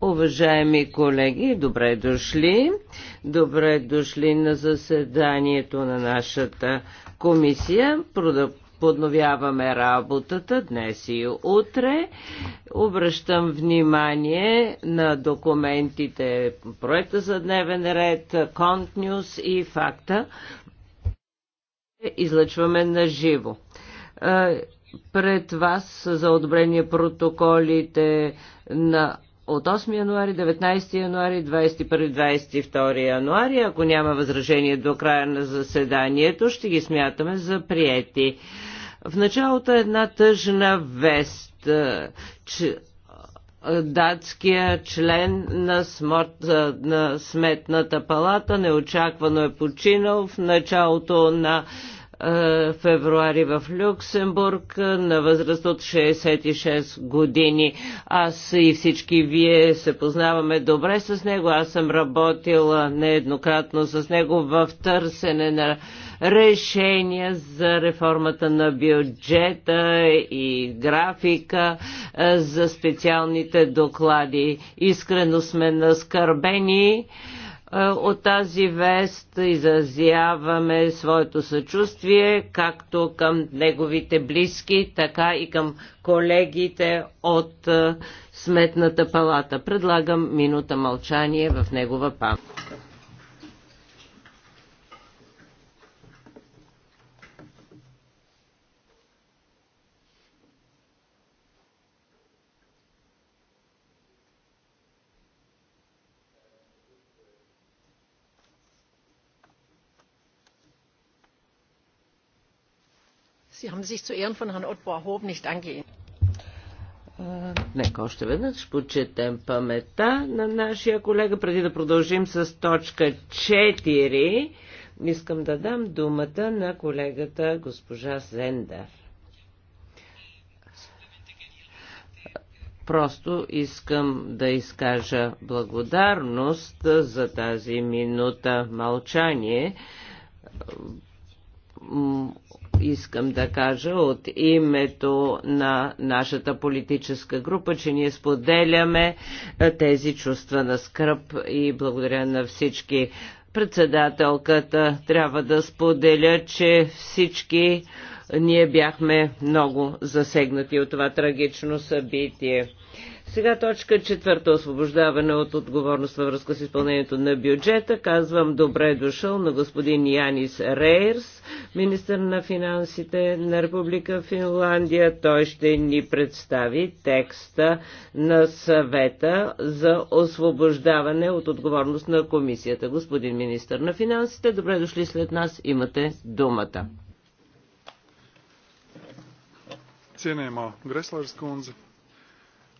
Уважаеми колеги, добре дошли. Добре дошли на заседанието на нашата комисия. Подновяваме работата днес и утре. Обръщам внимание на документите проекта за дневен ред, Конт Нюс и факта. Излъчваме на живо пред вас за одобрение протоколите на от 8 януари, 19 януари, 21-22 януари. Ако няма възражение до края на заседанието, ще ги смятаме за приети. В началото е една тъжна вест, е, че е, датския член на, смърт, на сметната палата неочаквано е починал в началото на е, февруари в Люксембург е, на възраст от 66 години. Аз и всички вие се познаваме добре с него. Аз съм работила нееднократно с него в търсене на решения за реформата на бюджета и графика е, за специалните доклади. Искрено сме наскърбени от тази вест изразяваме своето съчувствие както към неговите близки, така и към колегите от Сметната палата. Предлагам минута мълчание в негова памет. haben sich zu Ehren von Herrn Otto Ahob nicht angehen. Е, нека още веднъж почетем памета на нашия колега. Преди да продължим с точка 4, искам да дам думата на колегата госпожа Зендер. Просто искам да изкажа благодарност за тази минута мълчание искам да кажа от името на нашата политическа група, че ние споделяме е, тези чувства на скръп и благодаря на всички. Председателката трябва да споделя, че всички ние бяхме много засегнати от това трагично събитие. Сега точка четвърта освобождаване от отговорност във връзка с изпълнението на бюджета. Казвам добре дошъл на господин Янис Рейерс, министър на финансите на Република Финландия. Той ще ни представи текста на съвета за освобождаване от отговорност на комисията. Господин министър на финансите, добре дошли след нас. Имате думата. Cienējamā Greslers kundze,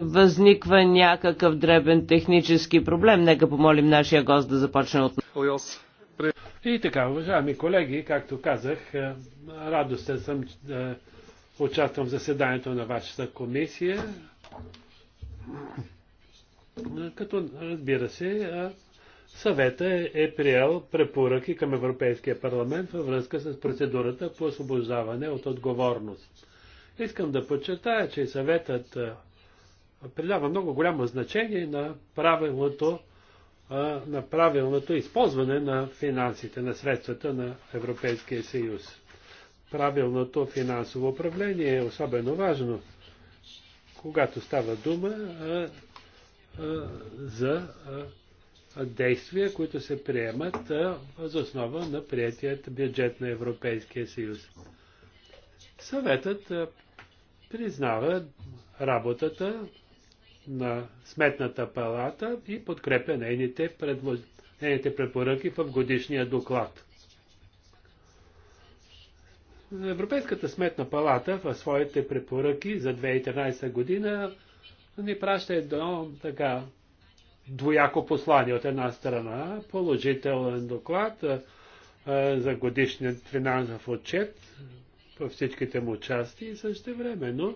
Възниква някакъв дребен технически проблем. Нека помолим нашия гост да започне от... И така, уважаеми колеги, както казах, е, радостен съм да е, участвам в заседанието на вашата комисия. Е, като, разбира се, Съвета е, е приел препоръки към Европейския парламент във връзка с процедурата по освобождаване от отговорност. Искам да подчертая, че съветът придава много голямо значение на правилното, на правилното използване на финансите, на средствата на Европейския съюз. Правилното финансово управление е особено важно, когато става дума за действия, които се приемат за основа на приятият бюджет на Европейския съюз. Съветът признава работата на Сметната палата и подкрепя нейните, предлож... нейните препоръки в годишния доклад. Европейската сметна палата в своите препоръки за 2013 година ни праща едно така двояко послание. От една страна положителен доклад за годишният финансов отчет във всичките му части и също но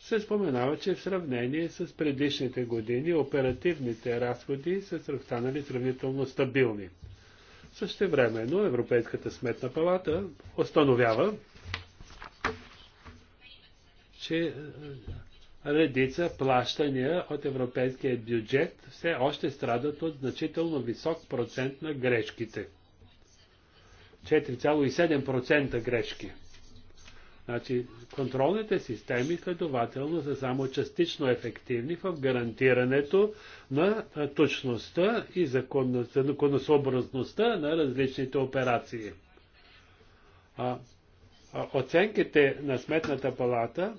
се споменава, че в сравнение с предишните години оперативните разходи са станали сравнително стабилни. Също но Европейската сметна палата установява, че редица плащания от европейския бюджет все още страдат от значително висок процент на грешките. 4,7% грешки. Значи, контролните системи следователно са само частично ефективни в гарантирането на точността и законосъобразността на различните операции. А, оценките на Сметната палата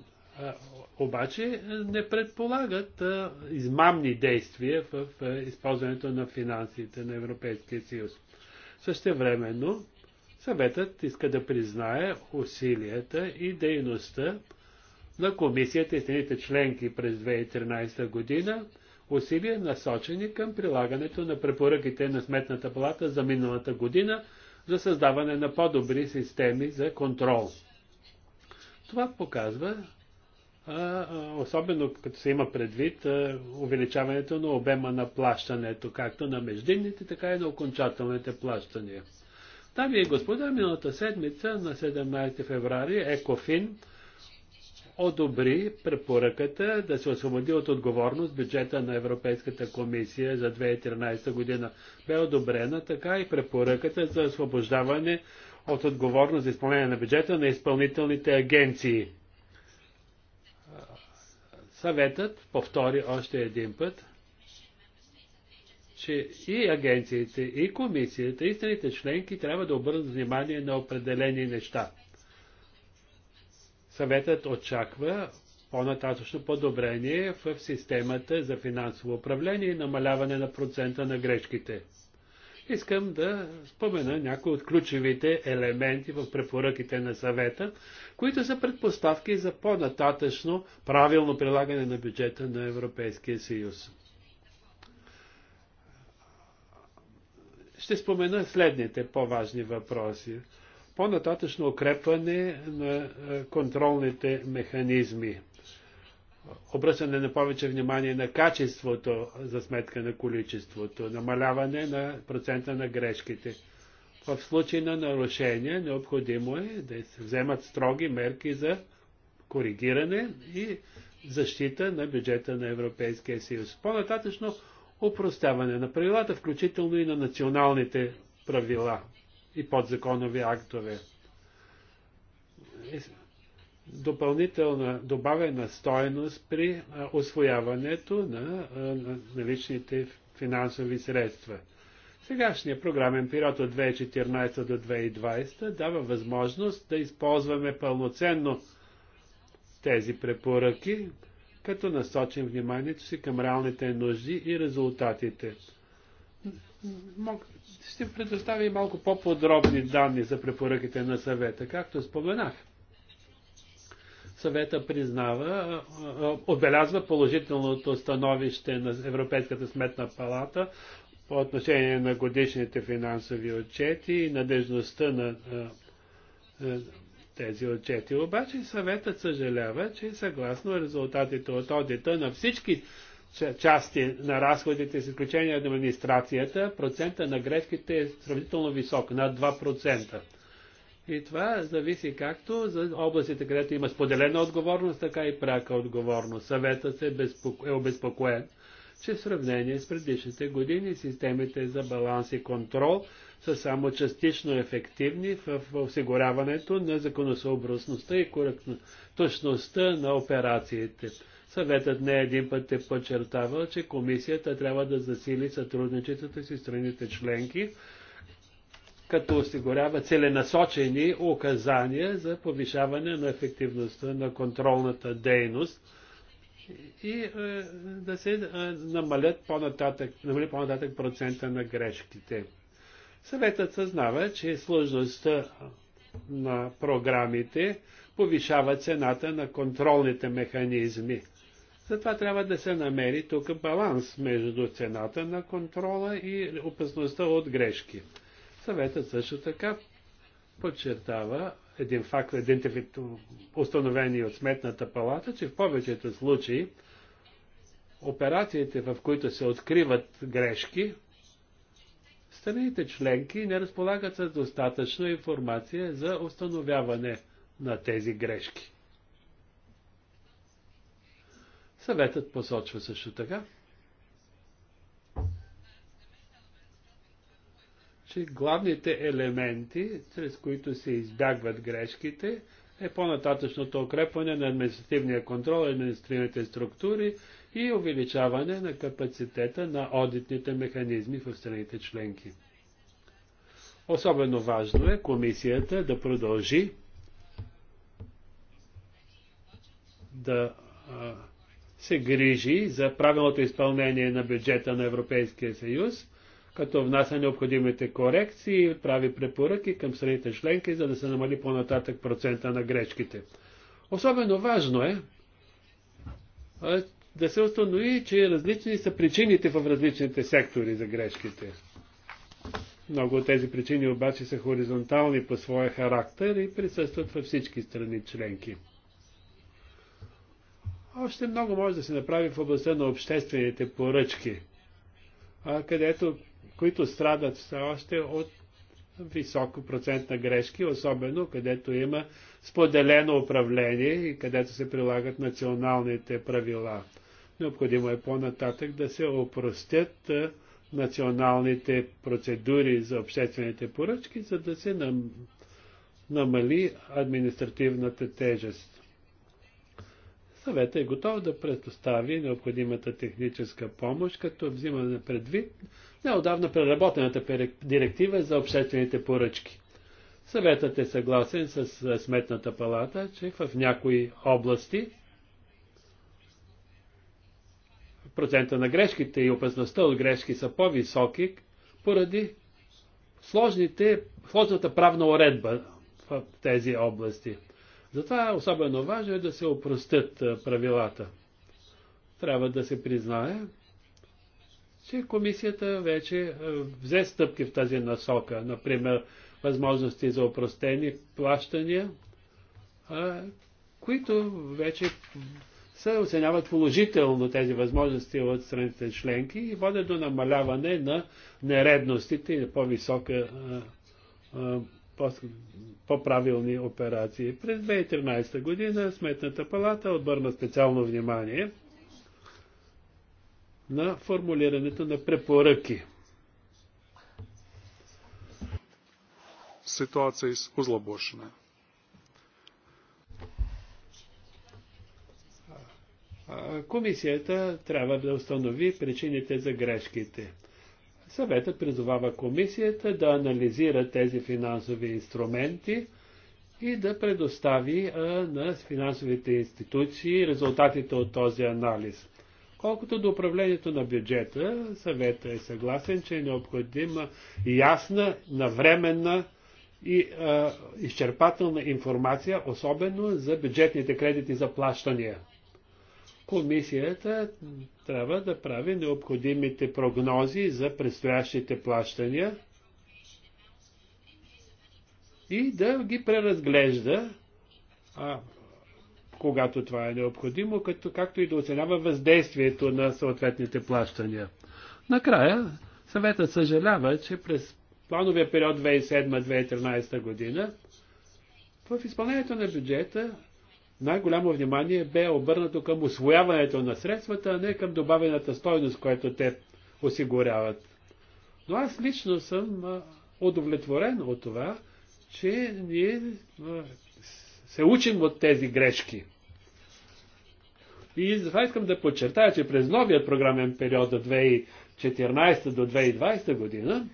обаче е, не предполагат измамни действия в е, използването на финансите на Европейския съюз. Същевременно, съветът иска да признае усилията и дейността на комисията и страните членки през 2013 година, усилия насочени към прилагането на препоръките на Сметната палата за миналата година за създаване на по-добри системи за контрол. Това показва, особено като се има предвид увеличаването на обема на плащането, както на междинните, така и на окончателните плащания. Дами и господа, миналата седмица на 17 феврари Екофин одобри препоръката да се освободи от отговорност бюджета на Европейската комисия за 2013 година. Бе одобрена така и препоръката за освобождаване от отговорност за изпълнение на бюджета на изпълнителните агенции. Съветът повтори още един път, че и агенциите, и комисията, и страните членки трябва да обърнат внимание на определени неща. Съветът очаква по-нататъчно подобрение в системата за финансово управление и намаляване на процента на грешките. Искам да спомена някои от ключовите елементи в препоръките на съвета, които са предпоставки за по-нататъчно правилно прилагане на бюджета на Европейския съюз. Ще спомена следните по-важни въпроси. По-нататъчно укрепване на е, контролните механизми обръщане на повече внимание на качеството за сметка на количеството, намаляване на процента на грешките. В случай на нарушение необходимо е да се вземат строги мерки за коригиране и защита на бюджета на Европейския съюз. По-нататъчно упростяване на правилата, включително и на националните правила и подзаконови актове. Е, допълнителна добавена стоеност при освояването на наличните финансови средства. Сегашният програмен период от 2014 до 2020 дава възможност да използваме пълноценно тези препоръки, като насочим вниманието си към реалните нужди и резултатите. Ще предоставя и малко по-подробни данни за препоръките на съвета. Както споменах, съвета признава, отбелязва положителното становище на Европейската сметна палата по отношение на годишните финансови отчети и надежността на тези отчети. Обаче съветът съжалява, че съгласно резултатите от одита на всички части на разходите, с изключение на администрацията, процента на грешките е сравнително висок, над 2%. И това зависи както за областите, където има споделена отговорност, така и прака отговорност. Съветът е, е обезпокоен, че в сравнение с предишните години системите за баланс и контрол са само частично ефективни в осигуряването на законосъобразността и точността на операциите. Съветът не един път е подчертавал, че комисията трябва да засили сътрудничеството си страните членки, като осигурява целенасочени указания за повишаване на ефективността на контролната дейност и е, да се е, намалят по-нататък, намали по-нататък процента на грешките. Съветът съзнава, че сложността на програмите повишава цената на контролните механизми. Затова трябва да се намери тук баланс между цената на контрола и опасността от грешки. Съветът също така подчертава един факт, установени от Сметната палата, че в повечето случаи операциите, в които се откриват грешки, страните членки не разполагат с достатъчно информация за установяване на тези грешки. Съветът посочва също така, че главните елементи, чрез които се избягват грешките, е по-нататъчното укрепване на административния контрол, административните структури и увеличаване на капацитета на одитните механизми в страните членки. Особено важно е комисията да продължи да се грижи за правилното изпълнение на бюджета на Европейския съюз като внася необходимите корекции, прави препоръки към страните членки, за да се намали по-нататък процента на грешките. Особено важно е да се установи, че различни са причините в различните сектори за грешките. Много от тези причини обаче са хоризонтални по своя характер и присъстват във всички страни членки. Още много може да се направи в областта на обществените поръчки, където които страдат все още от високо процент на грешки, особено където има споделено управление и където се прилагат националните правила. Необходимо е по-нататък да се опростят националните процедури за обществените поръчки, за да се намали административната тежест. Съветът е готов да предостави необходимата техническа помощ, като взима на предвид неодавна преработената директива за обществените поръчки. Съветът е съгласен с е, Сметната палата, че в някои области процента на грешките и опасността от грешки са по-високи поради сложните, сложната правна уредба в тези области. Затова е особено важно е да се опростят правилата. Трябва да се признае, че комисията вече взе стъпки в тази насока. Например, възможности за опростени плащания, които вече се оценяват положително тези възможности от страните членки и водят до намаляване на нередностите и по-висока по-правилни операции. През 2013 година Сметната палата обърна специално внимание на формулирането на препоръки. Ситуация из озлобошена. Комисията трябва да установи причините за грешките. Съветът призовава комисията да анализира тези финансови инструменти и да предостави а, на финансовите институции резултатите от този анализ. Колкото до управлението на бюджета, съветът е съгласен, че е необходима ясна, навременна и а, изчерпателна информация, особено за бюджетните кредити за плащания комисията трябва да прави необходимите прогнози за предстоящите плащания и да ги преразглежда, а, когато това е необходимо, като, както и да оценява въздействието на съответните плащания. Накрая, съветът съжалява, че през плановия период 2007-2013 година в изпълнението на бюджета най-голямо внимание бе обърнато към освояването на средствата, а не към добавената стойност, която те осигуряват. Но аз лично съм удовлетворен от това, че ние се учим от тези грешки. И затова искам да подчертая, че през новият програмен период от 2014 до 2020 година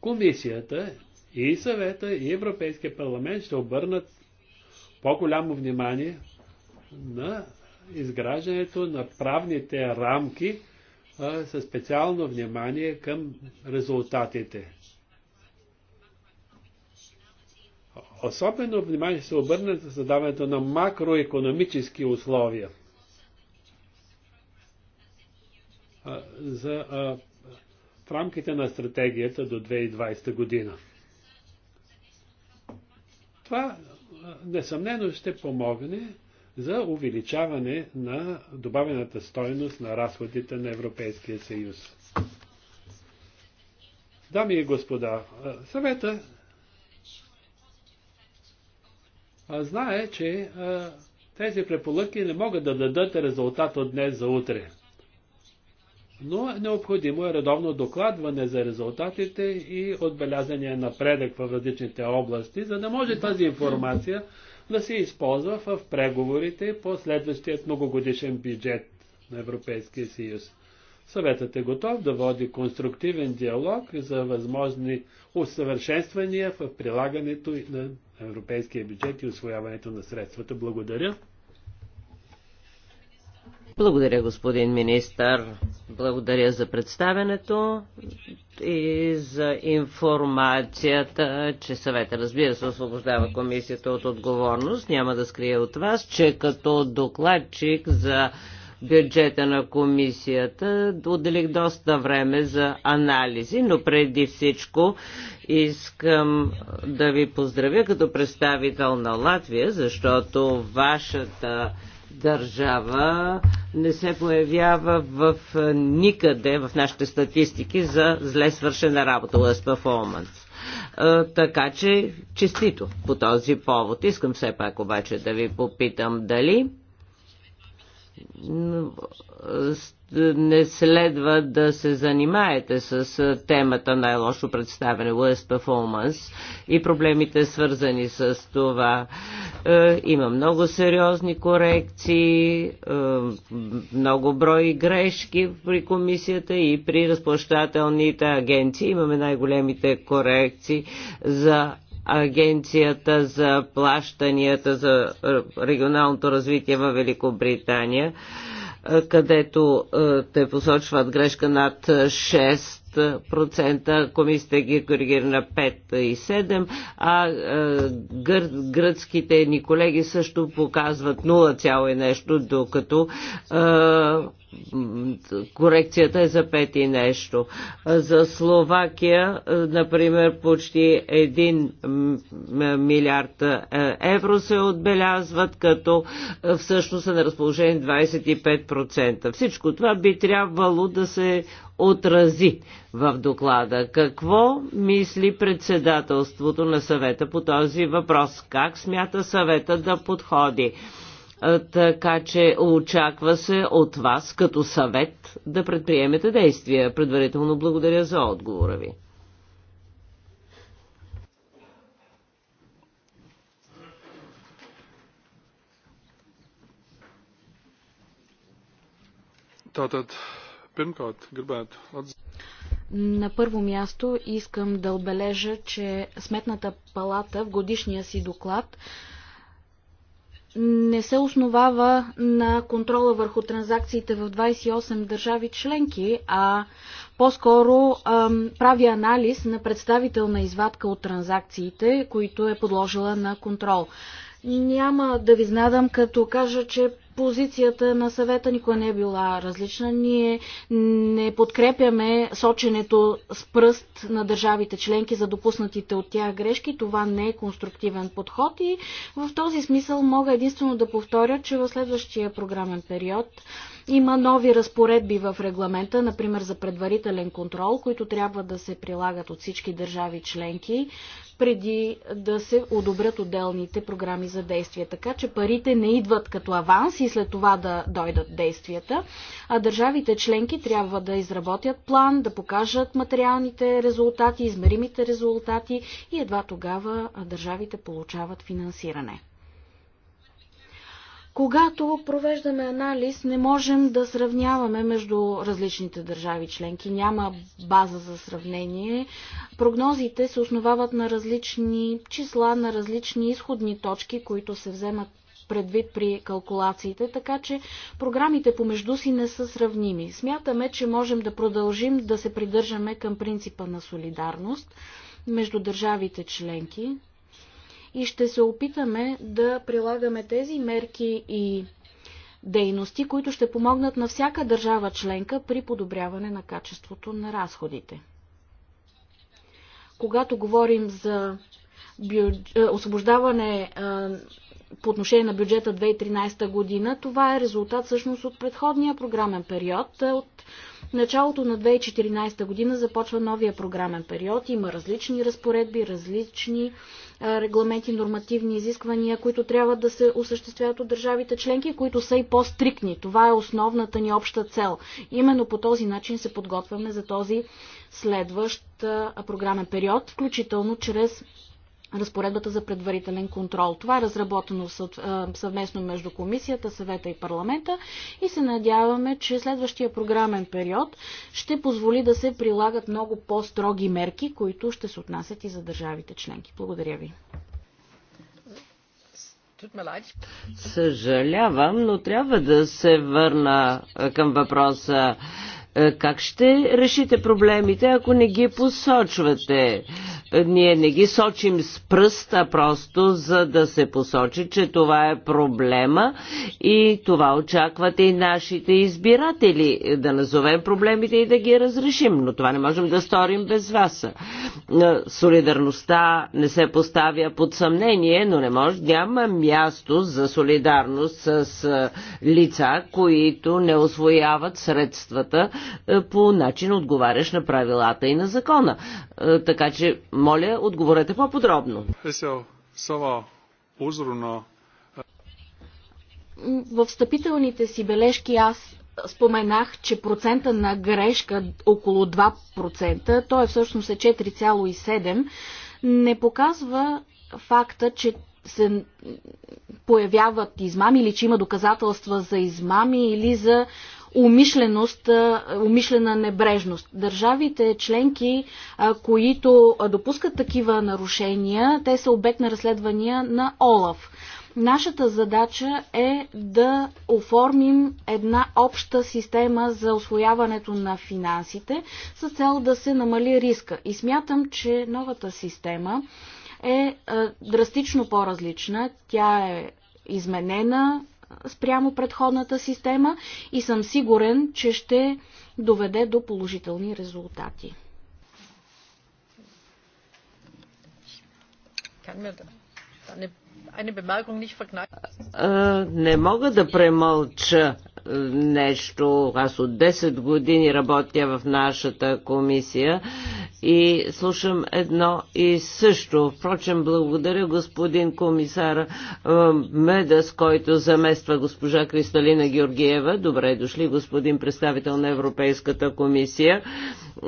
Комисията и съвета и Европейския парламент ще обърнат по-голямо внимание на изграждането на правните рамки със специално внимание към резултатите. Особено внимание се обърна за създаването на макроекономически условия за, в рамките на стратегията до 2020 година. Това несъмнено ще помогне за увеличаване на добавената стойност на разходите на Европейския съюз. Дами и господа, съвета знае, че тези препоръки не могат да дадат резултат от днес за утре. Но необходимо е редовно докладване за резултатите и отбелязания напредък в различните области, за да може тази информация да се използва в преговорите по следващият многогодишен бюджет на Европейския съюз. Съветът е готов да води конструктивен диалог за възможни усъвършенствания в прилагането на европейския бюджет и освояването на средствата. Благодаря. Благодаря, господин министър. Благодаря за представенето и за информацията, че съвета, разбира се, освобождава комисията от отговорност. Няма да скрия от вас, че като докладчик за бюджета на комисията. Отделих доста време за анализи, но преди всичко искам да ви поздравя като представител на Латвия, защото вашата държава не се появява в е, никъде в нашите статистики за зле свършена работа ЛСП перформанс. Оманс. Е, така че честито по този повод. Искам все пак обаче да ви попитам дали не следва да се занимаете с темата най-лошо представяне, worst performance и проблемите свързани с това. Е, има много сериозни корекции, е, много брои грешки при комисията и при разплащателните агенции. Имаме най-големите корекции за Агенцията за плащанията за е, регионалното развитие в Великобритания, е, където е, те посочват грешка над 6%, комисията ги коригира на 5 и 7, а гър, гръцките ни колеги също показват 0, нещо, докато корекцията е за пети нещо. За Словакия, е, например, почти 1 милиард е, евро се отбелязват, като е, всъщност са на разположение 25%. Всичко това би трябвало да се отрази в доклада. Какво мисли председателството на съвета по този въпрос? Как смята съвета да подходи? Така че очаква се от вас като съвет да предприемете действия. Предварително благодаря за отговора ви. На първо място искам да отбележа, че Сметната палата в годишния си доклад не се основава на контрола върху транзакциите в 28 държави членки, а по-скоро прави анализ на представителна извадка от транзакциите, които е подложила на контрол. Няма да ви знадам, като кажа, че позицията на съвета никога не е била различна. Ние не подкрепяме соченето с пръст на държавите членки за допуснатите от тях грешки. Това не е конструктивен подход и в този смисъл мога единствено да повторя, че в следващия програмен период има нови разпоредби в регламента, например за предварителен контрол, които трябва да се прилагат от всички държави членки, преди да се одобрят отделните програми за действие. Така че парите не идват като аванс и след това да дойдат действията, а държавите членки трябва да изработят план, да покажат материалните резултати, измеримите резултати и едва тогава държавите получават финансиране. Когато провеждаме анализ, не можем да сравняваме между различните държави членки. Няма база за сравнение. Прогнозите се основават на различни числа, на различни изходни точки, които се вземат предвид при калкулациите, така че програмите помежду си не са сравними. Смятаме, че можем да продължим да се придържаме към принципа на солидарност между държавите членки, и ще се опитаме да прилагаме тези мерки и дейности, които ще помогнат на всяка държава членка при подобряване на качеството на разходите. Когато говорим за е, освобождаване е, по отношение на бюджета 2013 година, това е резултат всъщност от предходния програмен период, е, от в началото на 2014 година започва новия програмен период. Има различни разпоредби, различни регламенти, нормативни изисквания, които трябва да се осъществяват от държавите членки, които са и по-стрикни. Това е основната ни обща цел. Именно по този начин се подготвяме за този следващ програмен период, включително чрез разпоредбата за предварителен контрол. Това е разработено съвместно между комисията, съвета и парламента и се надяваме, че следващия програмен период ще позволи да се прилагат много по-строги мерки, които ще се отнасят и за държавите членки. Благодаря ви. Съжалявам, но трябва да се върна към въпроса е, как ще решите проблемите, ако не ги посочвате? Е, ние не ги сочим с пръста, просто за да се посочи, че това е проблема и това очакват и нашите избиратели, е, да назовем проблемите и да ги разрешим. Но това не можем да сторим без вас. Солидарността не се поставя под съмнение, но не може, няма място за солидарност с лица, които не освояват средствата, е, по начин отговаряш на правилата и на закона. Е, така че, моля, отговорете по-подробно. Е, В встъпителните си бележки аз споменах, че процента на грешка около 2%, то е всъщност е 4,7%, не показва факта, че се появяват измами или че има доказателства за измами или за умишленост, умишлена небрежност. Държавите членки, които допускат такива нарушения, те са обект на разследвания на Олав. Нашата задача е да оформим една обща система за освояването на финансите с цел да се намали риска. И смятам, че новата система е драстично по-различна. Тя е изменена, спрямо предходната система и съм сигурен, че ще доведе до положителни резултати. Kann mir не мога да премълча нещо. Аз от 10 години работя в нашата комисия и слушам едно и също. Впрочем, благодаря господин комисар Медас, който замества госпожа Кристалина Георгиева. Добре дошли, господин представител на Европейската комисия.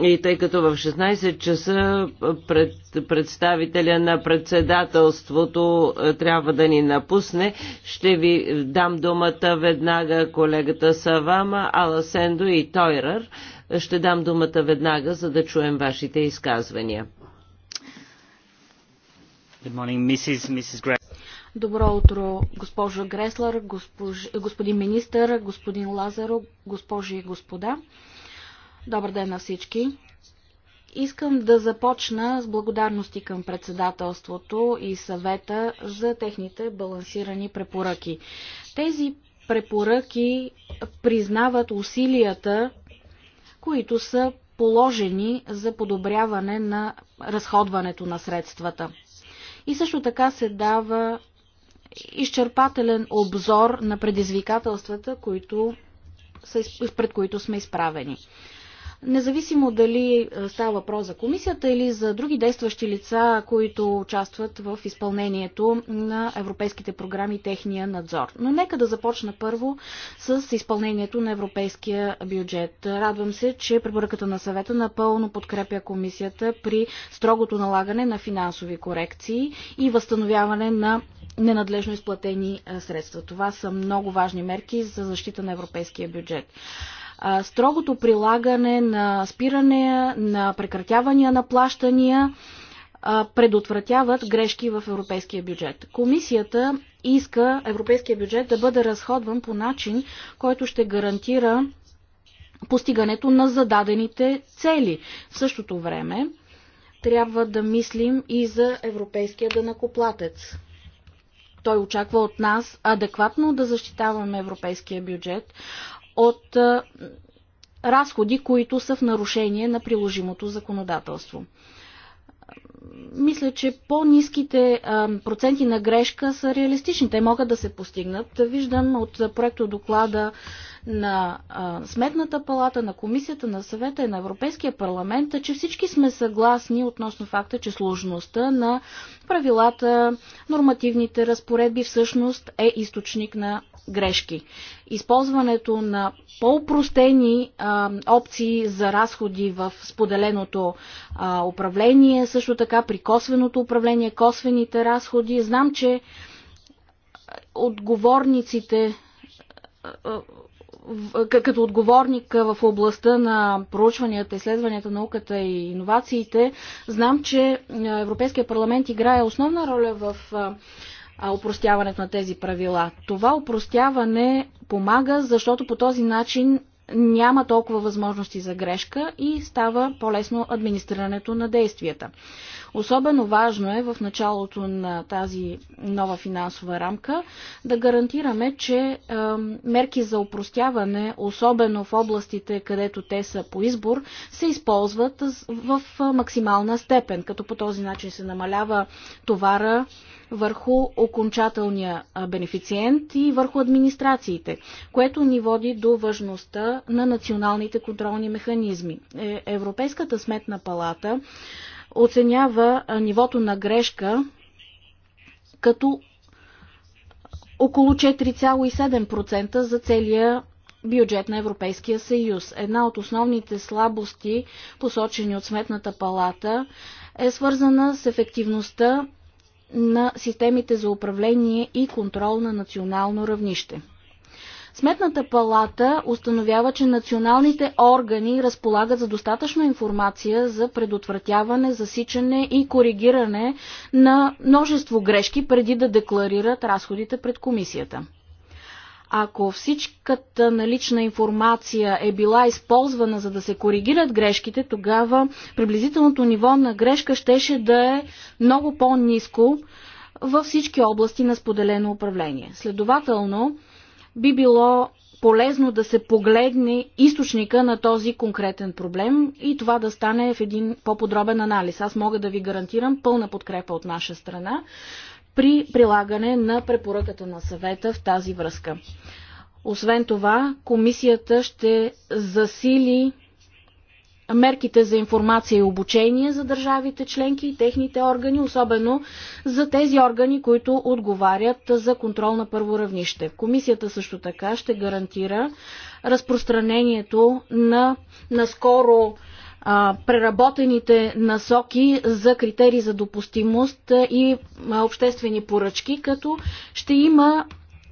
И тъй като в 16 часа пред, представителя на председателството трябва трябва да ни напусне. Ще ви дам думата веднага колегата Савама, Аласендо и Тойрър. Ще дам думата веднага, за да чуем вашите изказвания. Good morning, Mrs. Mrs. Добро утро, госпожо Греслер, госпож... господин министър, господин Лазаро, госпожи и господа. Добър ден на всички. Искам да започна с благодарности към председателството и съвета за техните балансирани препоръки. Тези препоръки признават усилията, които са положени за подобряване на разходването на средствата. И също така се дава изчерпателен обзор на предизвикателствата, които, пред които сме изправени. Независимо дали е, става въпрос за комисията или за други действащи лица, които участват в изпълнението на европейските програми и техния надзор. Но нека да започна първо с изпълнението на европейския бюджет. Радвам се, че препоръката на съвета напълно подкрепя комисията при строгото налагане на финансови корекции и възстановяване на ненадлежно изплатени е, средства. Това са много важни мерки за защита на европейския бюджет строгото прилагане на спиране, на прекратявания на плащания предотвратяват грешки в европейския бюджет. Комисията иска европейския бюджет да бъде разходван по начин, който ще гарантира постигането на зададените цели. В същото време трябва да мислим и за европейския дънакоплатец. Той очаква от нас адекватно да защитаваме европейския бюджет от разходи, които са в нарушение на приложимото законодателство. Мисля, че по-низките проценти на грешка са реалистични. Те могат да се постигнат. Виждам от проекто доклада на Сметната палата, на Комисията, на Съвета и на Европейския парламент, че всички сме съгласни относно факта, че сложността на правилата, нормативните разпоредби всъщност е източник на грешки. Използването на по упростени опции за разходи в споделеното а, управление, също така при косвеното управление, косвените разходи. Знам, че отговорниците като отговорник в областта на проучванията, изследванията, науката и иновациите, знам, че Европейския парламент играе основна роля в опростяването на тези правила. Това опростяване помага, защото по този начин няма толкова възможности за грешка и става по-лесно администрирането на действията. Особено важно е в началото на тази нова финансова рамка да гарантираме, че мерки за упростяване, особено в областите, където те са по избор, се използват в максимална степен, като по този начин се намалява товара върху окончателния бенефициент и върху администрациите, което ни води до важността на националните контролни механизми. Е, Европейската сметна палата оценява нивото на грешка като около 4,7% за целия бюджет на Европейския съюз. Една от основните слабости, посочени от Сметната палата, е свързана с ефективността на системите за управление и контрол на национално равнище. Сметната палата установява, че националните органи разполагат за достатъчно информация за предотвратяване, засичане и коригиране на множество грешки преди да декларират разходите пред комисията. Ако всичката налична информация е била използвана за да се коригират грешките, тогава приблизителното ниво на грешка щеше да е много по-низко във всички области на споделено управление. Следователно, би било полезно да се погледне източника на този конкретен проблем и това да стане в един по-подробен анализ. Аз мога да ви гарантирам пълна подкрепа от наша страна при прилагане на препоръката на съвета в тази връзка. Освен това, комисията ще засили мерките за информация и обучение за държавите членки и техните органи, особено за тези органи, които отговарят за контрол на първо равнище. Комисията също така ще гарантира разпространението на наскоро преработените насоки за критерии за допустимост и обществени поръчки, като ще има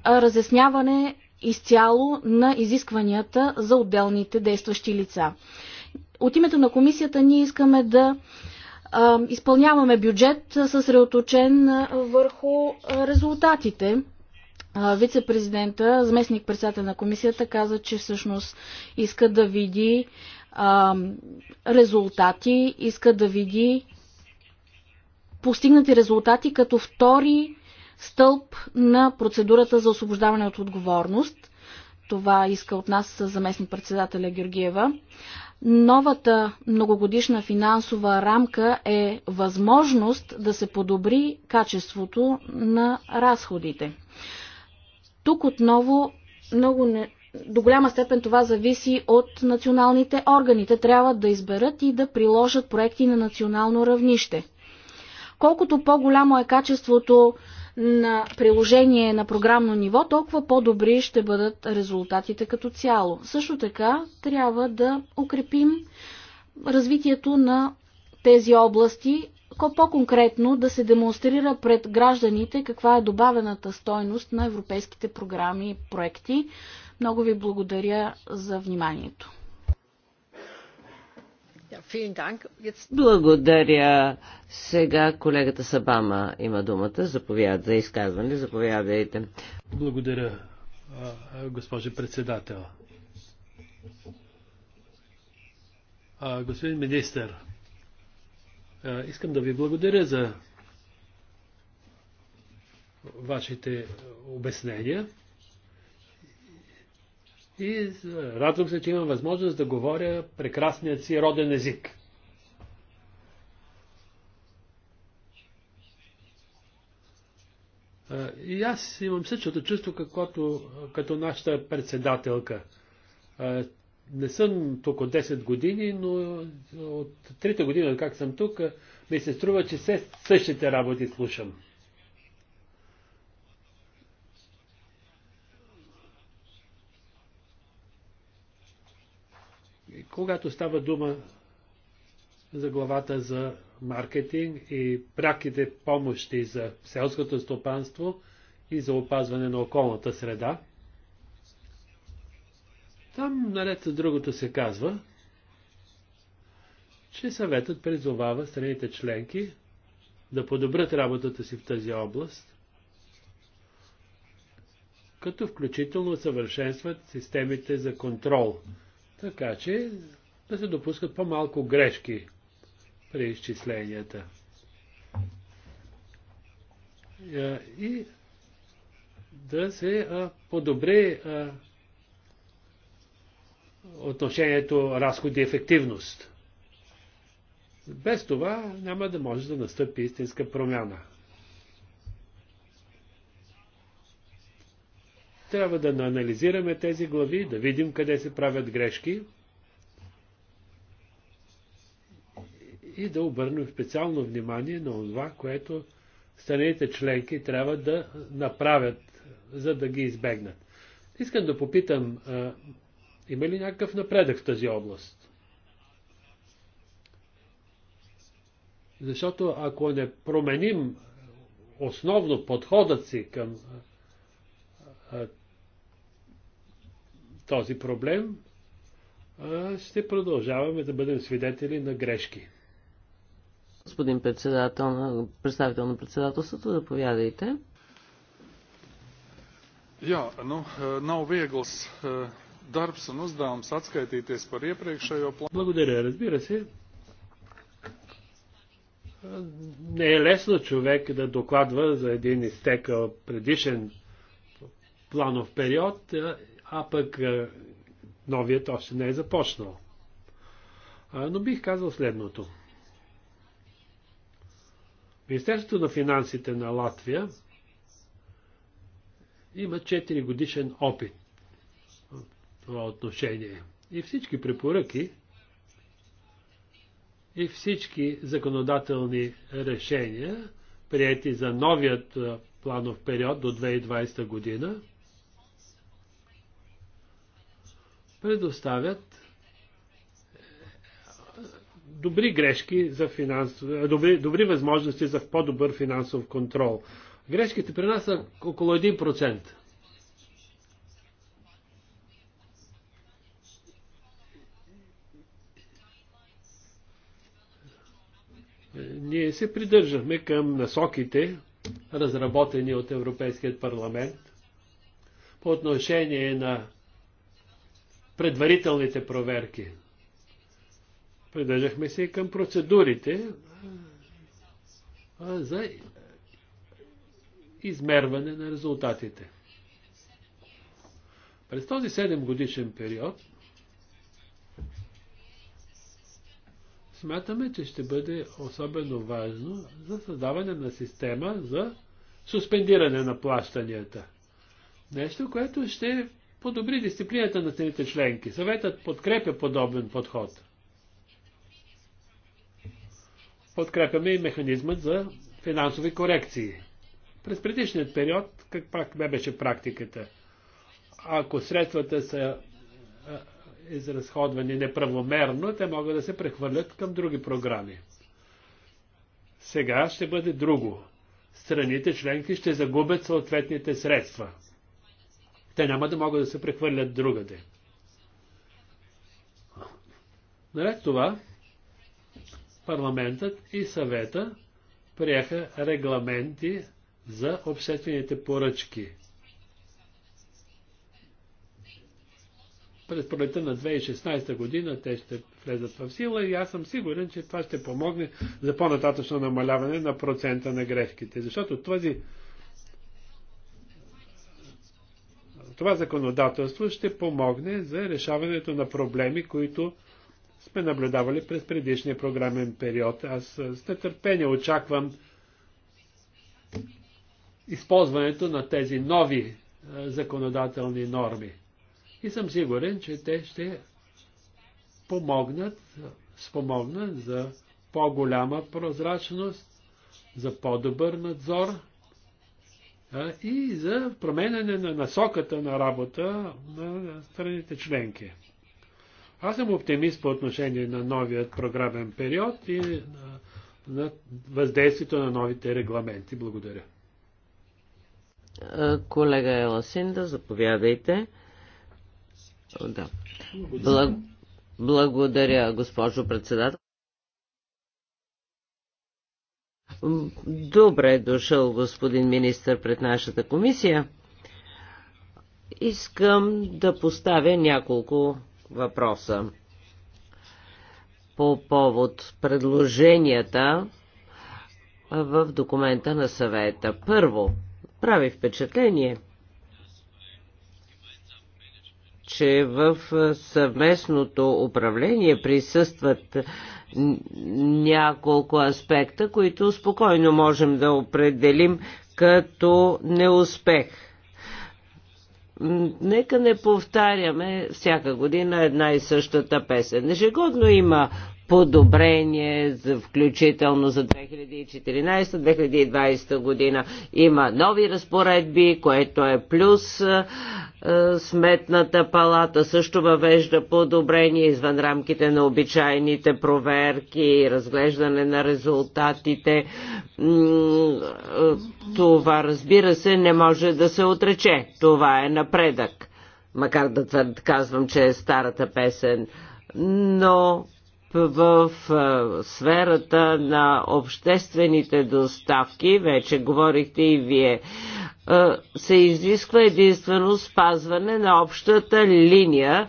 разясняване изцяло на изискванията за отделните действащи лица от името на комисията ние искаме да а, изпълняваме бюджет съсредоточен върху резултатите. Вице-президента, заместник председател на комисията, каза, че всъщност иска да види а, резултати, иска да види постигнати резултати като втори стълб на процедурата за освобождаване от отговорност. Това иска от нас заместник председателя Георгиева. Новата многогодишна финансова рамка е възможност да се подобри качеството на разходите. Тук отново много не, до голяма степен това зависи от националните органи. Те трябва да изберат и да приложат проекти на национално равнище. Колкото по-голямо е качеството на приложение на програмно ниво, толкова по-добри ще бъдат резултатите като цяло. Също така трябва да укрепим развитието на тези области, по-конкретно да се демонстрира пред гражданите каква е добавената стойност на европейските програми и проекти. Много ви благодаря за вниманието. Благодаря. Сега колегата Сабама има думата. Заповядайте за изказване. Заповядайте. Благодаря, госпожо председател. Господин министър, искам да ви благодаря за вашите обяснения и радвам се, че имам възможност да говоря прекрасният си роден език. И аз имам същото чувство, каквото, като нашата председателка. Не съм тук от 10 години, но от 3 година, как съм тук, ми се струва, че се същите работи слушам. Когато става дума за главата за маркетинг и пряките помощи за селското стопанство и за опазване на околната среда, там, наред с другото, се казва, че съветът призовава страните членки да подобрят работата си в тази област, като включително съвършенстват системите за контрол така че да се допускат по-малко грешки при изчисленията. И да се подобри отношението разходи ефективност. Без това няма да може да настъпи истинска промяна. Трябва да анализираме тези глави, да видим къде се правят грешки и да обърнем специално внимание на това, което страните членки трябва да направят, за да ги избегнат. Искам да попитам, а, има ли някакъв напредък в тази област? Защото ако не променим основно подходът си към а, този проблем, ще продължаваме да бъдем свидетели на грешки. Господин председател представител на председателството, заповядайте. Jā, nu, э, nav viegls э, darbs un uzdevums atskaitīties par iepriekšējo plānu. Благодаря, разбира се. Не е лесно човек да докладва за един изтекал предишен планов период а пък е, новият още не е започнал. Но бих казал следното. Министерството на финансите на Латвия има 4 годишен опит в това отношение. И всички препоръки, и всички законодателни решения, прияти за новият е, планов период до 2020 година, предоставят е, добри грешки за финансов, е, добри, добри възможности за по-добър финансов контрол. Грешките при нас са около 1%. Ние се придържахме към насоките, разработени от Европейският парламент по отношение на предварителните проверки. Придържахме се и към процедурите за измерване на резултатите. През този 7 годишен период смятаме, че ще бъде особено важно за създаване на система за суспендиране на плащанията. Нещо, което ще подобри дисциплината на страните членки. Съветът подкрепя подобен подход. Подкрепяме и механизмът за финансови корекции. През предишният период, как пак беше практиката? Ако средствата са изразходвани неправомерно, те могат да се прехвърлят към други програми. Сега ще бъде друго. Страните членки ще загубят съответните средства – те няма да могат да се прехвърлят другаде. Наред това, парламентът и съвета приеха регламенти за обществените поръчки. През пролета на 2016 година те ще влезат в сила и аз съм сигурен, че това ще помогне за по-нататъчно намаляване на процента на грешките. Защото този Това законодателство ще помогне за решаването на проблеми, които сме наблюдавали през предишния програмен период. Аз с нетърпение очаквам използването на тези нови законодателни норми. И съм сигурен, че те ще помогнат, спомогнат за по-голяма прозрачност, за по-добър надзор и за променене на насоката на работа на страните членки. Аз съм оптимист по отношение на новият програмен период и на, въздействието на новите регламенти. Благодаря. Колега Еласинда, заповядайте. Да. Благодаря, госпожо председател. Добре е дошъл, господин министр, пред нашата комисия. Искам да поставя няколко въпроса по повод предложенията в документа на съвета. Първо, прави впечатление, че в съвместното управление присъстват няколко аспекта, които спокойно можем да определим като неуспех. Нека не повтаряме всяка година една и същата песен. Ежегодно има подобрение, за включително за 2014-2020 година. Има нови разпоредби, което е плюс. Е, е, Сметната палата също въвежда подобрение извън рамките на обичайните проверки, разглеждане на резултатите. Е, това, разбира се, не може да се отрече. Това е напредък. Макар да казвам, че е старата песен. Но в сферата на обществените доставки, вече говорихте и вие, се изисква единствено спазване на общата линия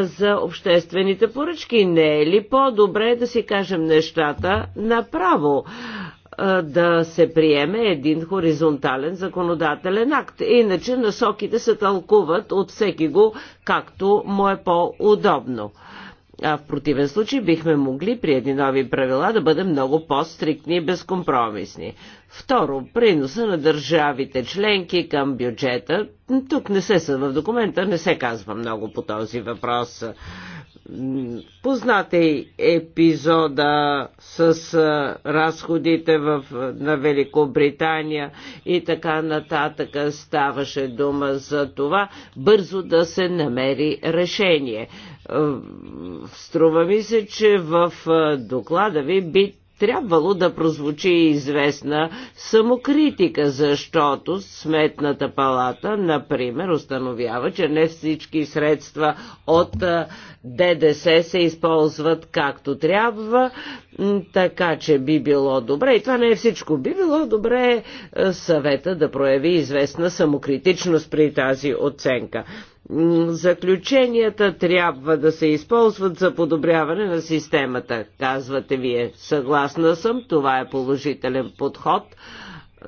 за обществените поръчки. Не е ли по-добре да си кажем нещата направо? да се приеме един хоризонтален законодателен акт. Иначе насоките се тълкуват от всеки го, както му е по-удобно. А в противен случай бихме могли при едни нови правила да бъдем много по-стриктни и безкомпромисни. Второ, приноса на държавите членки към бюджета. Тук не се са в документа, не се казва много по този въпрос. Познате епизода с разходите в, на Великобритания и така нататък ставаше дума за това бързо да се намери решение. Е, струва ми се, че в доклада ви би трябвало да прозвучи известна самокритика, защото Сметната палата, например, установява, че не всички средства от ДДС се използват както трябва, така че би било добре, и това не е всичко, би било добре съвета да прояви известна самокритичност при тази оценка. Заключенията трябва да се използват за подобряване на системата, казвате вие. Съгласна съм, това е положителен подход,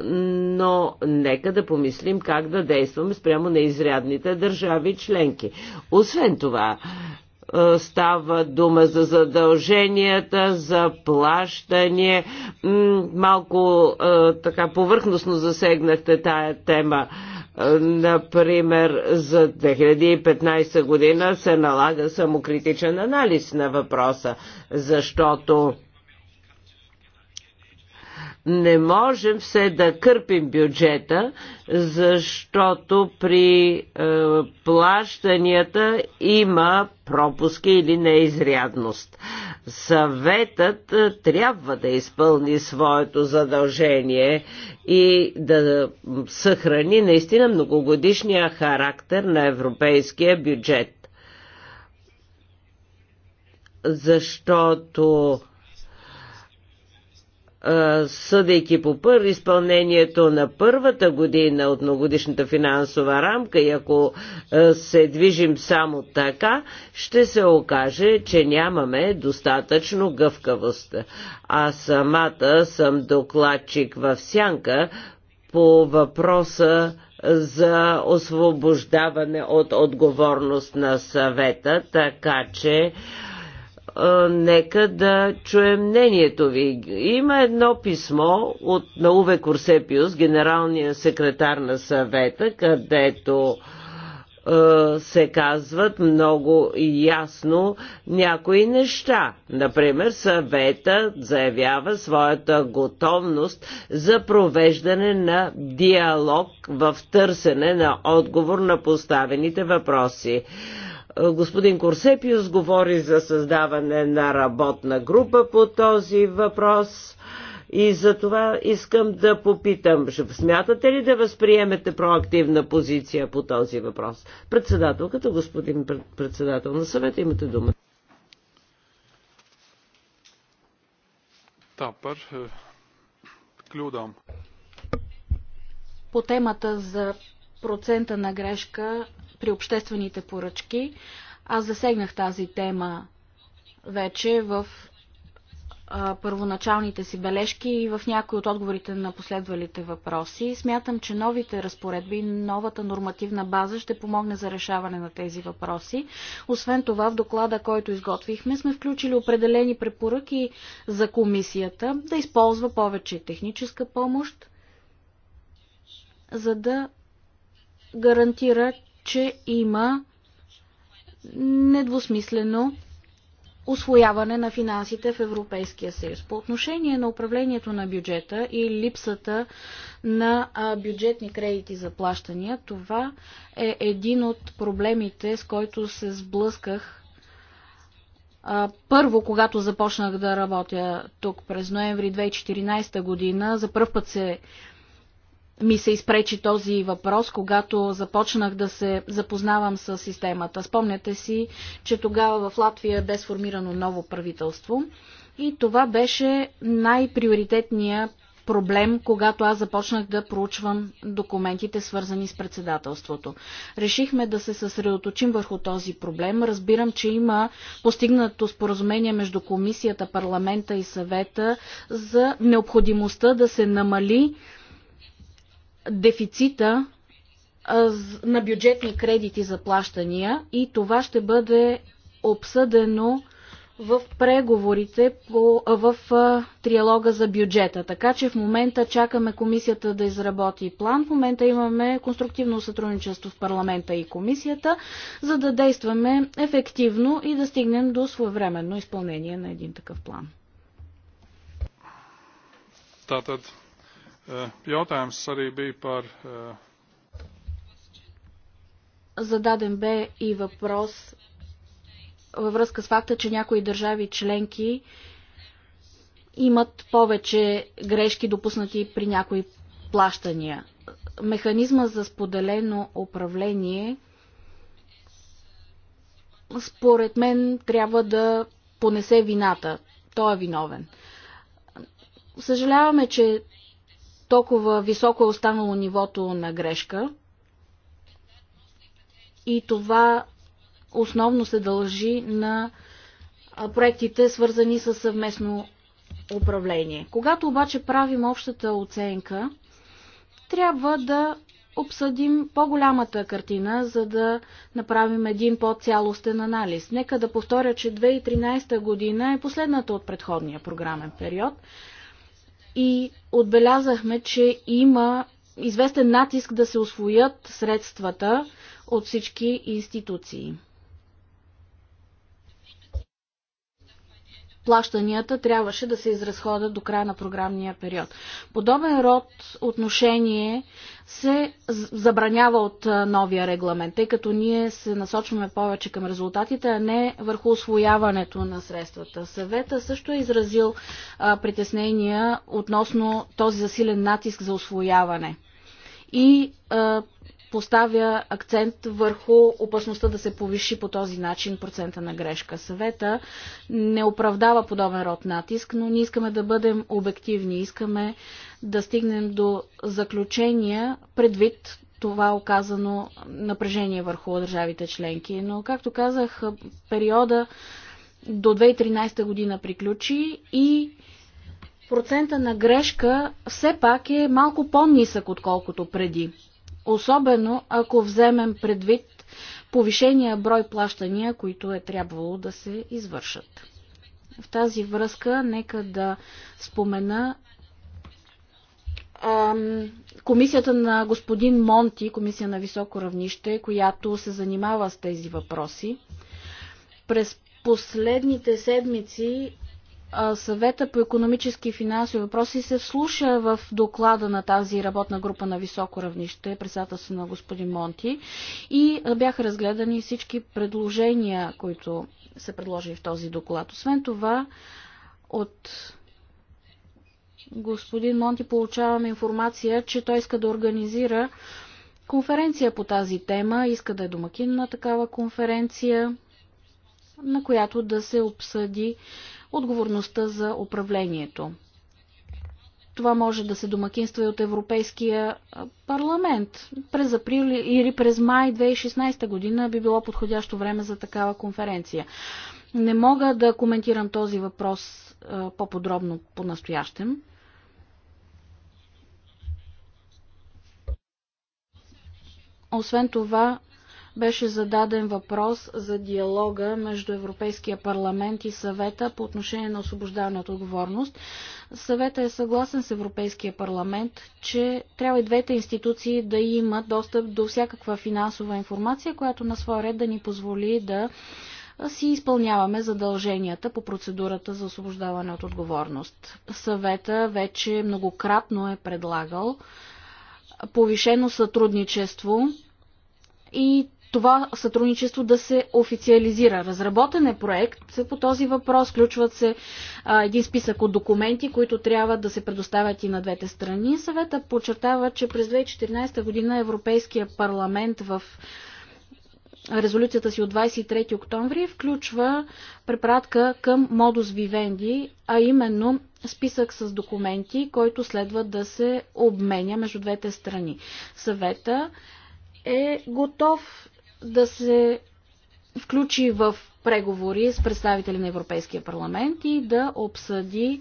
но нека да помислим как да действаме спрямо на изрядните държави членки. Освен това, е, става дума за задълженията, за плащане. Малко е, така повърхностно засегнахте тая тема Например, за 2015 година се налага самокритичен анализ на въпроса, защото не можем все да кърпим бюджета, защото при е, плащанията има пропуски или неизрядност. Съветът е, трябва да изпълни своето задължение и да съхрани наистина многогодишния характер на европейския бюджет. Защото съдейки по пър изпълнението на първата година от многодишната финансова рамка и ако се движим само така, ще се окаже, че нямаме достатъчно гъвкавост. А самата съм докладчик в сянка по въпроса за освобождаване от отговорност на съвета, така че а, нека да чуем мнението ви. Има едно писмо от Науве Курсепиус, генералния секретар на съвета, където а, се казват много ясно някои неща. Например, съвета заявява своята готовност за провеждане на диалог в търсене на отговор на поставените въпроси. Господин Корсепиус говори за създаване на работна група по този въпрос. И за това искам да попитам, смятате ли да възприемете проактивна позиция по този въпрос? Председателката, господин председател на съвет, имате дума. Тапър, е, клюдам. По темата за процента на грешка при обществените поръчки. Аз засегнах тази тема вече в а, първоначалните си бележки и в някои от отговорите на последвалите въпроси. Смятам, че новите разпоредби, новата нормативна база ще помогне за решаване на тези въпроси. Освен това, в доклада, който изготвихме, сме включили определени препоръки за комисията да използва повече техническа помощ, за да гарантира, че има недвусмислено освояване на финансите в Европейския съюз. По отношение на управлението на бюджета и липсата на бюджетни кредити за плащания, това е един от проблемите, с който се сблъсках първо, когато започнах да работя тук през ноември 2014 година. За първ път се ми се изпречи този въпрос, когато започнах да се запознавам с системата. Спомняте си, че тогава в Латвия бе сформирано ново правителство и това беше най-приоритетният проблем, когато аз започнах да проучвам документите, свързани с председателството. Решихме да се съсредоточим върху този проблем. Разбирам, че има постигнато споразумение между комисията, парламента и съвета за необходимостта да се намали дефицита на бюджетни кредити за плащания и това ще бъде обсъдено в преговорите по, в триалога за бюджета. Така че в момента чакаме комисията да изработи план. В момента имаме конструктивно сътрудничество в парламента и комисията, за да действаме ефективно и да стигнем до своевременно изпълнение на един такъв план. Татът. Е, Jautājums arī bija par. Е, Зададен бе и въпрос във връзка с факта, че някои държави членки имат повече грешки допуснати при някои плащания. Механизма за споделено управление според мен трябва да понесе вината. Той е виновен. Съжаляваме, че толкова високо е останало нивото на грешка. И това основно се дължи на проектите, свързани с съвместно управление. Когато обаче правим общата оценка, трябва да обсъдим по-голямата картина, за да направим един по-цялостен анализ. Нека да повторя, че 2013 година е последната от предходния програмен период и отбелязахме, че има известен натиск да се освоят средствата от всички институции. плащанията трябваше да се изразходят до края на програмния период. Подобен род отношение се забранява от новия регламент, тъй като ние се насочваме повече към резултатите, а не върху освояването на средствата. Съвета също е изразил а, притеснения относно този засилен натиск за освояване. И а, поставя акцент върху опасността да се повиши по този начин процента на грешка. Съвета не оправдава подобен род натиск, но ние искаме да бъдем обективни, искаме да стигнем до заключения предвид това оказано напрежение върху държавите членки. Но, както казах, периода до 2013 година приключи и процента на грешка все пак е малко по-нисък, отколкото преди особено ако вземем предвид повишения брой плащания, които е трябвало да се извършат. В тази връзка нека да спомена комисията на господин Монти, комисия на високо равнище, която се занимава с тези въпроси. През последните седмици съвета по економически и финансови въпроси се вслуша в доклада на тази работна група на високо равнище, председателство на господин Монти, и бяха разгледани всички предложения, които са предложени в този доклад. Освен това, от господин Монти получавам информация, че той иска да организира конференция по тази тема, иска да е домакин на такава конференция, на която да се обсъди отговорността за управлението. Това може да се домакинства и от Европейския парламент. През април или през май 2016 година би било подходящо време за такава конференция. Не мога да коментирам този въпрос по-подробно по-настоящем. Освен това, беше зададен въпрос за диалога между Европейския парламент и съвета по отношение на освобождаване от отговорност. Съвета е съгласен с Европейския парламент, че трябва и двете институции да имат достъп до всякаква финансова информация, която на своя ред да ни позволи да си изпълняваме задълженията по процедурата за освобождаване от отговорност. Съвета вече многократно е предлагал повишено сътрудничество и това сътрудничество да се официализира. Разработен е проект по този въпрос, включват се а, един списък от документи, които трябва да се предоставят и на двете страни. Съвета подчертава, че през 2014 година Европейския парламент в резолюцията си от 23 октомври включва препратка към модус вивенди, а именно списък с документи, който следва да се обменя между двете страни. Съвета е готов да се включи в преговори с представители на Европейския парламент и да обсъди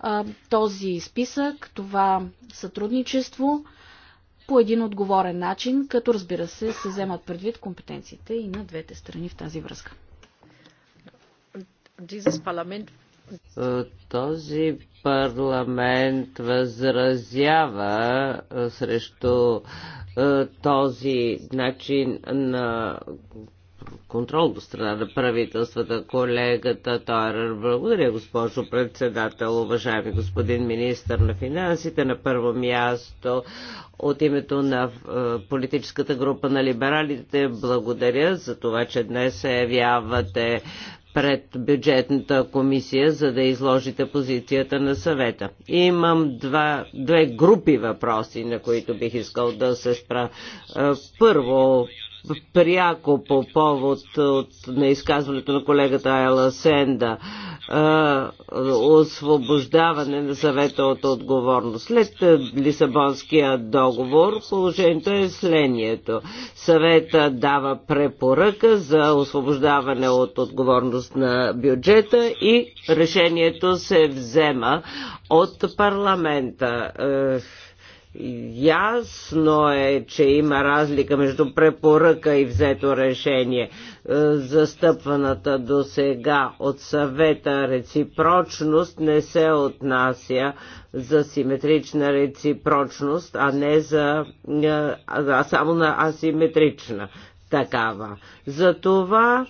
а, този списък, това сътрудничество по един отговорен начин, като разбира се се вземат предвид компетенциите и на двете страни в тази връзка. Dieses Parlament е, този парламент възразява е, срещу е, този начин на контрол до страна на правителствата. Колегата Тойрър, благодаря госпожо председател, уважаеми господин министр на финансите. На първо място от името на политическата група на либералите благодаря за това, че днес се явявате пред бюджетната комисия, за да изложите позицията на съвета. Имам два, две групи въпроси, на които бих искал да се спра. Е, първо, пряко по повод от, на изказването на колегата Айла Сенда освобождаване на съвета от отговорност. След Лисабонския договор положението е следнието. Съвета дава препоръка за освобождаване от отговорност на бюджета и решението се взема от парламента. Ясно е, че има разлика между препоръка и взето решение, е, застъпваната до сега от съвета реципрочност не се отнася за симетрична реципрочност, а не за, е, а само на асиметрична такава. Затова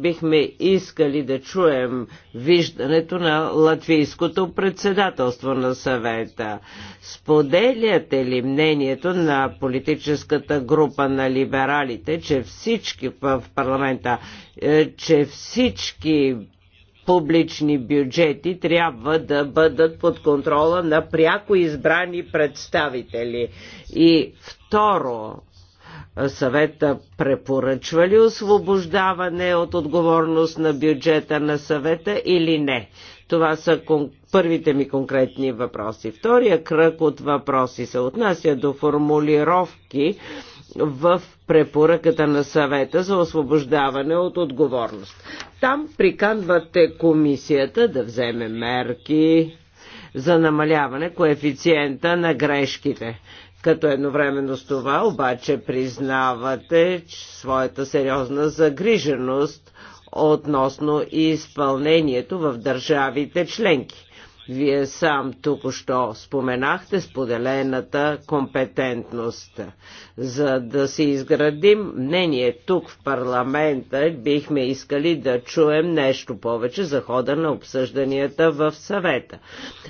бихме искали да чуем виждането на латвийското председателство на съвета. Споделяте ли мнението на политическата група на либералите, че всички в парламента, е, че всички публични бюджети трябва да бъдат под контрола на пряко избрани представители. И второ, съвета препоръчва ли освобождаване от отговорност на бюджета на съвета или не? Това са кон... първите ми конкретни въпроси. Втория кръг от въпроси се отнася до формулировки в препоръката на съвета за освобождаване от отговорност. Там приканвате комисията да вземе мерки за намаляване коефициента на грешките. Като едновременно с това обаче признавате своята сериозна загриженост относно изпълнението в държавите членки вие сам тук що споменахте споделената компетентност. За да си изградим мнение тук в парламента, бихме искали да чуем нещо повече за хода на обсъжданията в съвета.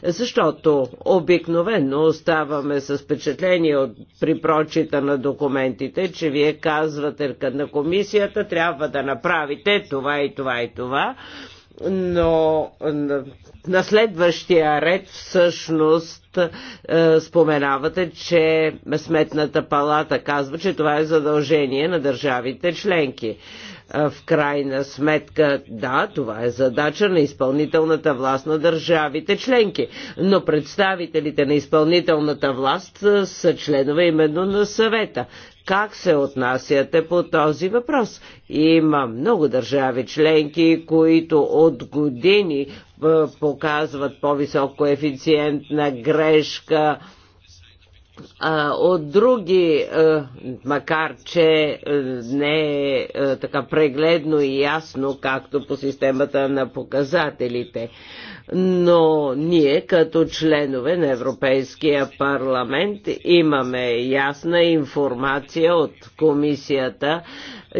Защото обикновено оставаме с впечатление от припрочита на документите, че вие казвате на комисията трябва да направите това и това и това но на следващия ред всъщност е, споменавате, че Сметната палата казва, че това е задължение на държавите членки. Е, в крайна сметка, да, това е задача на изпълнителната власт на държавите членки, но представителите на изпълнителната власт е, са членове именно на съвета. Как се отнасяте по този въпрос? Има много държави членки, които от години показват по-висок коефициент на грешка, а, от други, макар че не е така прегледно и ясно, както по системата на показателите но ние като членове на Европейския парламент имаме ясна информация от комисията,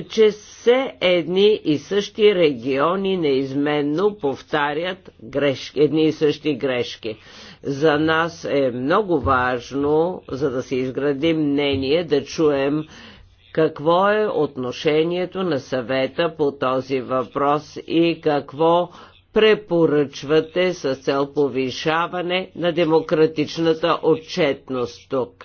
че все едни и същи региони неизменно повтарят грешки, едни и същи грешки. За нас е много важно, за да се изгради мнение, да чуем какво е отношението на съвета по този въпрос и какво препоръчвате с цел повишаване на демократичната отчетност тук.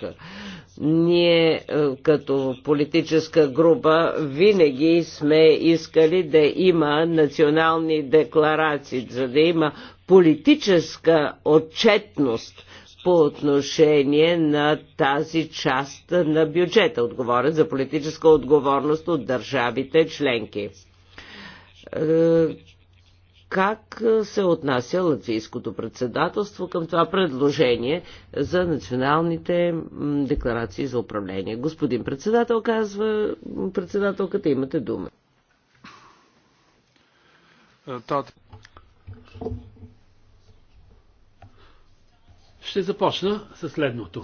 Ние е, като политическа група винаги сме искали да има национални декларации, за да има политическа отчетност по отношение на тази част на бюджета. Отговорят за политическа отговорност от държавите членки е, как се отнася латвийското председателство към това предложение за националните декларации за управление. Господин председател, казва председателката, имате дума. Е, Ще започна с следното.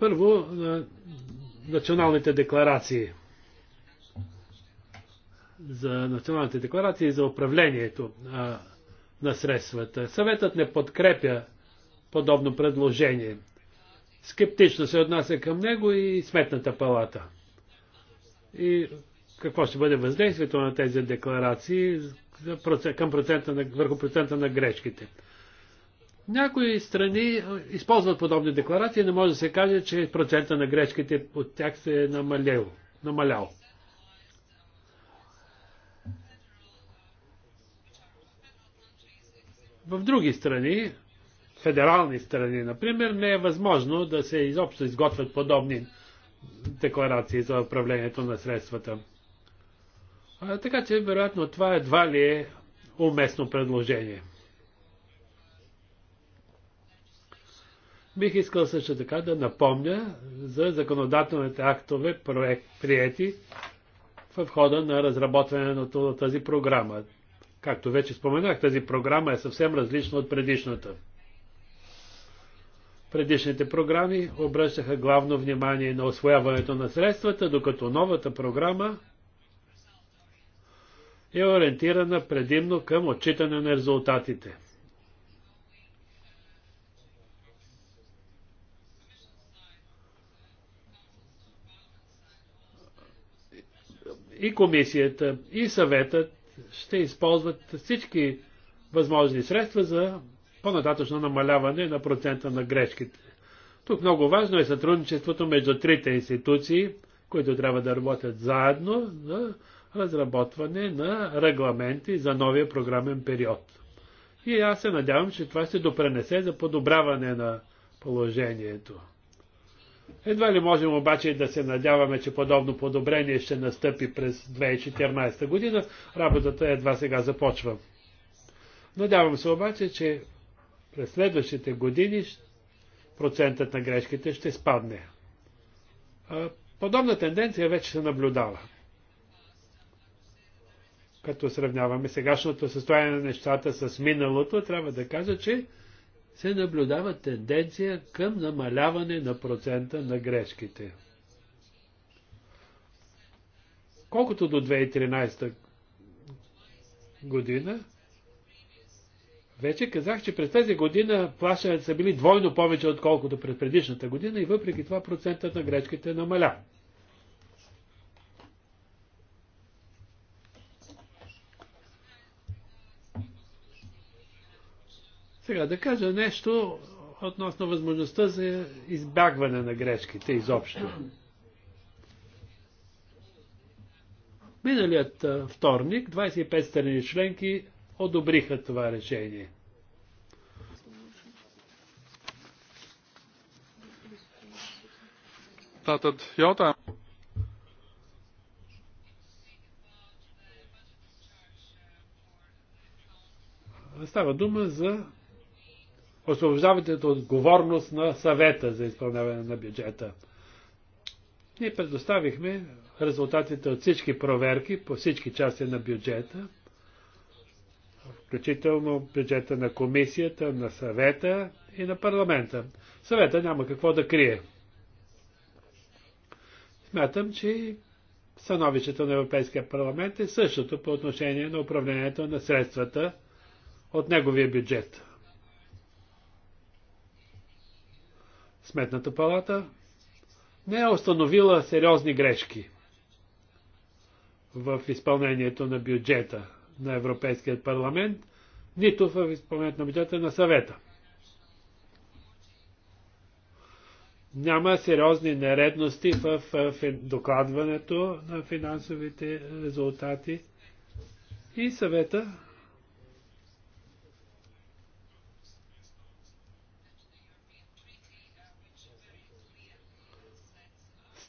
Първо, е, националните декларации. За националните декларации за управлението а, е, на средствата. Съветът не подкрепя подобно предложение. Скептично се отнася към него и сметната палата. И какво ще бъде въздействието на тези декларации към процента на, върху процента на грешките. Някои страни използват подобни декларации, не може да се каже, че процента на грешките от тях се е намалял. намалял. В други страни, федерални страни, например, не е възможно да се изобщо изготвят подобни декларации за управлението на средствата. А, така че, вероятно, това едва ли е уместно предложение. Бих искал също така да напомня за законодателните актове, проект, приети в хода на разработването на тази програма. Както вече споменах, тази програма е съвсем различна от предишната. Предишните програми обръщаха главно внимание на освояването на средствата, докато новата програма е ориентирана предимно към отчитане на резултатите. и комисията, и съветът ще използват всички възможни средства за по-нататъчно намаляване на процента на грешките. Тук много важно е сътрудничеството между трите институции, които трябва да работят заедно за разработване на регламенти за новия програмен период. И аз се надявам, че това ще допренесе за подобряване на положението. Едва ли можем обаче да се надяваме, че подобно подобрение ще настъпи през 2014 година. Работата едва сега започва. Надявам се обаче, че през следващите години процентът на грешките ще спадне. Подобна тенденция вече се наблюдава. Като сравняваме сегашното състояние на нещата с миналото, трябва да кажа, че се наблюдава тенденция към намаляване на процента на грешките. Колкото до 2013 година, вече казах, че през тази година плащането са били двойно повече, отколкото през предишната година и въпреки това процентът на грешките намаля. Сега да кажа нещо относно възможността за избягване на грешките изобщо. Миналият вторник 25 страни членки одобриха това решение. Става дума за освобождавате от отговорност на съвета за изпълняване на бюджета. Ние предоставихме резултатите от всички проверки по всички части на бюджета, включително бюджета на комисията, на съвета и на парламента. Съвета няма какво да крие. Смятам, че становището на Европейския парламент е същото по отношение на управлението на средствата от неговия бюджет. Сметната палата не е установила сериозни грешки в изпълнението на бюджета на Европейския парламент, нито в изпълнението на бюджета на съвета. Няма сериозни нередности в докладването на финансовите резултати и съвета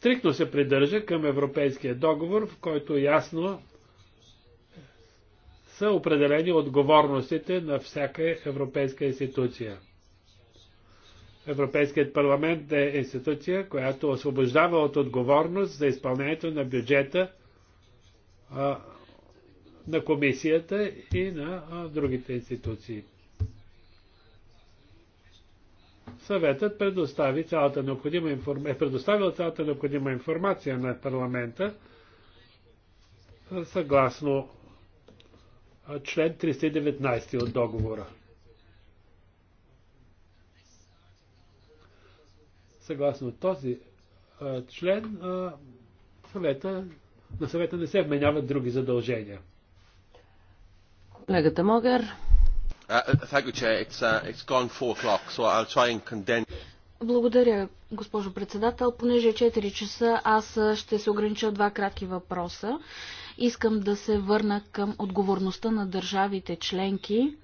стрикно се придържа към Европейския договор, в който ясно са определени отговорностите на всяка европейска институция. Европейският парламент е институция, която освобождава от отговорност за изпълнението на бюджета а, на комисията и на а, другите институции съветът предостави цялата необходима информ... е предоставил цялата необходима информация на парламента съгласно член 319 от договора. Съгласно този член съвета, на съвета не се вменяват други задължения. Колегата Могър. Благодаря, госпожо председател. Понеже е 4 часа, аз ще се огранича два кратки въпроса. Искам да се върна към отговорността на държавите членки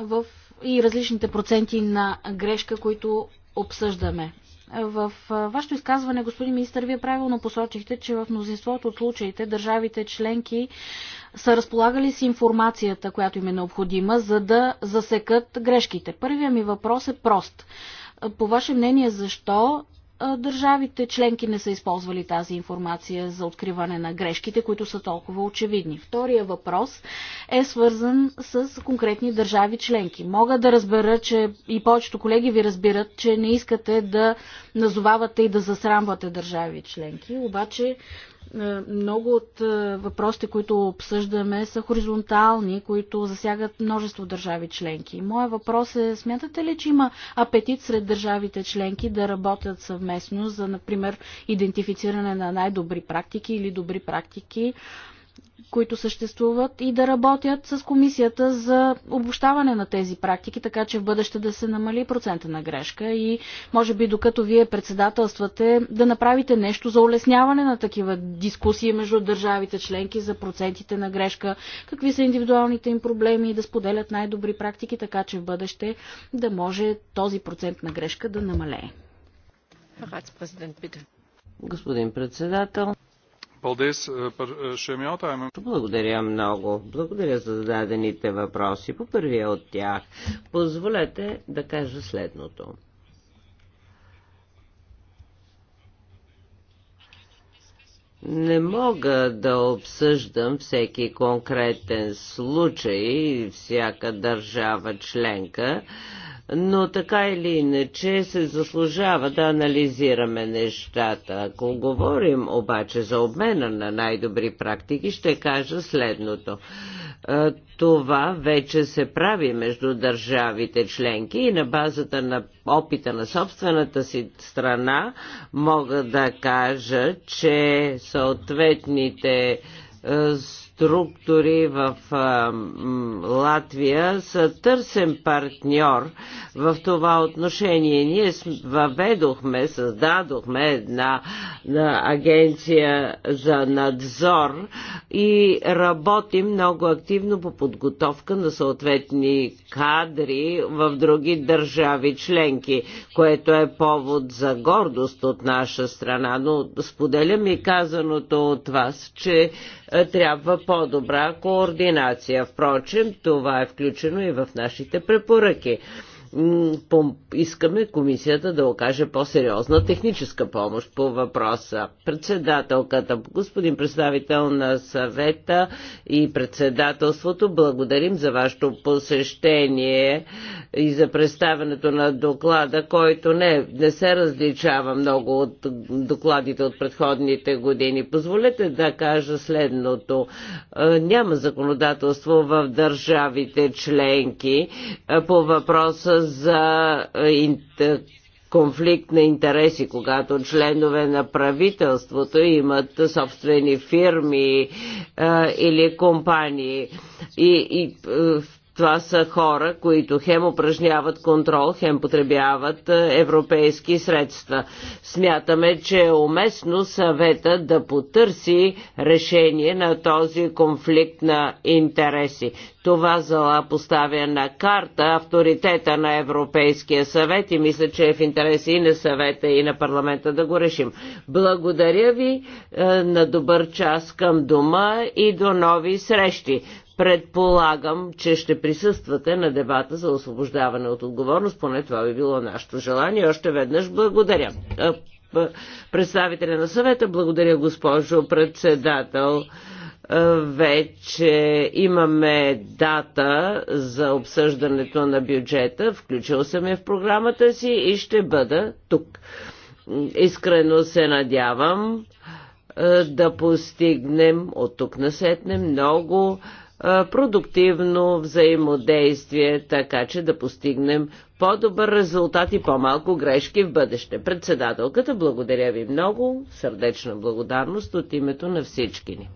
в... и различните проценти на грешка, които обсъждаме. В вашето изказване, господин министър, вие правилно посочихте, че в мнозинството от случаите държавите членки са разполагали с информацията, която им е необходима, за да засекат грешките. Първият ми въпрос е прост. По ваше мнение, защо държавите членки не са използвали тази информация за откриване на грешките, които са толкова очевидни. Втория въпрос е свързан с конкретни държави членки. Мога да разбера, че и повечето колеги ви разбират, че не искате да назовавате и да засрамвате държави членки, обаче е, много от е, въпросите, които обсъждаме, са хоризонтални, които засягат множество държави членки. Моя въпрос е, смятате ли, че има апетит сред държавите членки да работят съвместно за, например, идентифициране на най-добри практики или добри практики? които съществуват и да работят с комисията за обощаване на тези практики, така че в бъдеще да се намали процента на грешка и може би докато вие председателствате да направите нещо за улесняване на такива дискусии между държавите членки за процентите на грешка, какви са индивидуалните им проблеми и да споделят най-добри практики, така че в бъдеще да може този процент на грешка да намалее. Господин председател, Paldies eh, par eh, šiem jautājumiem. Благодаря много. Благодаря за зададените въпроси. По първия от тях позволете да кажа следното. Не мога да обсъждам всеки конкретен случай, и всяка държава членка, но така или иначе се заслужава да анализираме нещата. Ако говорим обаче за обмена на най-добри практики, ще кажа следното. Това вече се прави между държавите членки и на базата на опита на собствената си страна мога да кажа, че съответните структури в а, Латвия са търсен партньор в това отношение. Ние въведохме, създадохме една на агенция за надзор и работим много активно по подготовка на съответни кадри в други държави членки, което е повод за гордост от наша страна. Но споделям и казаното от вас, че е, трябва по-добра координация. Впрочем, това е включено и в нашите препоръки искаме комисията да окаже по-сериозна техническа помощ по въпроса. Председателката, господин представител на съвета и председателството, благодарим за вашето посещение и за представенето на доклада, който не, не се различава много от докладите от предходните години. Позволете да кажа следното. Е, няма законодателство в държавите членки е, по въпроса за е, е, конфликт на интереси, когато членове на правителството имат собствени фирми е, или компании. И, и това са хора, които хем упражняват контрол, хем потребяват е, европейски средства. Смятаме, че е уместно съвета да потърси решение на този конфликт на интереси. Това зала поставя на карта авторитета на Европейския съвет и мисля, че е в интереси и на съвета и на парламента да го решим. Благодаря ви е, на добър час към дома и до нови срещи. Предполагам, че ще присъствате на дебата за освобождаване от отговорност, поне това би било нашето желание. Още веднъж благодаря. Представителя на съвета, благодаря госпожо председател вече имаме дата за обсъждането на бюджета. Включил съм я в програмата си и ще бъда тук. Искрено се надявам да постигнем от тук насетне много продуктивно взаимодействие, така че да постигнем по-добър резултат и по-малко грешки в бъдеще. Председателката, благодаря ви много, сърдечна благодарност от името на всички ни.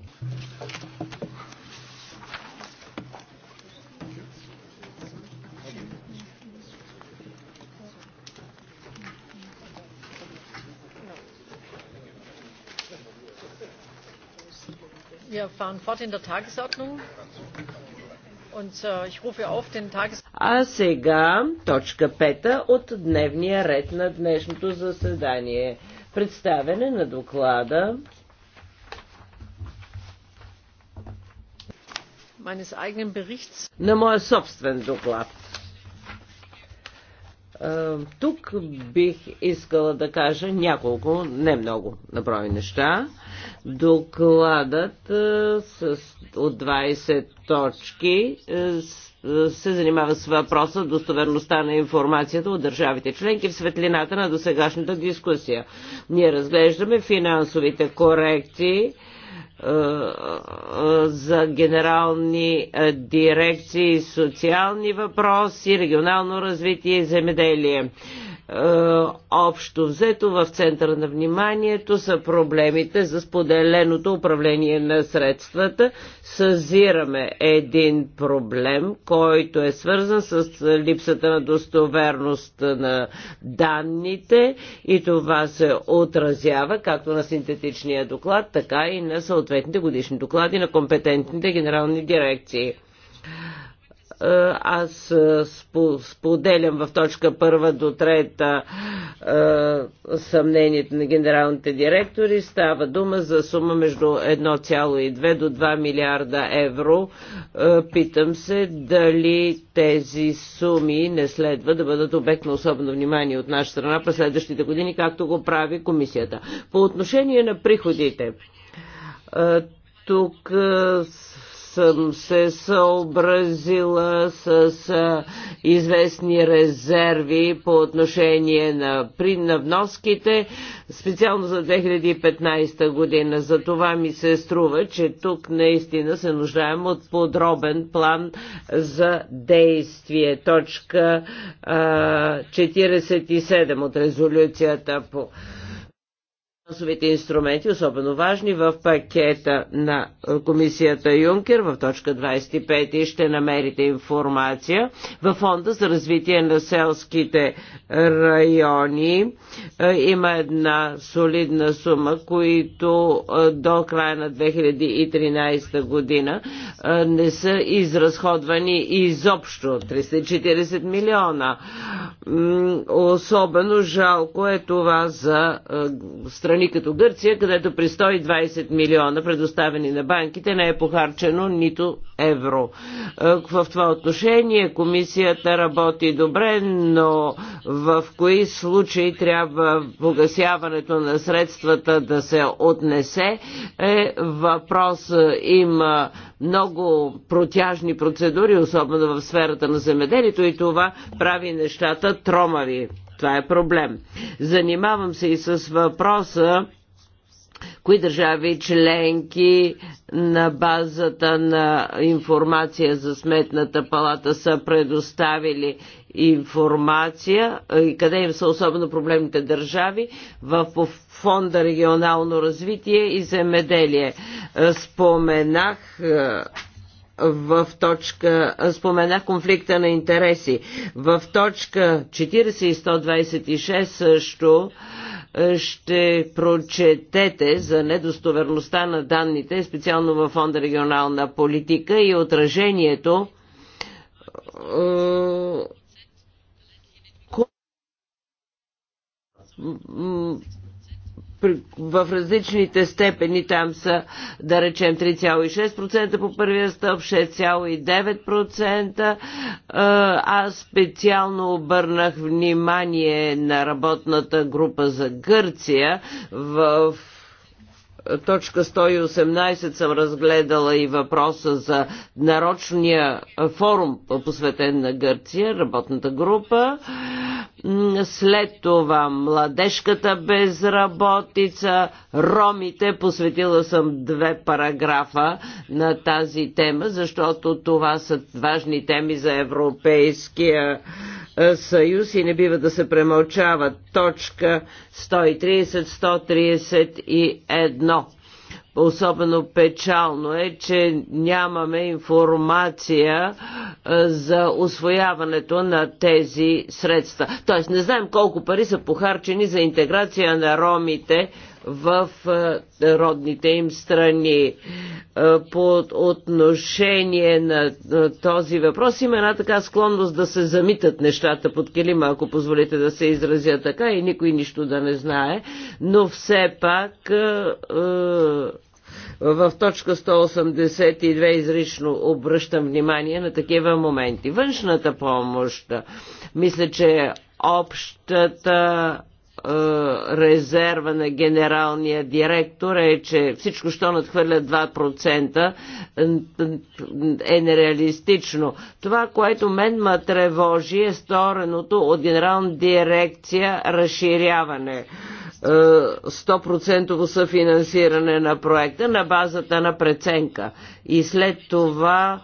А сега точка 5 от дневния ред на днешното заседание. Представяне на доклада на моя собствен доклад. Е, тук бих искала да кажа няколко, не много наброи неща. Докладът е, с, от 20 точки е, се занимава с въпроса достоверността на информацията от държавите членки в светлината на досегашната дискусия. Ние разглеждаме финансовите корекции за генерални дирекции социални въпроси, регионално развитие и земеделие. Е, общо взето в центъра на вниманието са проблемите за споделеното управление на средствата. Съзираме един проблем, който е свързан с липсата на достоверност на данните и това се отразява както на синтетичния доклад, така и на съответните годишни доклади на компетентните генерални дирекции. Е, аз е, споделям в точка първа до трета е, съмнението на генералните директори. Става дума за сума между 1,2 до 2 милиарда евро. Питам се дали тези суми не следва да бъдат обект на особено внимание от наша страна през следващите години, както го прави комисията. По отношение на приходите, тук съм се съобразила с известни резерви по отношение на, при, на вноските, специално за 2015 година. За това ми се струва, че тук наистина се нуждаем от подробен план за действие. Точка а, 47 от резолюцията по финансовите инструменти, особено важни в пакета на комисията Юнкер в точка 25 ще намерите информация в фонда за развитие на селските райони. Е, има една солидна сума, които е, до края на 2013 година е, не са изразходвани изобщо 340 милиона. Особено жалко е това за страни страни като Гърция, където при 120 милиона предоставени на банките не е похарчено нито евро. Е, в това отношение комисията работи добре, но в кои случаи трябва погасяването на средствата да се отнесе е въпрос. Има много протяжни процедури, особено в сферата на земеделието и това прави нещата тромави. Това е проблем. Занимавам се и с въпроса кои държави членки на базата на информация за сметната палата са предоставили информация и е, къде им са особено проблемните държави в фонда регионално развитие и земеделие. Е, споменах е, в точка, споменах конфликта на интереси. В точка 40 и 126 също е, ще прочетете за недостоверността на данните, специално във Фонда регионална политика и отражението е, в различните степени там са, да речем, 3,6% по първия стълб, 6,9%. Аз специално обърнах внимание на работната група за Гърция в точка 118 съм разгледала и въпроса за нарочния форум, посветен на Гърция, работната група. След това младежката безработица, ромите, посветила съм две параграфа на тази тема, защото това са важни теми за Европейския съюз и не бива да се премълчава. Точка 130-131. Особено печално е, че нямаме информация за освояването на тези средства. Тоест не знаем колко пари са похарчени за интеграция на ромите в родните им страни. По отношение на този въпрос има една така склонност да се замитат нещата под килима, ако позволите да се изразя така и никой нищо да не знае, но все пак в точка 182 изрично обръщам внимание на такива моменти. Външната помощ, мисля, че общата е, резерва на генералния директор е, че всичко, що надхвърля 2% е, е нереалистично. Това, което мен ма тревожи е стореното от генерална дирекция разширяване. 100% е, съфинансиране на проекта на базата на преценка. И след това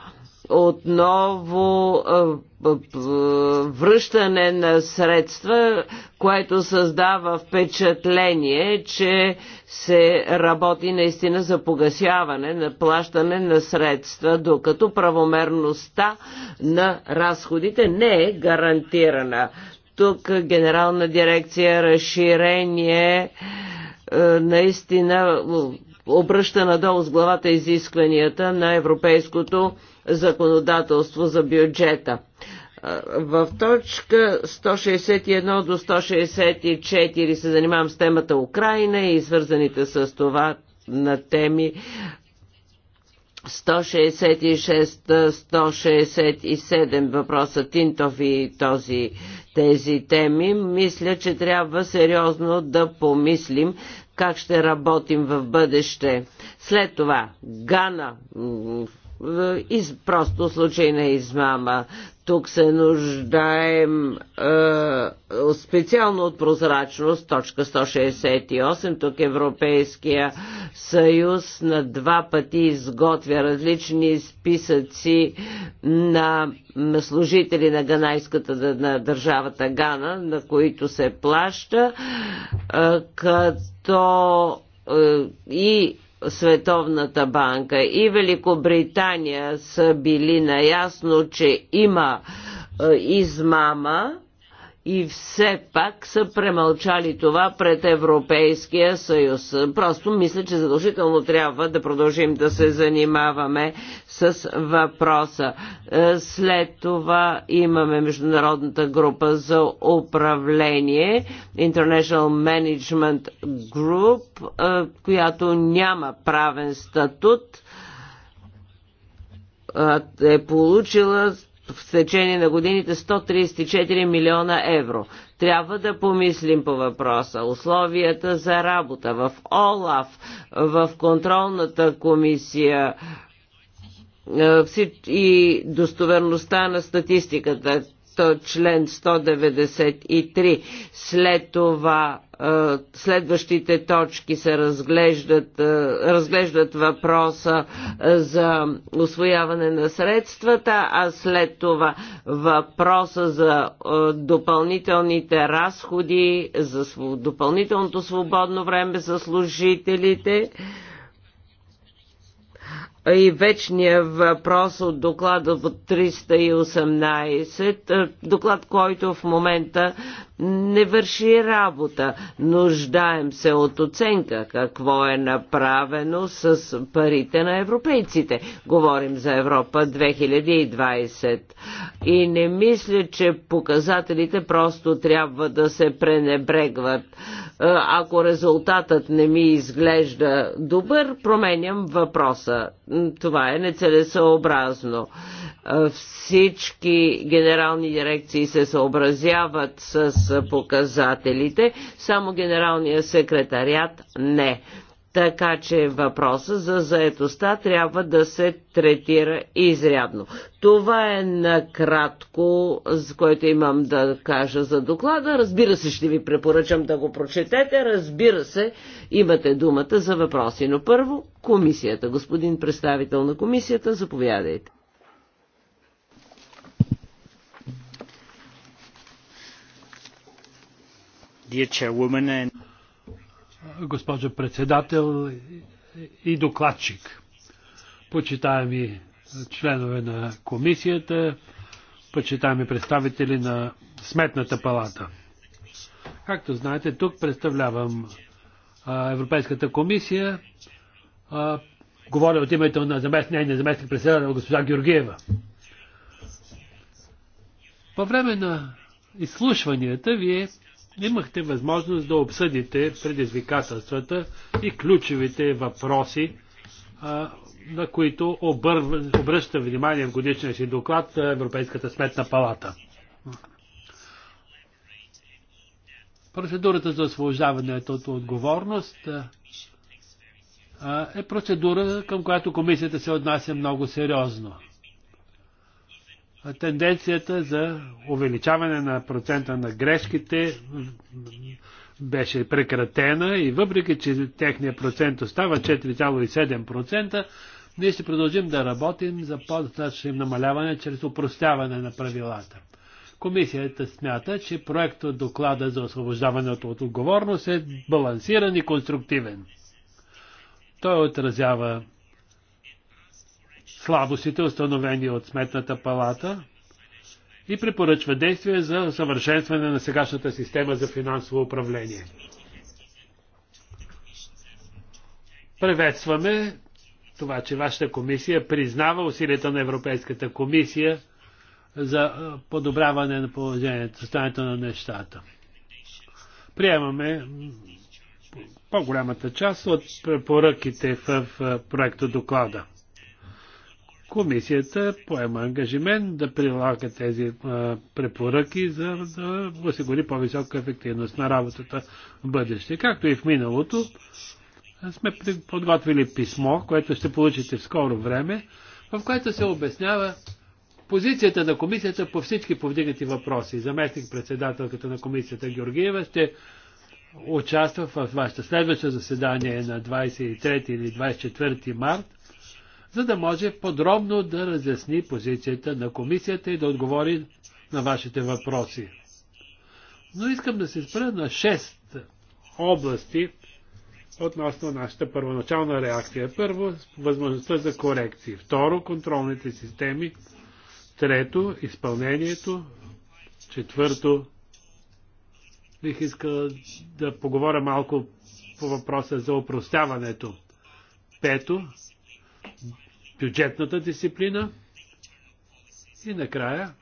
отново връщане на средства, което създава впечатление, че се работи наистина за погасяване на плащане на средства, докато правомерността на разходите не е гарантирана. Тук Генерална дирекция разширение наистина обръща надолу с главата изискванията на европейското законодателство за бюджета. В точка 161 до 164 се занимавам с темата Украина и свързаните с това на теми 166-167 въпроса Тинтов и този, тези теми, мисля, че трябва сериозно да помислим как ще работим в бъдеще. След това Гана, е, из, просто случай на измама. Тук се нуждаем е, специално от прозрачност, точка 168. Тук Европейския съюз на два пъти изготвя различни списъци на служители на ганайската на държавата Гана, на които се плаща, е, като е, и Световната банка и Великобритания са били наясно, че има е, измама и все пак са премълчали това пред Европейския съюз. Просто мисля, че задължително трябва да продължим да се занимаваме с въпроса. Е, след това имаме Международната група за управление, International Management Group, е, която няма правен статут е получила в течение на годините 134 милиона евро. Трябва да помислим по въпроса. Условията за работа в ОЛАФ, в контролната комисия, е, и достоверността на статистиката член 193. След това следващите точки се разглеждат, разглеждат въпроса за освояване на средствата, а след това въпроса за допълнителните разходи, за допълнителното свободно време за служителите и вечния въпрос от доклада от 318, е, доклад, който в момента не върши работа. Нуждаем се от оценка какво е направено с парите на европейците. Говорим за Европа 2020. И не мисля, че показателите просто трябва да се пренебрегват е, ако резултатът не ми изглежда добър, променям въпроса. Това е нецелесообразно. Е, всички генерални дирекции се съобразяват с показателите, само генералния секретарят не. Така че въпроса за заетостта трябва да се третира изрядно. Това е накратко, с което имам да кажа за доклада. Разбира се, ще ви препоръчам да го прочетете. Разбира се, имате думата за въпроси. Но първо, комисията. Господин представител на комисията, заповядайте. Dear Chairwoman and госпожо председател и докладчик. Почитаеми членове на комисията, почитаеми представители на Сметната палата. Както знаете, тук представлявам Европейската комисия. говоря от името на заместник, заместник председател госпожа Георгиева. По време на изслушванията вие имахте възможност да обсъдите предизвикателствата и ключовите въпроси, на които обръща внимание в годишния си доклад Европейската сметна палата. Процедурата за освобождаването от отговорност е процедура, към която комисията се отнася много сериозно тенденцията за увеличаване на процента на грешките беше прекратена и въпреки, че техния процент остава 4,7%, ние ще продължим да работим за по-нататъчно намаляване чрез упростяване на правилата. Комисията смята, че проектът доклада за освобождаването от отговорност е балансиран и конструктивен. Той отразява слабостите, установени от Сметната палата и препоръчва действия за съвършенстване на сегашната система за финансово управление. Приветстваме това, че вашата комисия признава усилията на Европейската комисия за подобряване на положението, състоянието на нещата. Приемаме по-голямата част от препоръките в проекта доклада. Комисията поема ангажимент да прилага тези а, препоръки, за да осигури по-висока ефективност на работата в бъдеще. Както и в миналото, сме подготвили писмо, което ще получите в скоро време, в което се обяснява позицията на комисията по всички повдигнати въпроси. Заместник председателката на комисията Георгиева ще участва в вашето следващо заседание на 23 или 24 март за да може подробно да разясни позицията на комисията и да отговори на вашите въпроси. Но искам да се спра на шест области относно нашата първоначална реакция. Първо, възможността за корекции. Второ, контролните системи. Трето, изпълнението. Четвърто, бих искал да поговоря малко по въпроса за упростяването. Пето, бюджетната дисциплина и накрая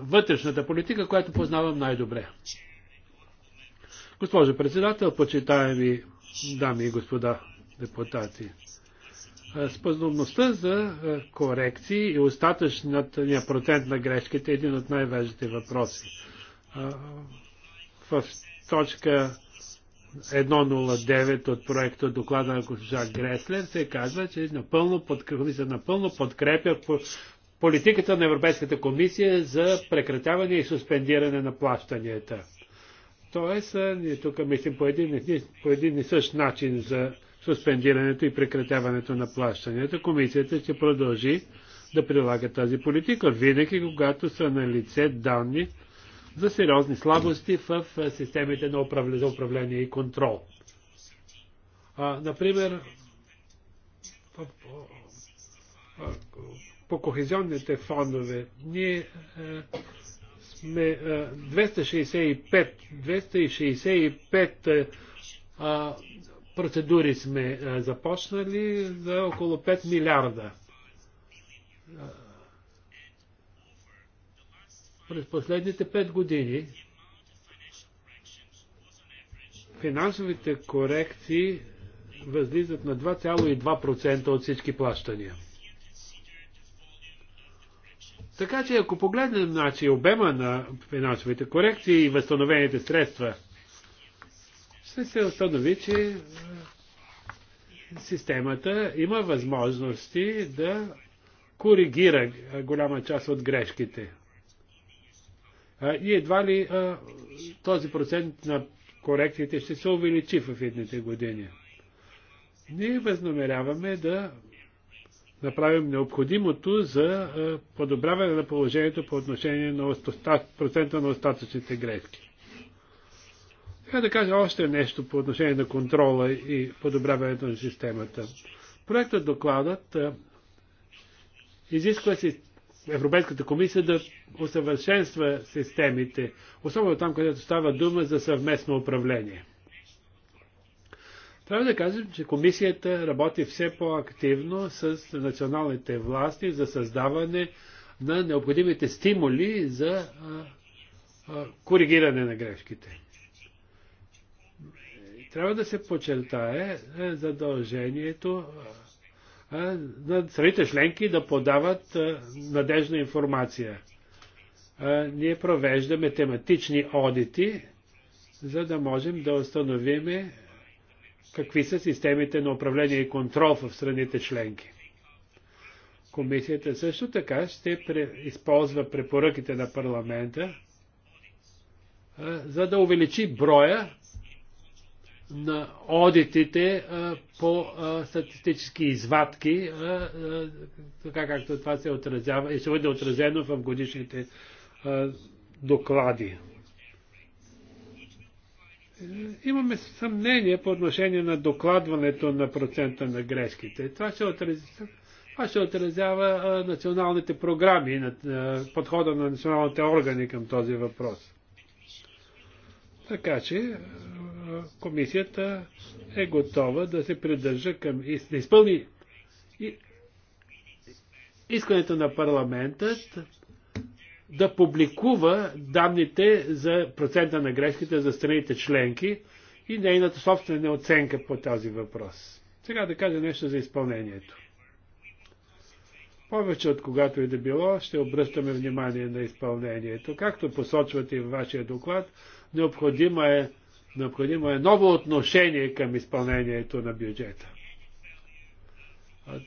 вътрешната политика, която познавам най-добре. Госпожо председател, почитаеми дами и господа депутати, способността за корекции и остатъчният процент на грешките е един от най-важните въпроси. В точка 109 от проекта доклада на госпожа Греслер се казва, че напълно, подкрепя, напълно подкрепя политиката на Европейската комисия за прекратяване и суспендиране на плащанията. Тоест, ние тук мислим по един, по един и същ начин за суспендирането и прекратяването на плащанията. Комисията ще продължи да прилага тази политика винаги, когато са на лице данни, за сериозни слабости в системите на управление, за управление и контрол. А, например, по, по, по кохезионните фондове ние е, сме е, 265, 265 е, процедури сме започнали за около 5 милиарда през последните 5 години финансовите корекции възлизат на 2,2% от всички плащания. Така че ако погледнем значи, обема на финансовите корекции и възстановените средства, ще се установи, че е, системата има възможности да коригира голяма част от грешките. И едва ли този процент на корекциите ще се увеличи в едните години. Ние възнамеряваме да направим необходимото за подобряване на положението по отношение на процента на остатъчните грешки. Сега да кажа още нещо по отношение на контрола и подобряването на системата. Проектът докладът изисква си Европейската комисия да усъвършенства системите, особено там, където става дума за съвместно управление. Трябва да кажем, че комисията работи все по-активно с националните власти за създаване на необходимите стимули за коригиране на грешките. Трябва да се подчертае задължението на страните членки да подават надежна информация. Ние провеждаме тематични одити, за да можем да установим какви са системите на управление и контрол в страните членки. Комисията също така ще използва препоръките на парламента, за да увеличи броя на одитите по статистически извадки, така както това се отразява и ще бъде отразено в годишните доклади. Имаме съмнение по отношение на докладването на процента на грешките. Това ще отразява, това ще отразява националните програми, подхода на националните органи към този въпрос. Така че комисията е готова да се придържа към, да изпълни искането на парламентът да публикува данните за процента на грешките за страните членки и нейната собствена оценка по този въпрос. Сега да кажа нещо за изпълнението. Повече от когато и да било, ще обръщаме внимание на изпълнението. Както посочвате в вашия доклад, необходима е Необходимо е ново отношение към изпълнението на бюджета.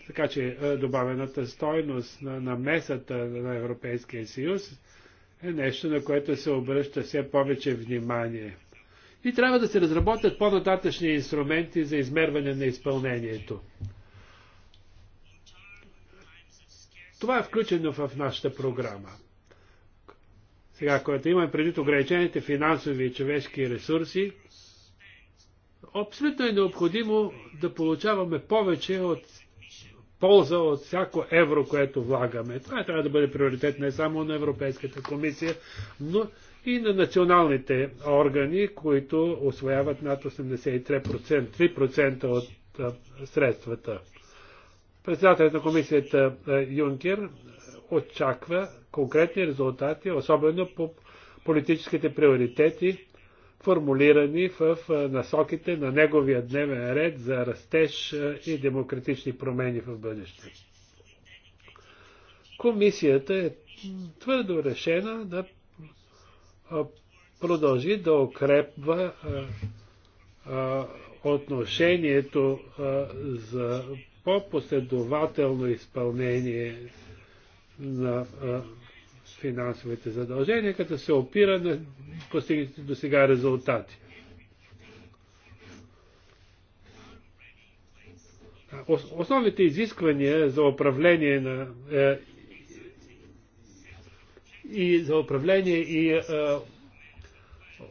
Така че е, добавената стойност на месата на Европейския съюз е нещо, на което се обръща все повече внимание. И трябва да се разработят по-нататъчни инструменти за измерване на изпълнението. Това е включено в нашата програма. Сега, когато е имаме преди ограничените финансови и човешки ресурси, абсолютно е необходимо да получаваме повече от полза от всяко евро, което влагаме. Това трябва да бъде приоритет не само на Европейската комисия, но и на националните органи, които освояват над 83%, 3% от а, средствата. Председателят на комисията а, Юнкер очаква конкретни резултати, особено по политическите приоритети, формулирани в насоките на неговия дневен ред за растеж и демократични промени в бъдеще. Комисията е твърдо решена да продължи да укрепва отношението за по-последователно изпълнение на финансовите задължения, като се опира на постигнатите до сега резултати. Основните изисквания за управление на е, и за управление и е,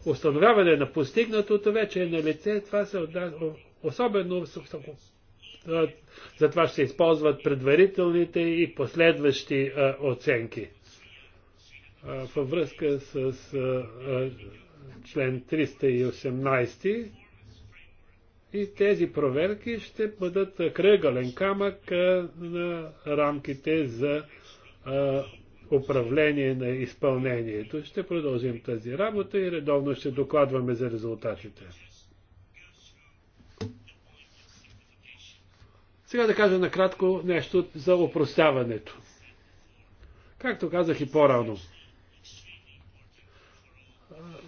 установяване на постигнатото вече е на лице. Това се отнася особено затова ще използват предварителните и последващи оценки. Във връзка с член 318 и тези проверки ще бъдат кръгален камък на рамките за управление на изпълнението. Ще продължим тази работа и редовно ще докладваме за резултатите. Сега да кажа накратко нещо за опростяването. Както казах и по-рано,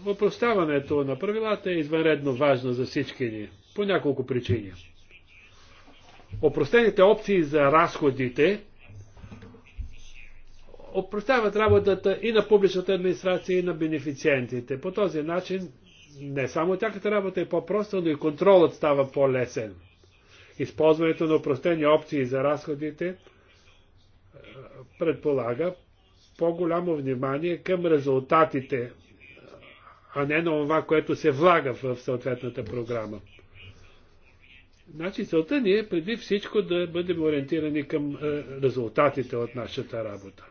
опростяването на правилата е извънредно важно за всички ни, по няколко причини. Опростените опции за разходите опростяват работата и на публичната администрация, и на бенефициентите. По този начин не само тяхната работа е по-проста, но и контролът става по-лесен използването на упростени опции за разходите е, предполага по-голямо внимание към резултатите, а не на това, което се влага в съответната програма. Значи целта ни е преди всичко да бъдем ориентирани към е, резултатите от нашата работа.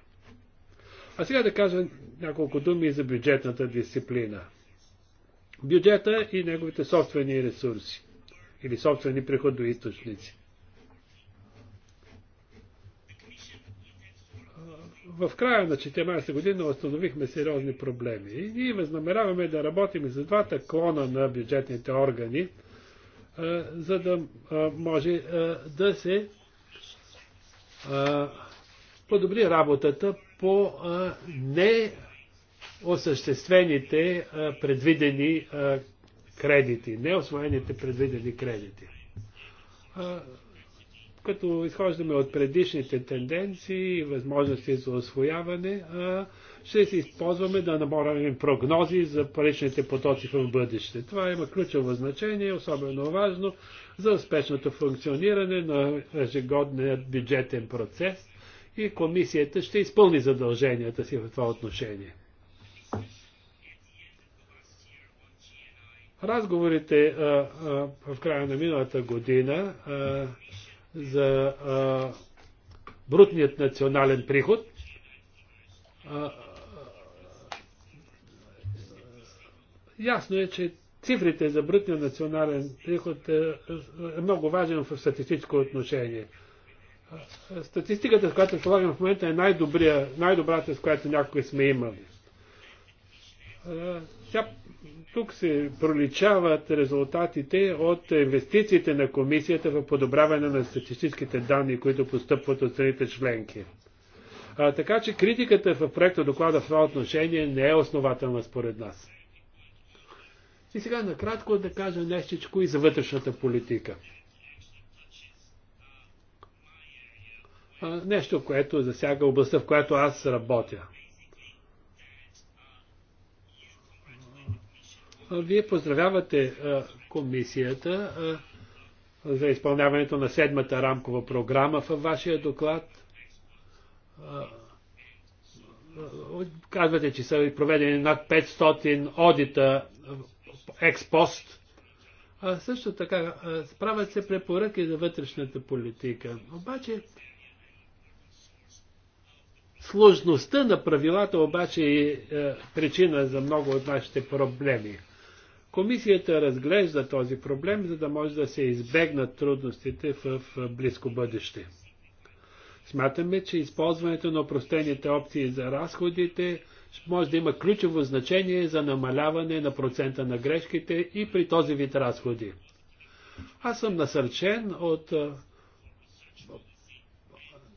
А сега да кажа няколко думи за бюджетната дисциплина. Бюджета и неговите собствени ресурси или собствени приходоисточници. В края на 14 година установихме сериозни проблеми и ние възнамеряваме да работим и за двата клона на бюджетните органи, за да може да се подобри работата по неосъществените предвидени кредити, не освоените предвидени кредити. А, като изхождаме от предишните тенденции и възможности за освояване, а, ще се използваме да набораме прогнози за паричните потоци в бъдеще. Това има ключово значение, особено важно за успешното функциониране на ежегодния бюджетен процес и комисията ще изпълни задълженията си в това отношение. Разговорите а, а, в края на миналата година а, за а, брутният национален приход а, ясно е, че цифрите за брутния национален приход е, е много важен в статистическо отношение. Статистиката, с която полагам в момента, е най-добрата, най с която някога сме имали. Тук се проличават резултатите от инвестициите на комисията в подобряване на статистическите данни, които постъпват от страните членки. А, така че критиката в проекта доклада в това отношение не е основателна според нас. И сега накратко да кажа нещичко и за вътрешната политика. А, нещо, което засяга областта, в която аз работя. Вие поздравявате комисията за изпълняването на седмата рамкова програма във вашия доклад. Казвате, че са проведени над 500 одита експост. А също така, справят се препоръки за вътрешната политика. Обаче, сложността на правилата обаче е, е причина за много от нашите проблеми. Комисията разглежда този проблем, за да може да се избегнат трудностите в близко бъдеще. Смятаме, че използването на опростените опции за разходите може да има ключово значение за намаляване на процента на грешките и при този вид разходи. Аз съм насърчен от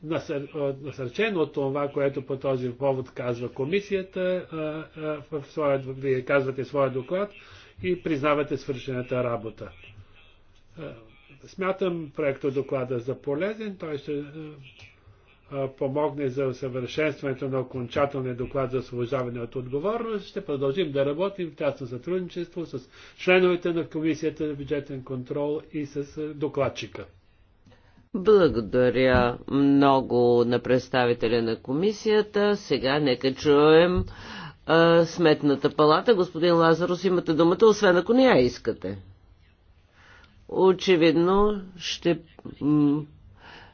насър, насърчен от това, което по този повод казва комисията, в своя, вие казвате своя доклад, и признавате свършената работа. Е, смятам проекто доклада за полезен. Той ще е, е, помогне за усъвършенстването на окончателния доклад за освобождаване от отговорност. Ще продължим да работим в тясно сътрудничество с членовете на Комисията за бюджетен контрол и с докладчика. Благодаря много на представителя на комисията. Сега нека чуем а, Сметната палата. Господин Лазарос, имате думата, освен ако не я искате. Очевидно ще,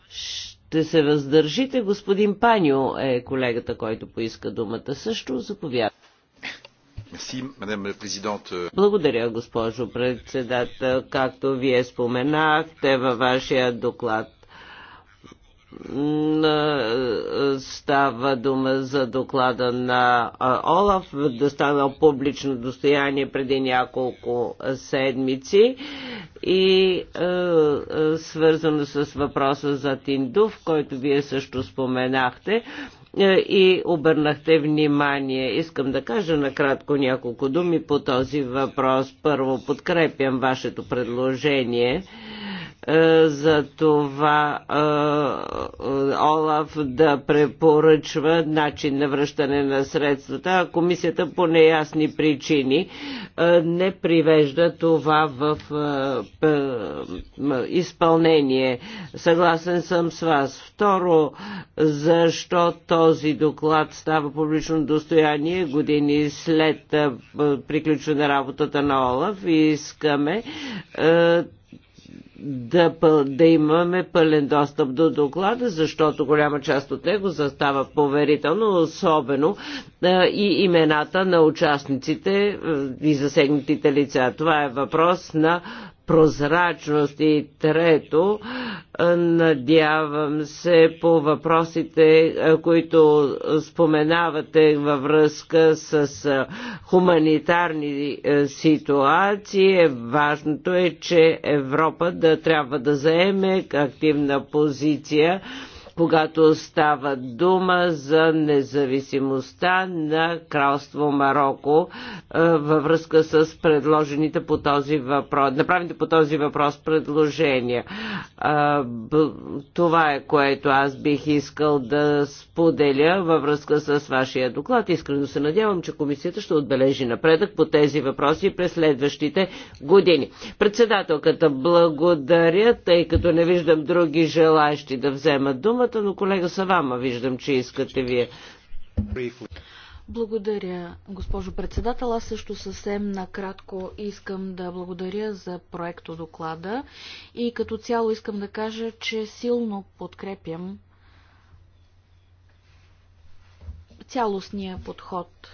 ще се въздържите. Господин Паню е колегата, който поиска думата също. Заповядайте. Благодаря, госпожо председател. Както вие споменахте във вашия доклад, е, става дума за доклада на е, Олаф, да стана публично достояние преди няколко седмици и е, свързано с въпроса за Тиндув, който вие също споменахте и обърнахте внимание. Искам да кажа накратко няколко думи по този въпрос. Първо, подкрепям вашето предложение. Е, за това е, е, Олаф да препоръчва начин на връщане на средствата, а комисията по неясни причини не привежда това в изпълнение. Съгласен съм с вас. Второ, защо този доклад става публично достояние години след приключване работата на Олаф и искаме да, да имаме пълен достъп до доклада, защото голяма част от него застава поверително, особено и имената на участниците и засегнатите лица. Това е въпрос на прозрачност. И трето, надявам се по въпросите, които споменавате във връзка с хуманитарни ситуации. Е важното е, че Европа да трябва да заеме активна позиция когато става дума за независимостта на кралство Марокко е, във връзка с предложените по този въпрос, направените по този въпрос предложения. Е, това е което аз бих искал да споделя във връзка с вашия доклад. Искрено се надявам, че комисията ще отбележи напредък по тези въпроси през следващите години. Председателката благодаря, тъй като не виждам други желащи да вземат дума думата, но колега Савама виждам, че искате вие. Благодаря, госпожо председател. Аз също съвсем накратко искам да благодаря за проекто доклада и като цяло искам да кажа, че силно подкрепям цялостния подход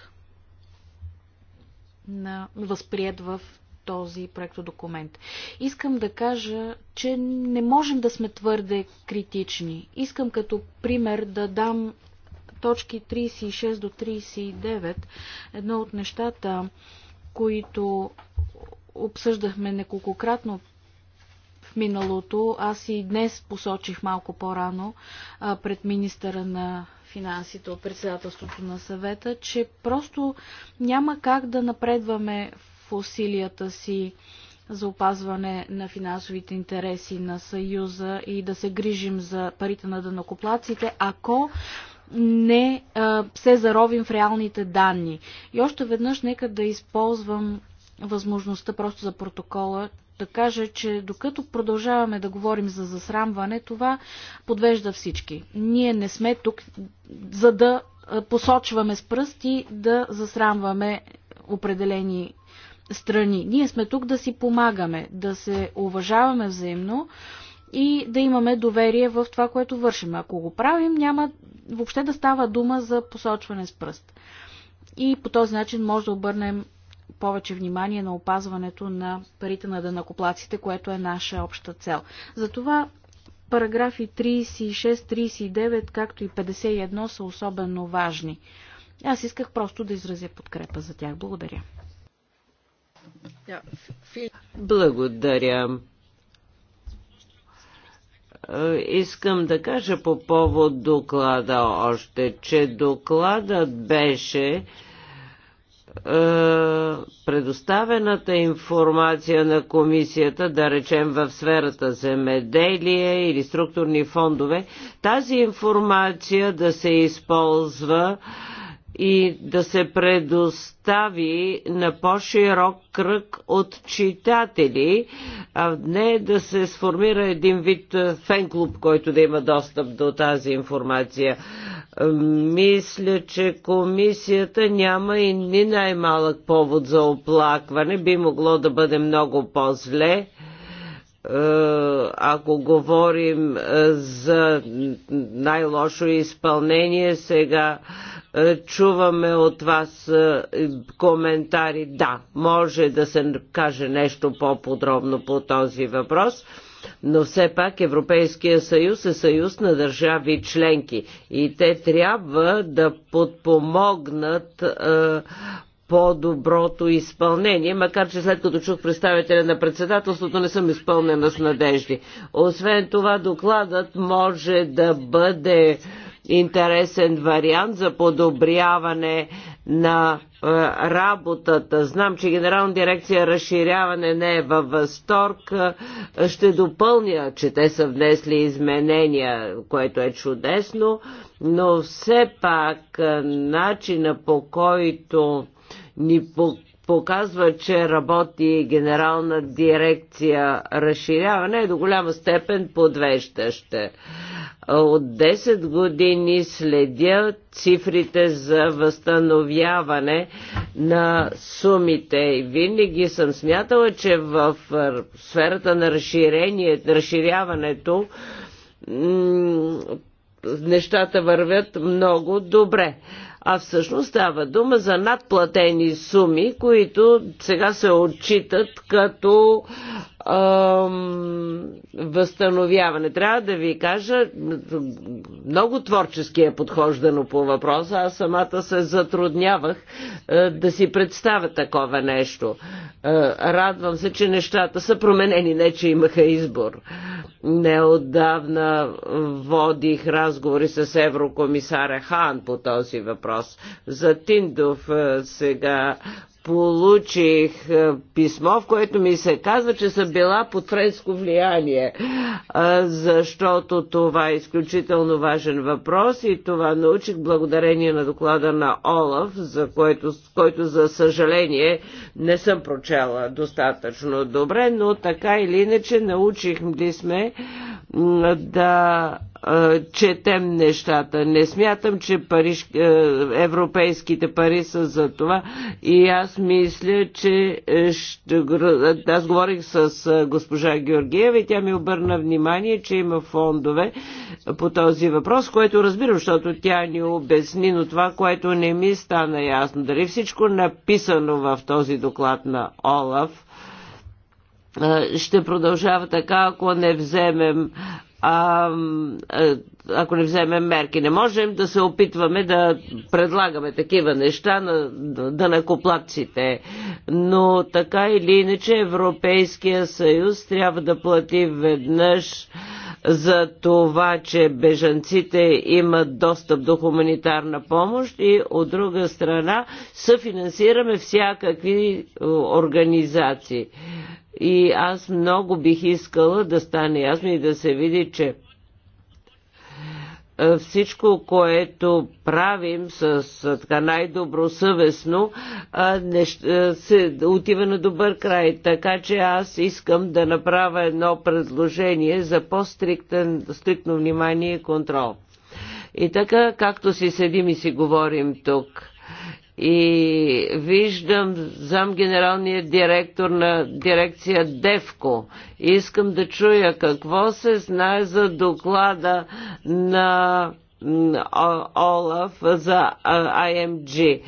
на възприят в този проектодокумент. Искам да кажа, че не можем да сме твърде критични. Искам като пример да дам точки 36 до 39, едно от нещата, които обсъждахме неколкократно в миналото. Аз и днес посочих малко по-рано пред министъра на финансите от председателството на съвета, че просто няма как да напредваме в усилията си за опазване на финансовите интереси на Съюза и да се грижим за парите на дънокоплаците, ако не а, се заровим в реалните данни. И още веднъж нека да използвам възможността просто за протокола, да кажа, че докато продължаваме да говорим за засрамване, това подвежда всички. Ние не сме тук за да посочваме с пръсти да засрамваме определени страни. Ние сме тук да си помагаме, да се уважаваме взаимно и да имаме доверие в това, което вършим. Ако го правим, няма въобще да става дума за посочване с пръст. И по този начин може да обърнем повече внимание на опазването на парите на дънакоплаците, което е наша обща цел. Затова параграфи 36, 39, както и 51 са особено важни. Аз исках просто да изразя подкрепа за тях. Благодаря. Благодаря е, искам да кажа по повод доклада още, че докладът беше е, предоставената информация на комисията, да речем в сферата земеделие или структурни фондове, тази информация да се използва е, и да се предостави на по-широк кръг от читатели, а не да се сформира един вид е, фен-клуб, който да има достъп до тази информация. Е, мисля, че комисията няма и ни най-малък повод за оплакване. Би могло да бъде много по-зле е, ако говорим за най-лошо изпълнение сега е, чуваме от вас е, коментари. Да, може да се каже нещо по-подробно по този въпрос, но все пак Европейския съюз е съюз на държави членки и те трябва да подпомогнат е, по-доброто изпълнение, макар че след като чух представителя на председателството не съм изпълнена с надежди. Освен това докладът може да бъде интересен вариант за подобряване на е, работата. Знам, че Генерална дирекция разширяване не е във възторг. Е, ще допълня, че те са внесли изменения, което е чудесно, но все пак е, начина по който ни показва, че работи генерална дирекция разширяване е до голяма степен подвеждаща. От 10 години следя цифрите за възстановяване на сумите и винаги съм смятала, че в сферата на разширяването нещата вървят много добре. А всъщност става дума за надплатени суми, които сега се отчитат като възстановяване. Трябва да ви кажа, много творчески е подхождано по въпроса. Аз самата се затруднявах е, да си представя такова нещо. Е, радвам се, че нещата са променени, не че имаха избор. Неодавна водих разговори с еврокомисаря Хан по този въпрос. За Тиндов е, сега получих е, писмо, в което ми се казва, че съм била под френско влияние, е, защото това е изключително важен въпрос и това научих благодарение на доклада на Олаф, за който, който за съжаление не съм прочела достатъчно добре, но така или иначе научих ли сме да четем нещата. Не смятам, че париж, европейските пари са за това и аз мисля, че е, ще... аз говорих с госпожа Георгиева и тя ми обърна внимание, че има фондове по този въпрос, което разбирам, защото тя ни обясни, но това, което не ми стана ясно, дали всичко написано в този доклад на Олаф, ще продължава така, ако не вземем а, е, ако не вземем мерки. Не можем да се опитваме да предлагаме такива неща на дънакоплатците. Но така или иначе Европейския съюз трябва да плати веднъж за това, че бежанците имат достъп до хуманитарна помощ и от друга страна съфинансираме всякакви е, организации. И аз много бих искала да стане ясно и да се види, че е, всичко, което правим с е, така най-добросъвестно, е, се отива на добър край. Така че аз искам да направя едно предложение за по-стриктно внимание и контрол. И така, както си седим и си говорим тук, и виждам зам генералния директор на дирекция ДЕВКО. Искам да чуя какво се знае за доклада на Олаф за IMG,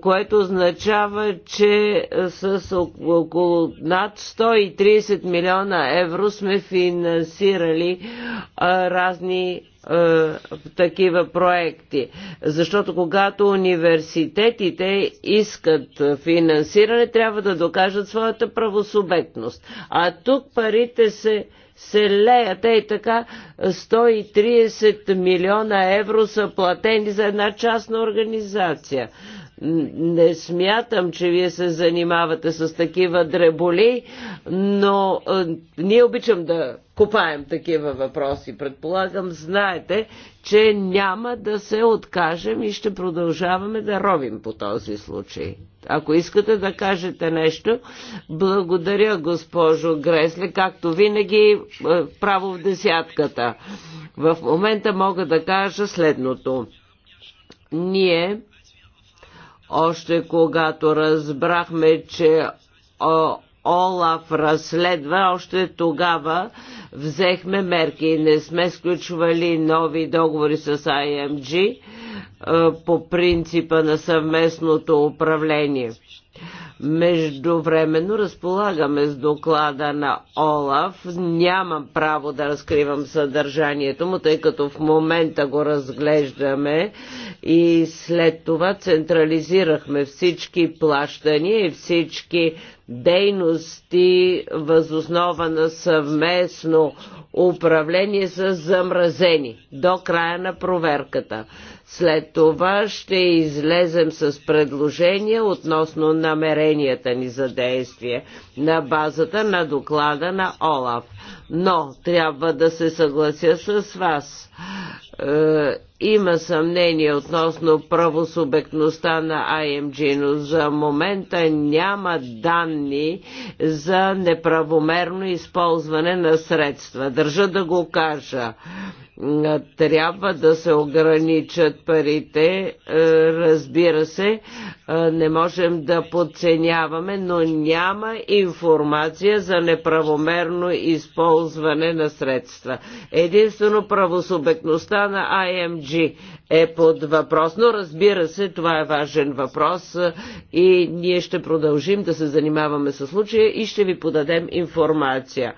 което означава, че с около над 130 милиона евро сме финансирали разни такива проекти. Защото когато университетите искат финансиране, трябва да докажат своята правосубектност. А тук парите се се леят. Ей така 130 милиона евро са платени за една частна организация. Не смятам, че вие се занимавате с такива дреболи, но е, ние обичам да купаем такива въпроси. Предполагам, знаете, че няма да се откажем и ще продължаваме да ровим по този случай. Ако искате да кажете нещо, благодаря госпожо Гресле, както винаги е, право в десятката. В момента мога да кажа следното. Ние, още когато разбрахме, че Олаф разследва, още тогава взехме мерки и не сме сключвали нови договори с IMG по принципа на съвместното управление. Междувременно разполагаме с доклада на Олаф. Нямам право да разкривам съдържанието му, тъй като в момента го разглеждаме и след това централизирахме всички плащания и всички дейности възоснова на съвместно управление са замразени до края на проверката. След това ще излезем с предложения относно намеренията ни за действие на базата на доклада на ОЛАФ. Но трябва да се съглася с вас. Е, има съмнение относно правосубектността на IMG, но за момента няма данни за неправомерно използване на средства. Държа да го кажа трябва да се ограничат парите. Е, разбира се, е, не можем да подценяваме, но няма информация за неправомерно използване на средства. Единствено правосубектността на IMG е под въпрос, но разбира се, това е важен въпрос е, и ние ще продължим да се занимаваме с случая и ще ви подадем информация.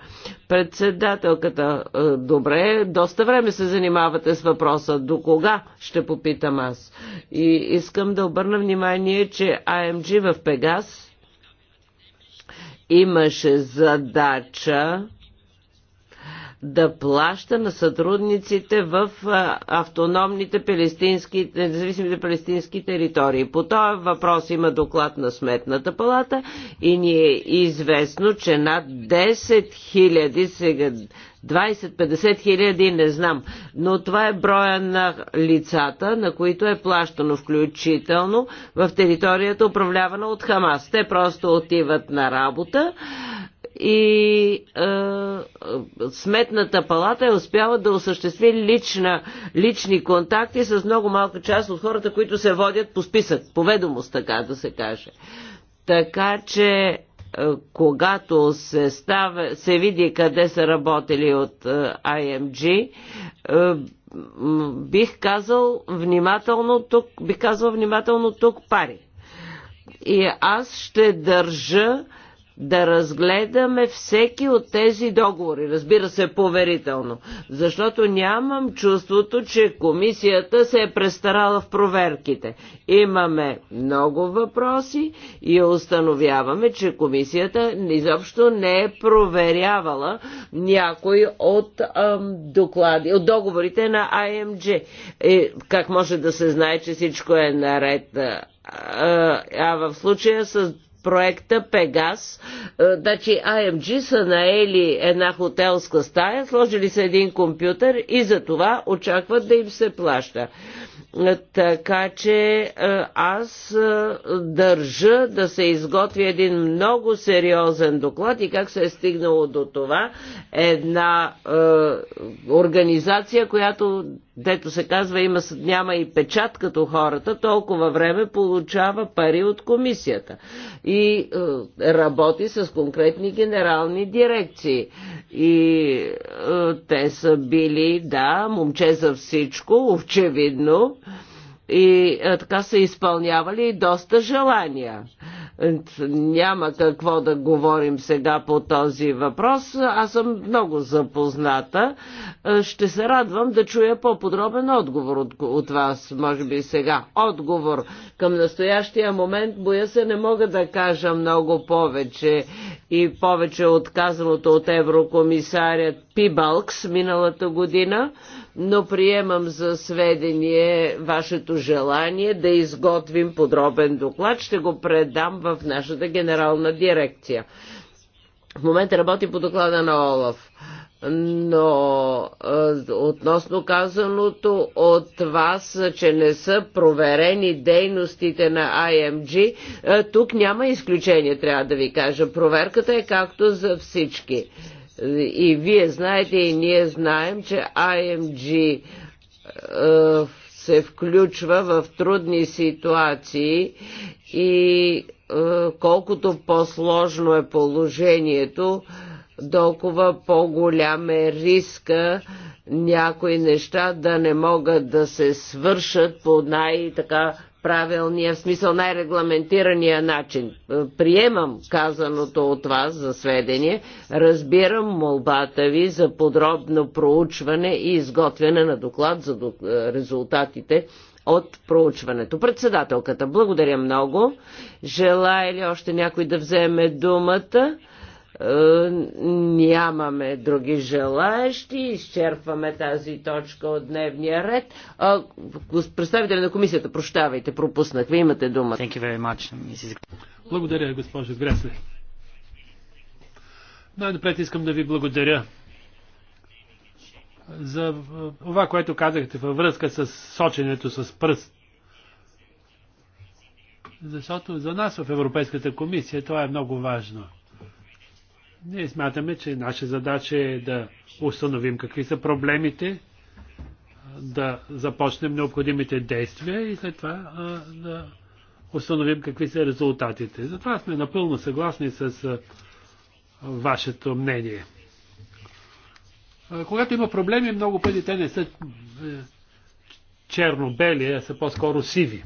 Председателката, е, добре, доста време се занимавате с въпроса. До кога? Ще попитам аз. И искам да обърна внимание, че АМГ в Пегас имаше задача да плаща на сътрудниците в автономните палестински, независимите палестински територии. По този въпрос има доклад на Сметната палата и ни е известно, че над 10 000 сега 20-50 хиляди, не знам. Но това е броя на лицата, на които е плащано включително в територията управлявана от Хамас. Те просто отиват на работа и е, е, сметната палата е успяла да осъществи лична, лични контакти с много малка част от хората, които се водят по списък, по ведомост, така да се каже. Така че е, когато се, става, се види къде са работили от е, IMG, е, бих казал внимателно тук, бих казал внимателно тук пари. И аз ще държа да разгледаме всеки от тези договори, разбира се, поверително, защото нямам чувството, че комисията се е престарала в проверките. Имаме много въпроси и установяваме, че комисията изобщо не е проверявала някой от ам, доклади, от договорите на IMG. Е, как може да се знае, че всичко е наред? а в случая с проекта Пегас. Е, значи IMG са наели една хотелска стая, сложили са един компютър и за това очакват да им се плаща. Е, така че е, аз държа да се изготви един много сериозен доклад и как се е стигнало до това една е, организация, която дето се казва има, няма и печат като хората, толкова време получава пари от комисията и е, работи с конкретни генерални дирекции. И е, те са били, да, момче за всичко, очевидно. Е, и е, така са изпълнявали доста желания. Няма какво да говорим сега по този въпрос. Аз съм много запозната. Е, ще се радвам да чуя по-подробен отговор от, от вас, може би сега. Отговор към настоящия момент, боя се, не мога да кажа много повече и повече от казаното от еврокомисарят Пибалкс миналата година но приемам за сведение вашето желание да изготвим подробен доклад. Ще го предам в нашата генерална дирекция. В момента работи по доклада на Олаф но е, относно казаното от вас, че не са проверени дейностите на IMG, е, тук няма изключение, трябва да ви кажа. Проверката е както за всички. И вие знаете, и ние знаем, че IMG е, се включва в трудни ситуации и е, колкото по-сложно е положението, толкова по-голям е риска някои неща да не могат да се свършат по най-така правилния, в смисъл най-регламентирания начин. Е, приемам казаното от вас за сведение, разбирам молбата ви за подробно проучване и изготвяне на доклад за е, резултатите от проучването. Председателката, благодаря много. Желая ли още някой да вземе думата? Е, нямаме други желаящи, изчерпваме тази точка от дневния ред. А, представителя на комисията, прощавайте, пропуснах. Вие имате дума. Благодаря, госпожо Гресли. Най-напред искам да ви благодаря за това, което казахте във връзка с соченето с пръст. Защото за нас в Европейската комисия това е много важно. Ние смятаме, че наша задача е да установим какви са проблемите, да започнем необходимите действия и след това а, да установим какви са резултатите. Затова сме напълно съгласни с а, вашето мнение. А, когато има проблеми, много пъти те не са е, черно-бели, а са по-скоро сиви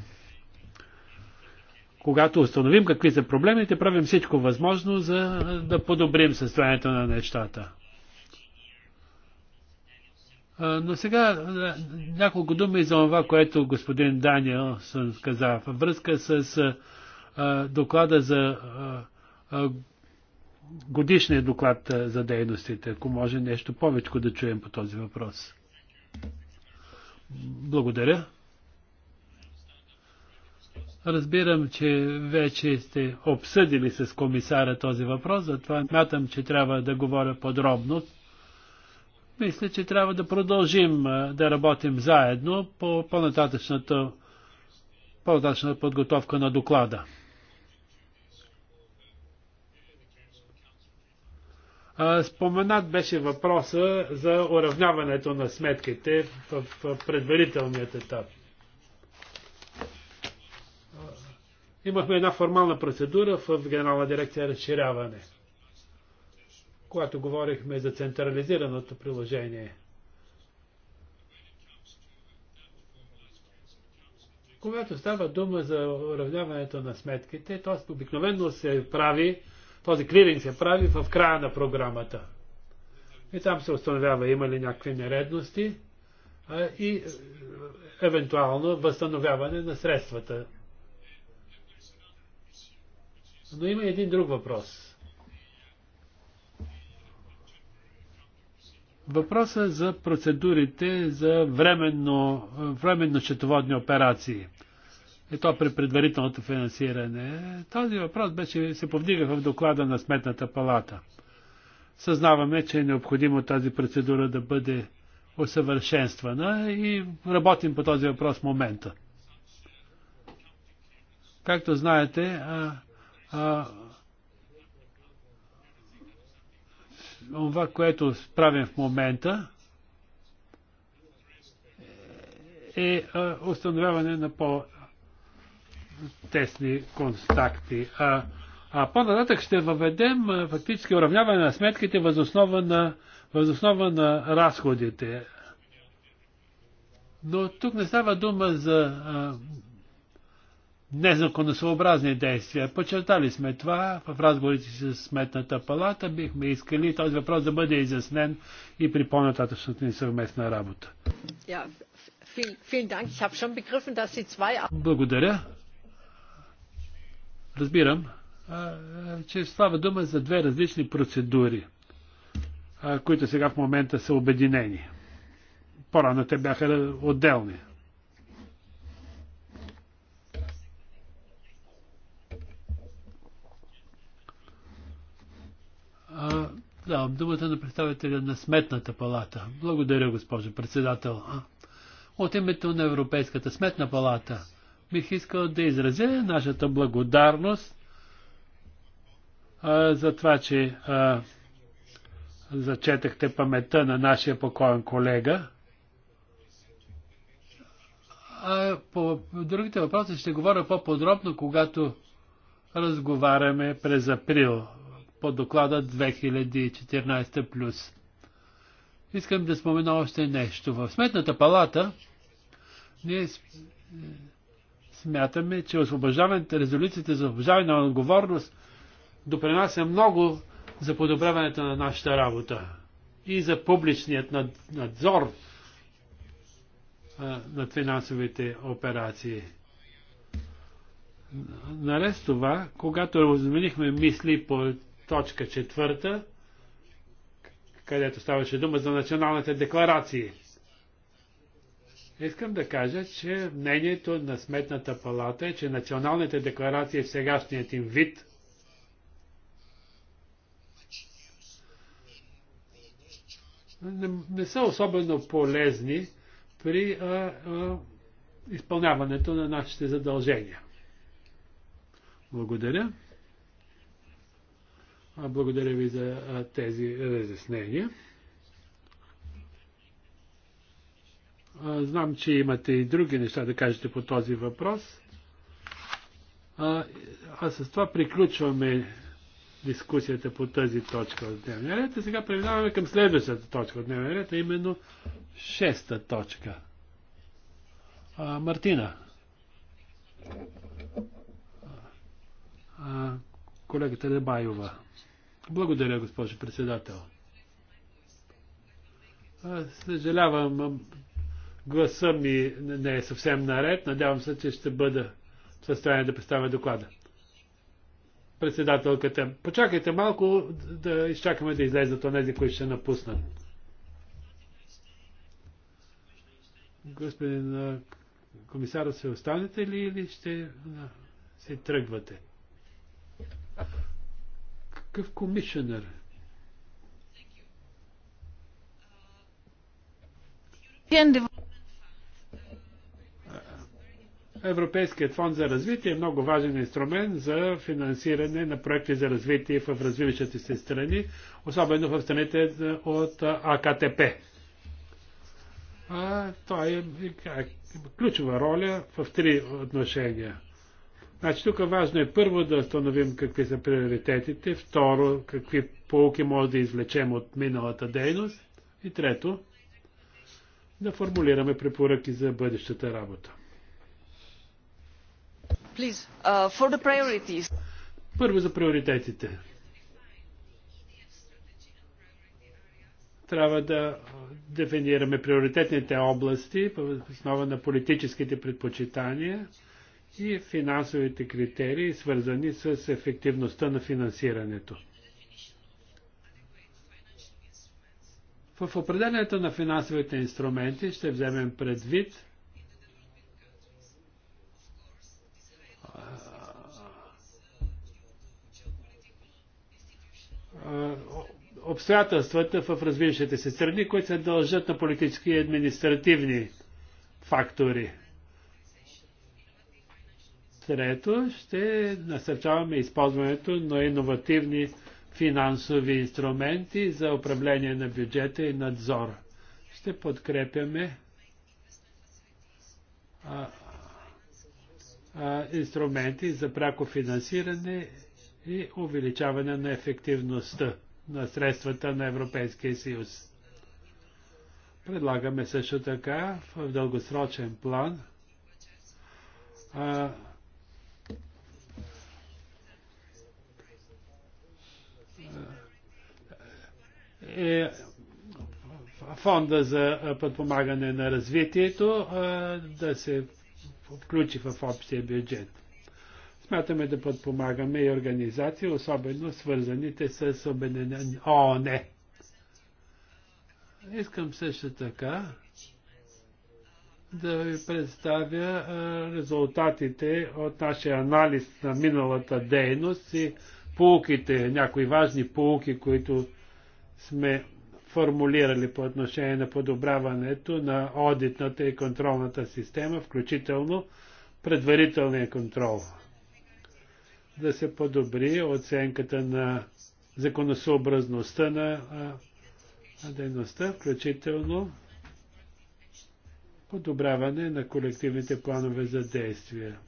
когато установим какви са проблемите, правим всичко възможно за да подобрим състоянието на нещата. Но сега няколко думи за това, което господин Даниел каза във връзка с доклада за годишния доклад за дейностите. Ако може нещо повече да чуем по този въпрос. Благодаря. Разбирам, че вече сте обсъдили с комисара този въпрос, затова мятам, че трябва да говоря подробно. Мисля, че трябва да продължим да работим заедно по по-нататъчната по подготовка на доклада. Споменат беше въпроса за уравняването на сметките в предварителният етап. Имахме една формална процедура в Генерална дирекция разширяване, когато говорихме за централизираното приложение. Когато става дума за уравняването на сметките, то обикновено се прави, този клиринг се прави в края на програмата. И там се установява има ли някакви нередности а, и е, евентуално възстановяване на средствата но има един друг въпрос. Въпроса е за процедурите за временно, временно счетоводни операции. И то при предварителното финансиране. Този въпрос беше, се повдига в доклада на Сметната палата. Съзнаваме, че е необходимо тази процедура да бъде усъвършенствана и работим по този въпрос в момента. Както знаете, а, това, което правим в момента, е, е а, установяване на по-тесни контакти. А, а по-нататък ще въведем а, фактически уравняване на сметките възоснова на, възоснова на разходите. Но тук не става дума за а, незаконосъобразни действия. Почертали сме това в разговорите с Сметната палата. Бихме искали този въпрос да бъде изяснен и при по-нататъчната ни съвместна работа. Благодаря. Разбирам, че става дума за две различни процедури, които сега в момента са обединени. По-рано те бяха отделни. Давам думата на представителя на Сметната палата. Благодаря, госпожо председател. От името на Европейската Сметна палата бих искал да изразя нашата благодарност а, за това, че а, зачетахте паметта на нашия покоен колега. А по другите въпроси ще говоря по-подробно, когато разговаряме през април по доклада 2014 плюс. Искам да спомена още нещо. В Сметната палата ние смятаме, че освобождаването, резолюцията за освобождаване на отговорност допринася много за подобряването на нашата работа и за публичният надзор над финансовите операции. Наред с това, когато разменихме мисли по точка четвърта, където ставаше дума за националните декларации. Искам да кажа, че мнението на Сметната палата е, че националните декларации в сегашният им вид не, не са особено полезни при а, а, изпълняването на нашите задължения. Благодаря. Благодаря ви за тези разяснения. Знам, че имате и други неща да кажете по този въпрос. А, с това приключваме дискусията по тази точка от дневния ред. И сега преминаваме към следващата точка от дневния ред, а именно шеста точка. А, Мартина. А, колегата Лебаева. Благодаря, госпожо председател. Съжалявам, гласа ми не е съвсем наред. Надявам се, че ще бъда в състояние да представя доклада. Председателката, почакайте малко да изчакаме да излезат онези, които ще напуснат. Господин комисар, се останете ли или ще се тръгвате? такъв комисионер. Европейският фонд за развитие е много важен инструмент за финансиране на проекти за развитие в развиващите се страни, особено в страните от АКТП. А, той е, е, е ключова роля в три отношения. Значи тук важно е първо да установим какви са приоритетите, второ какви полки може да извлечем от миналата дейност и трето да формулираме препоръки за бъдещата работа. Please, uh, for the priorities. Първо за приоритетите. Трябва да дефинираме приоритетните области в основа на политическите предпочитания – и финансовите критерии, свързани с ефективността на финансирането. В определенето на финансовите инструменти ще вземем предвид обстоятелствата в развиващите се страни, които се дължат на политически и административни фактори. Трето, ще насърчаваме използването на иновативни финансови инструменти за управление на бюджета и надзор. Ще подкрепяме а, а, инструменти за пряко финансиране и увеличаване на ефективността на средствата на Европейския съюз. Предлагаме също така в дългосрочен план а, е фонда за подпомагане на развитието е, да се включи в общия бюджет. Смятаме да подпомагаме и организации, особено свързаните с ООН. Искам също така да ви представя е, резултатите от нашия анализ на миналата дейност и полуките, някои важни полуки, които сме формулирали по отношение на подобряването на одитната и контролната система, включително предварителния контрол. Да се подобри оценката на законосъобразността на дейността, включително подобряване на колективните планове за действия.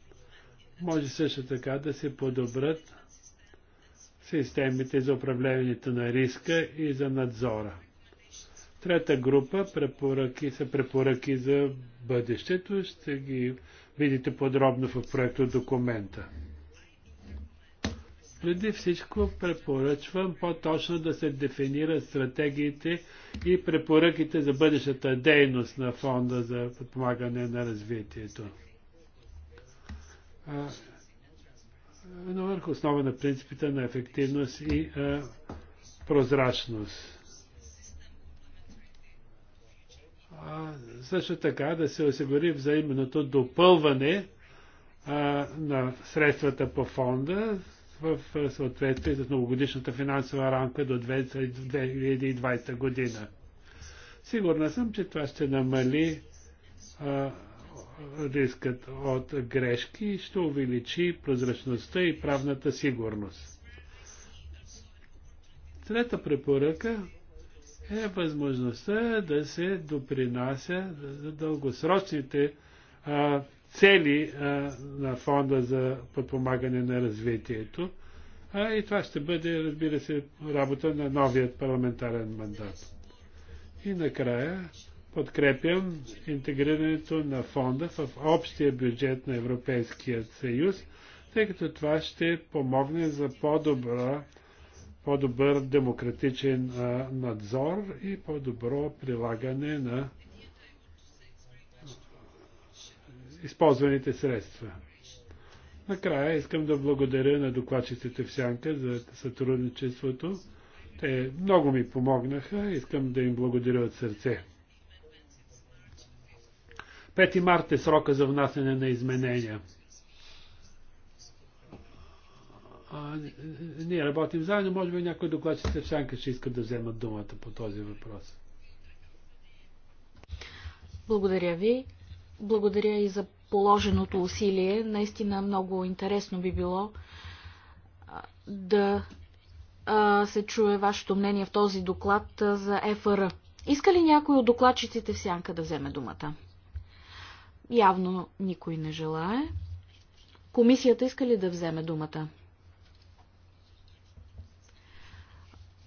Може също така да се подобрят системите за управлението на риска и за надзора. Трета група препоръки са препоръки за бъдещето. Ще ги видите подробно в проекта документа. Преди всичко препоръчвам по-точно да се дефинират стратегиите и препоръките за бъдещата дейност на фонда за подпомагане на развитието но върху основа на принципите на ефективност и а, прозрачност. А, също така да се осигури взаимното допълване а, на средствата по фонда в съответствие с многогодишната финансова рамка до 2020 година. Сигурна съм, че това ще намали а, рискът от грешки, ще увеличи прозрачността и правната сигурност. Трета препоръка е възможността да се допринася за дългосрочните а, цели а, на фонда за подпомагане на развитието. А, и това ще бъде, разбира се, работа на новият парламентарен мандат. И накрая подкрепям интегрирането на фонда в общия бюджет на Европейския съюз, тъй като това ще помогне за по-добра по-добър демократичен надзор и по-добро прилагане на използваните средства. Накрая искам да благодаря на докладчиците в Сянка за сътрудничеството. Те много ми помогнаха. Искам да им благодаря от сърце. 5 марта е срока за внасяне на изменения. А, ние работим заедно, може би някой докладчица Шанка ще иска да вземат думата по този въпрос. Благодаря ви. Благодаря и за положеното усилие. Наистина много интересно би било да се чуе вашето мнение в този доклад за ЕФР. Иска ли някой от докладчиците в сянка да вземе думата? Явно никой не желае. Комисията иска ли да вземе думата?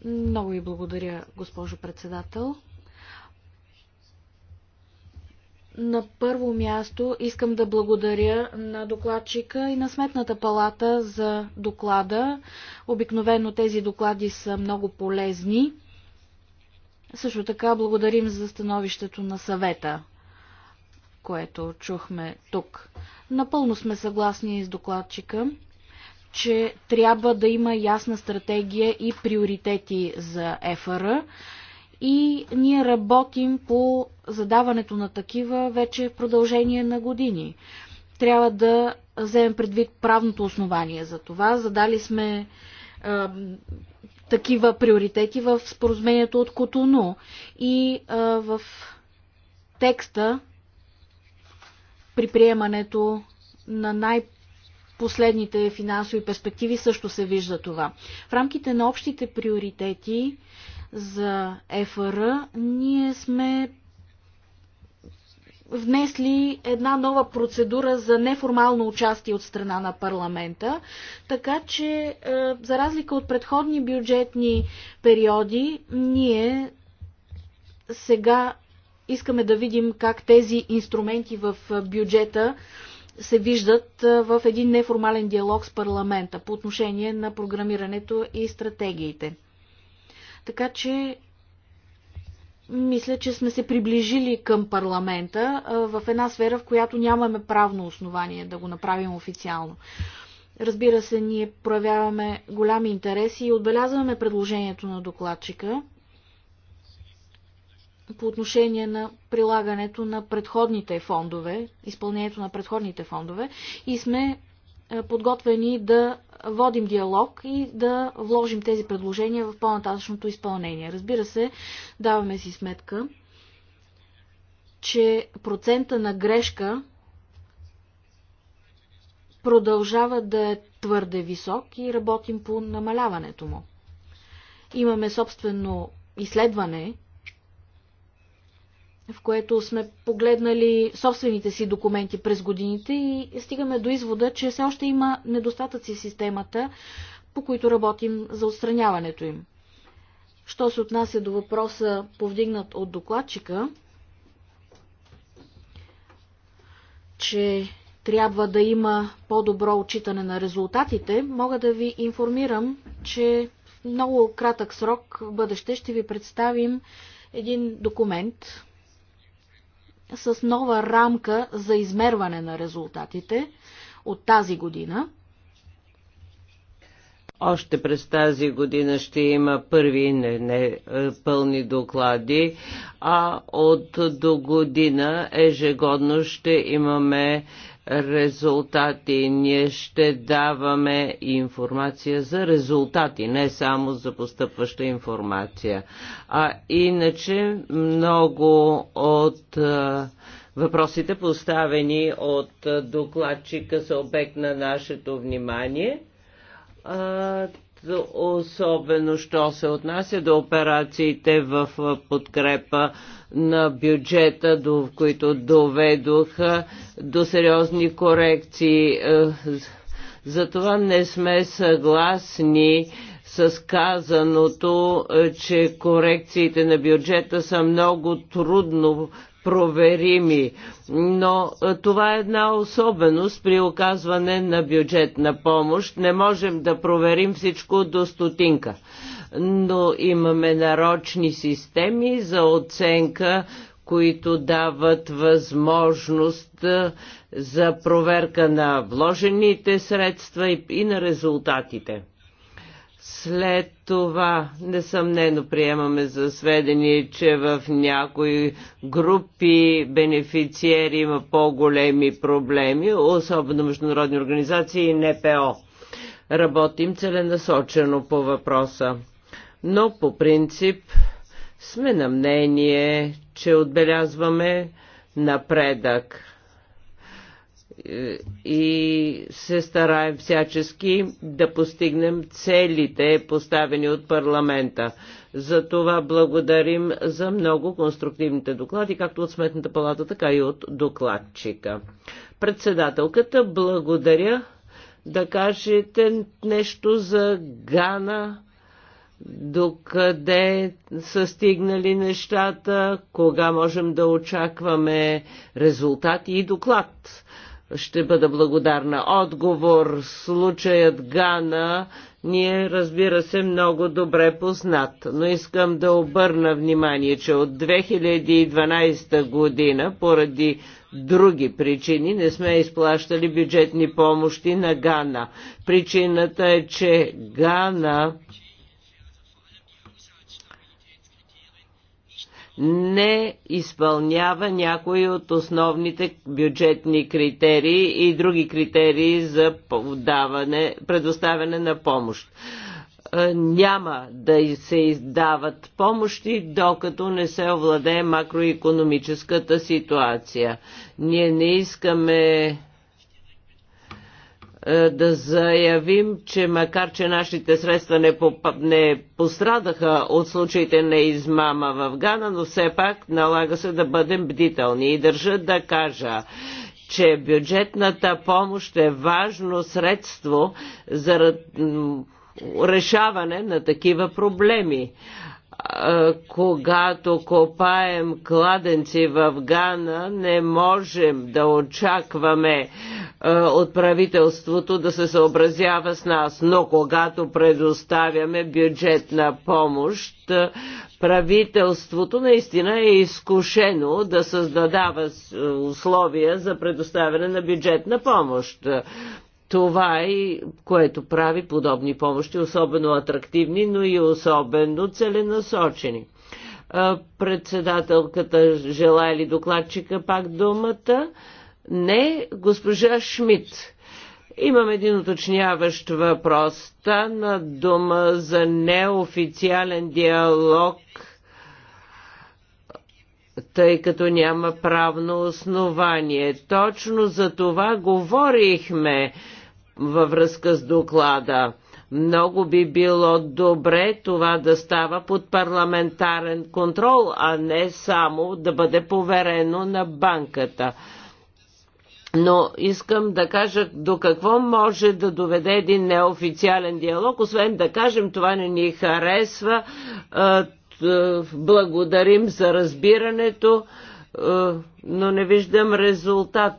Много ви благодаря, госпожо председател. На първо място искам да благодаря на докладчика и на Сметната палата за доклада. Обикновено тези доклади са много полезни. Също така благодарим за становището на съвета което чухме тук. Напълно сме съгласни с докладчика, че трябва да има ясна стратегия и приоритети за ЕФР и ние работим по задаването на такива вече в продължение на години. Трябва да вземем предвид правното основание за това. Задали сме е, такива приоритети в споразумението от Котуно и е, в текста при приемането на най- последните финансови перспективи също се вижда това. В рамките на общите приоритети за ЕФР ние сме внесли една нова процедура за неформално участие от страна на парламента, така че е, за разлика от предходни бюджетни периоди, ние сега искаме да видим как тези инструменти в бюджета се виждат в един неформален диалог с парламента по отношение на програмирането и стратегиите. Така че мисля, че сме се приближили към парламента в една сфера, в която нямаме правно основание да го направим официално. Разбира се, ние проявяваме голям интерес и отбелязваме предложението на докладчика по отношение на прилагането на предходните фондове, изпълнението на предходните фондове и сме е, подготвени да водим диалог и да вложим тези предложения в по-нататъчното изпълнение. Разбира се, даваме си сметка, че процента на грешка продължава да е твърде висок и работим по намаляването му. Имаме собствено изследване в което сме погледнали собствените си документи през годините и стигаме до извода, че все още има недостатъци в системата, по които работим за отстраняването им. Що се отнася до въпроса, повдигнат от докладчика, че трябва да има по-добро отчитане на резултатите, мога да ви информирам, че в много кратък срок в бъдеще ще ви представим един документ, с нова рамка за измерване на резултатите от тази година. Още през тази година ще има първи не, не е, пълни доклади, а от до година ежегодно ще имаме резултати. Ние ще даваме информация за резултати, не само за постъпваща информация. А иначе много от въпросите поставени от докладчика са обект на нашето внимание особено що се отнася до операциите в подкрепа на бюджета, до, които доведоха до сериозни корекции. Е, Затова не сме съгласни с казаното, е, че корекциите на бюджета са много трудно проверими. Но е, това е една особеност при оказване на бюджетна помощ. Не можем да проверим всичко до стотинка. Но имаме нарочни системи за оценка, които дават възможност е, за проверка на вложените средства и на резултатите. След това, несъмнено, приемаме за сведение, че в някои групи бенефициери има по-големи проблеми, особено международни организации и НПО. Работим целенасочено по въпроса. Но по принцип сме на мнение, че отбелязваме напредък и се стараем всячески да постигнем целите, поставени от парламента. За това благодарим за много конструктивните доклади, както от Сметната палата, така и от докладчика. Председателката, благодаря да кажете нещо за Гана, докъде са стигнали нещата, кога можем да очакваме резултати и доклад ще бъда благодарна. Отговор, случаят Гана ние, разбира се, много добре познат, но искам да обърна внимание, че от 2012 година, поради други причини, не сме изплащали бюджетни помощи на Гана. Причината е, че Гана не изпълнява някои от основните бюджетни критерии и други критерии за даване, предоставяне на помощ е, няма да се издават помощи, докато не се овладее макроекономическата ситуация. Ние не искаме е, да заявим, че макар, че нашите средства не, попа, не пострадаха от случаите на измама в Гана, но все пак налага се да бъдем бдителни. И държа да кажа, че бюджетната помощ е важно средство за решаване на такива проблеми когато копаем кладенци в Гана, не можем да очакваме от правителството да се съобразява с нас. Но когато предоставяме бюджетна помощ, правителството наистина е изкушено да създадава условия за предоставяне на бюджетна помощ. Това е което прави подобни помощи особено атрактивни, но и особено целенасочени. Председателката желая ли докладчика пак думата? Не, госпожа Шмидт. Имам един уточняващ въпрос. Стана дума за неофициален диалог, тъй като няма правно основание. Точно за това говорихме във връзка с доклада. Много би било добре това да става под парламентарен контрол, а не само да бъде поверено на банката. Но искам да кажа до какво може да доведе един неофициален диалог, освен да кажем това не ни харесва, благодарим за разбирането, но не виждам резултат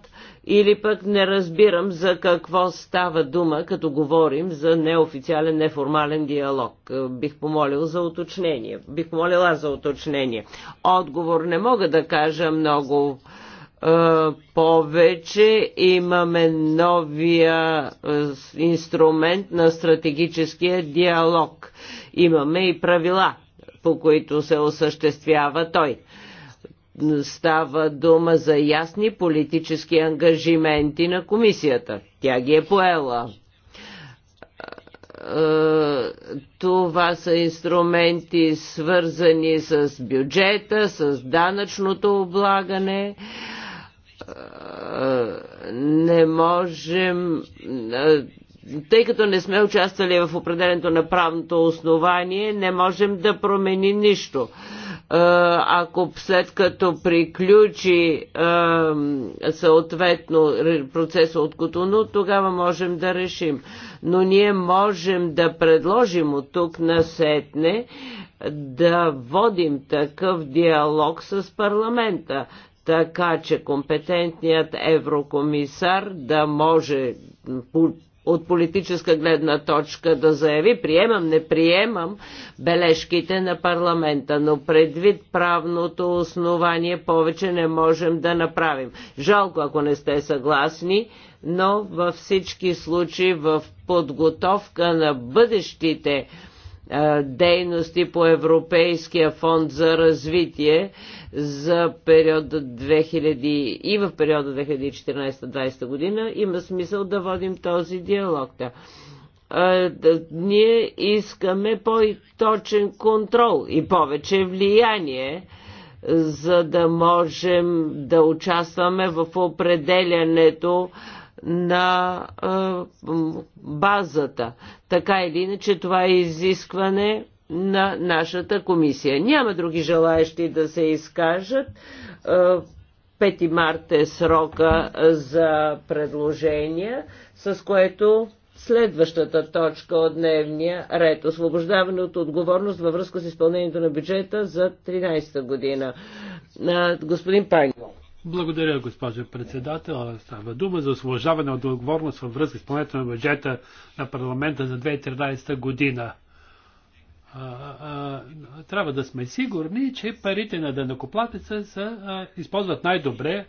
или пък не разбирам за какво става дума, като говорим за неофициален, неформален диалог. Е, бих помолил за уточнение. Бих помолила за уточнение. Отговор не мога да кажа много е, повече имаме новия е, инструмент на стратегическия диалог. Имаме и правила, по които се осъществява той става дума за ясни политически ангажименти на комисията. Тя ги е поела. Е, това са инструменти свързани с бюджета, с данъчното облагане е, не можем, е, тъй като не сме участвали в определенето на правното основание, не можем да променим нищо. Е, ако след като приключи е, съответно процеса от Котону, тогава можем да решим. Но ние можем да предложим от тук на сетне да водим такъв диалог с парламента, така че компетентният еврокомисар да може от политическа гледна точка да заяви приемам, не приемам бележките на парламента, но предвид правното основание повече не можем да направим. Жалко, ако не сте съгласни, но във всички случаи в подготовка на бъдещите дейности по Европейския фонд за развитие за периода 2000 и в периода 2014-2020 година. Има смисъл да водим този диалог. Да ние искаме по-точен контрол и повече влияние, за да можем да участваме в определянето на базата. Така или иначе това е изискване на нашата комисия. Няма други желаящи да се изкажат. 5 март е срока за предложения, с което следващата точка от дневния ред. Освобождаване от отговорност във връзка с изпълнението на бюджета за 13-та година. Господин Пангел. Благодаря, госпожа председател. Става дума за освобождаване от отговорност във връзка с планета на бюджета на парламента за 2013 година. А, а, трябва да сме сигурни, че парите на дънакоплатеца се използват най-добре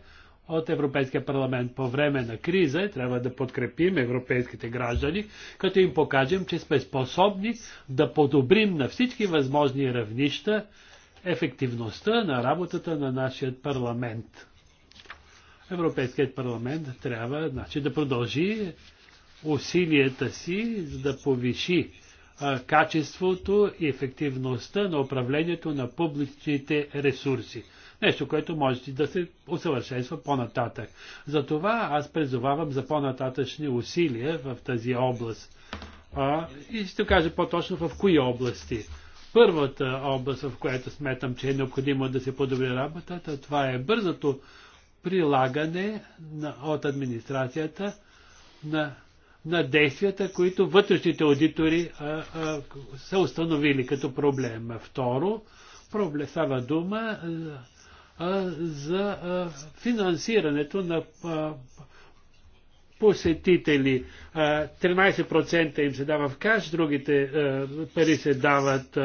от Европейския парламент по време на криза. Трябва да подкрепим европейските граждани, като им покажем, че сме способни да подобрим на всички възможни равнища ефективността на работата на нашия парламент. Европейският парламент трябва значи, да продължи усилията си, за да повиши а, качеството и ефективността на управлението на публичните ресурси. Нещо, което може да се усъвършенства по-нататък. Затова аз призовавам за по-нататъчни усилия в тази област. А, и ще кажа по-точно в кои области. Първата област, в която сметам, че е необходимо да се подобри работата, това е бързото прилагане на, от администрацията на, на действията, които вътрешните аудитори а, а, са установили като проблем. Второ, проблем, става дума а, за а, финансирането на а, посетители. 13% им се дава в каш, другите пари се дават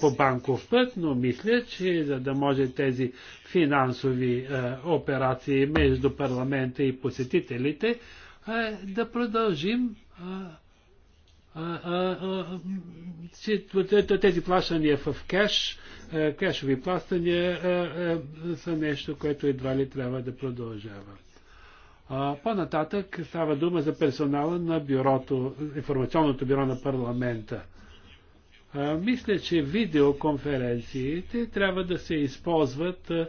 по банков път, но мисля, че за да може тези финансови операции между парламента и посетителите да продължим тези плащания в кеш, кешови плащания са нещо, което едва ли трябва да продължава. По-нататък става дума за персонала на бюрото, информационното бюро на парламента. А, мисля, че видеоконференциите трябва да се използват а,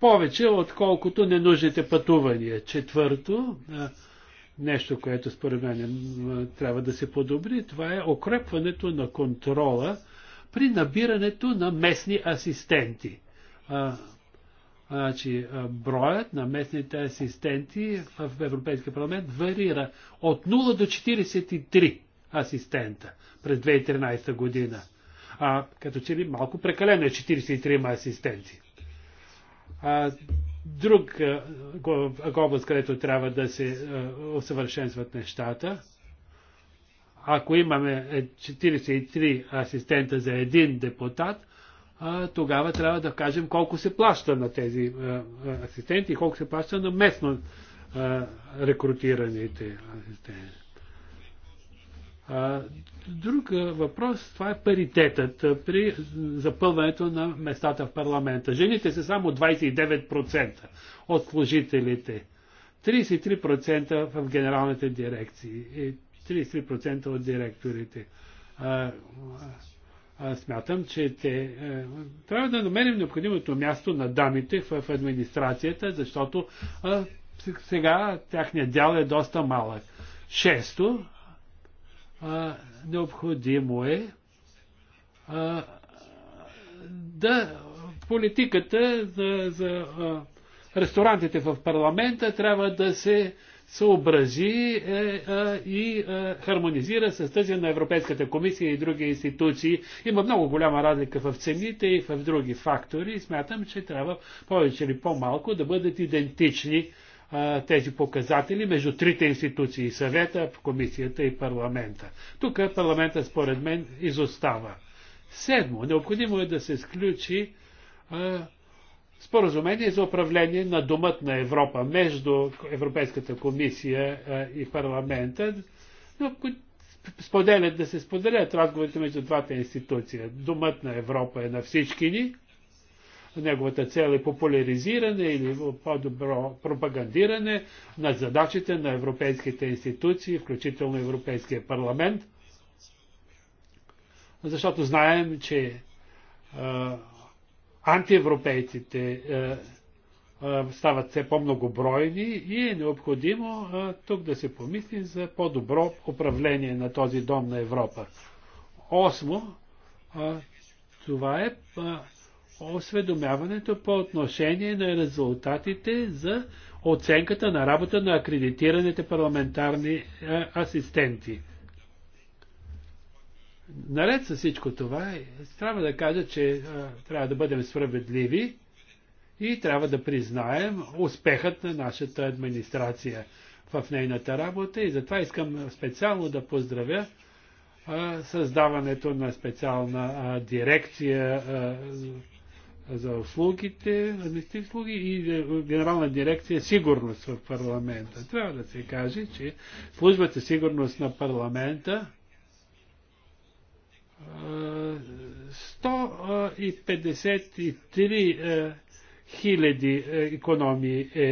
повече, отколкото ненужните пътувания. Четвърто, а, нещо, което според мен трябва да се подобри, това е окрепването на контрола при набирането на местни асистенти. Значи, броят на местните асистенти в Европейския парламент варира от 0 до 43 асистента през 2013 година. А, като че ли малко прекалено е 43 асистенти. А, друг а, област, където трябва да се усъвършенстват нещата, ако имаме 43 е, асистента за един депутат, тогава трябва да кажем колко се плаща на тези асистенти и колко се плаща на местно рекрутираните асистенти. Друг въпрос, това е паритетът при запълването на местата в парламента. Жените са само 29% от служителите, 33% в генералните дирекции и 33% от директорите смятам, че те, е, трябва да намерим необходимото място на дамите в администрацията, защото е, сега тяхният дял е доста малък. Шесто, е, необходимо е да политиката за, за ресторантите в парламента трябва да се съобрази е, е, и е, хармонизира с тази на Европейската комисия и други институции. Има много голяма разлика в цените и в други фактори и смятам, че трябва повече или по-малко да бъдат идентични тези показатели между трите институции съвета, комисията и парламента. Тук парламента според мен изостава. Седмо, необходимо е да се сключи споразумение за управление на Домът на Европа между Европейската комисия и парламента, но споделят да се споделят разговорите между двата институция. Домът на Европа е на всички ни. Неговата цел е популяризиране или по-добро пропагандиране на задачите на европейските институции, включително Европейския парламент. Защото знаем, че антиевропейците е, е, стават все по-многобройни и е необходимо е, тук да се помисли за по-добро управление на този дом на Европа. Осмо, това е осведомяването по отношение на резултатите за оценката на работа на акредитираните парламентарни асистенти. Наред с всичко това, трябва да кажа, че а, трябва да бъдем справедливи и трябва да признаем успехът на нашата администрация в нейната работа и затова искам специално да поздравя а, създаването на специална а, дирекция а, за услугите, административни услуги и генерална дирекция сигурност в парламента. Трябва да се каже, че службата сигурност на парламента 153 е, хиляди економии е,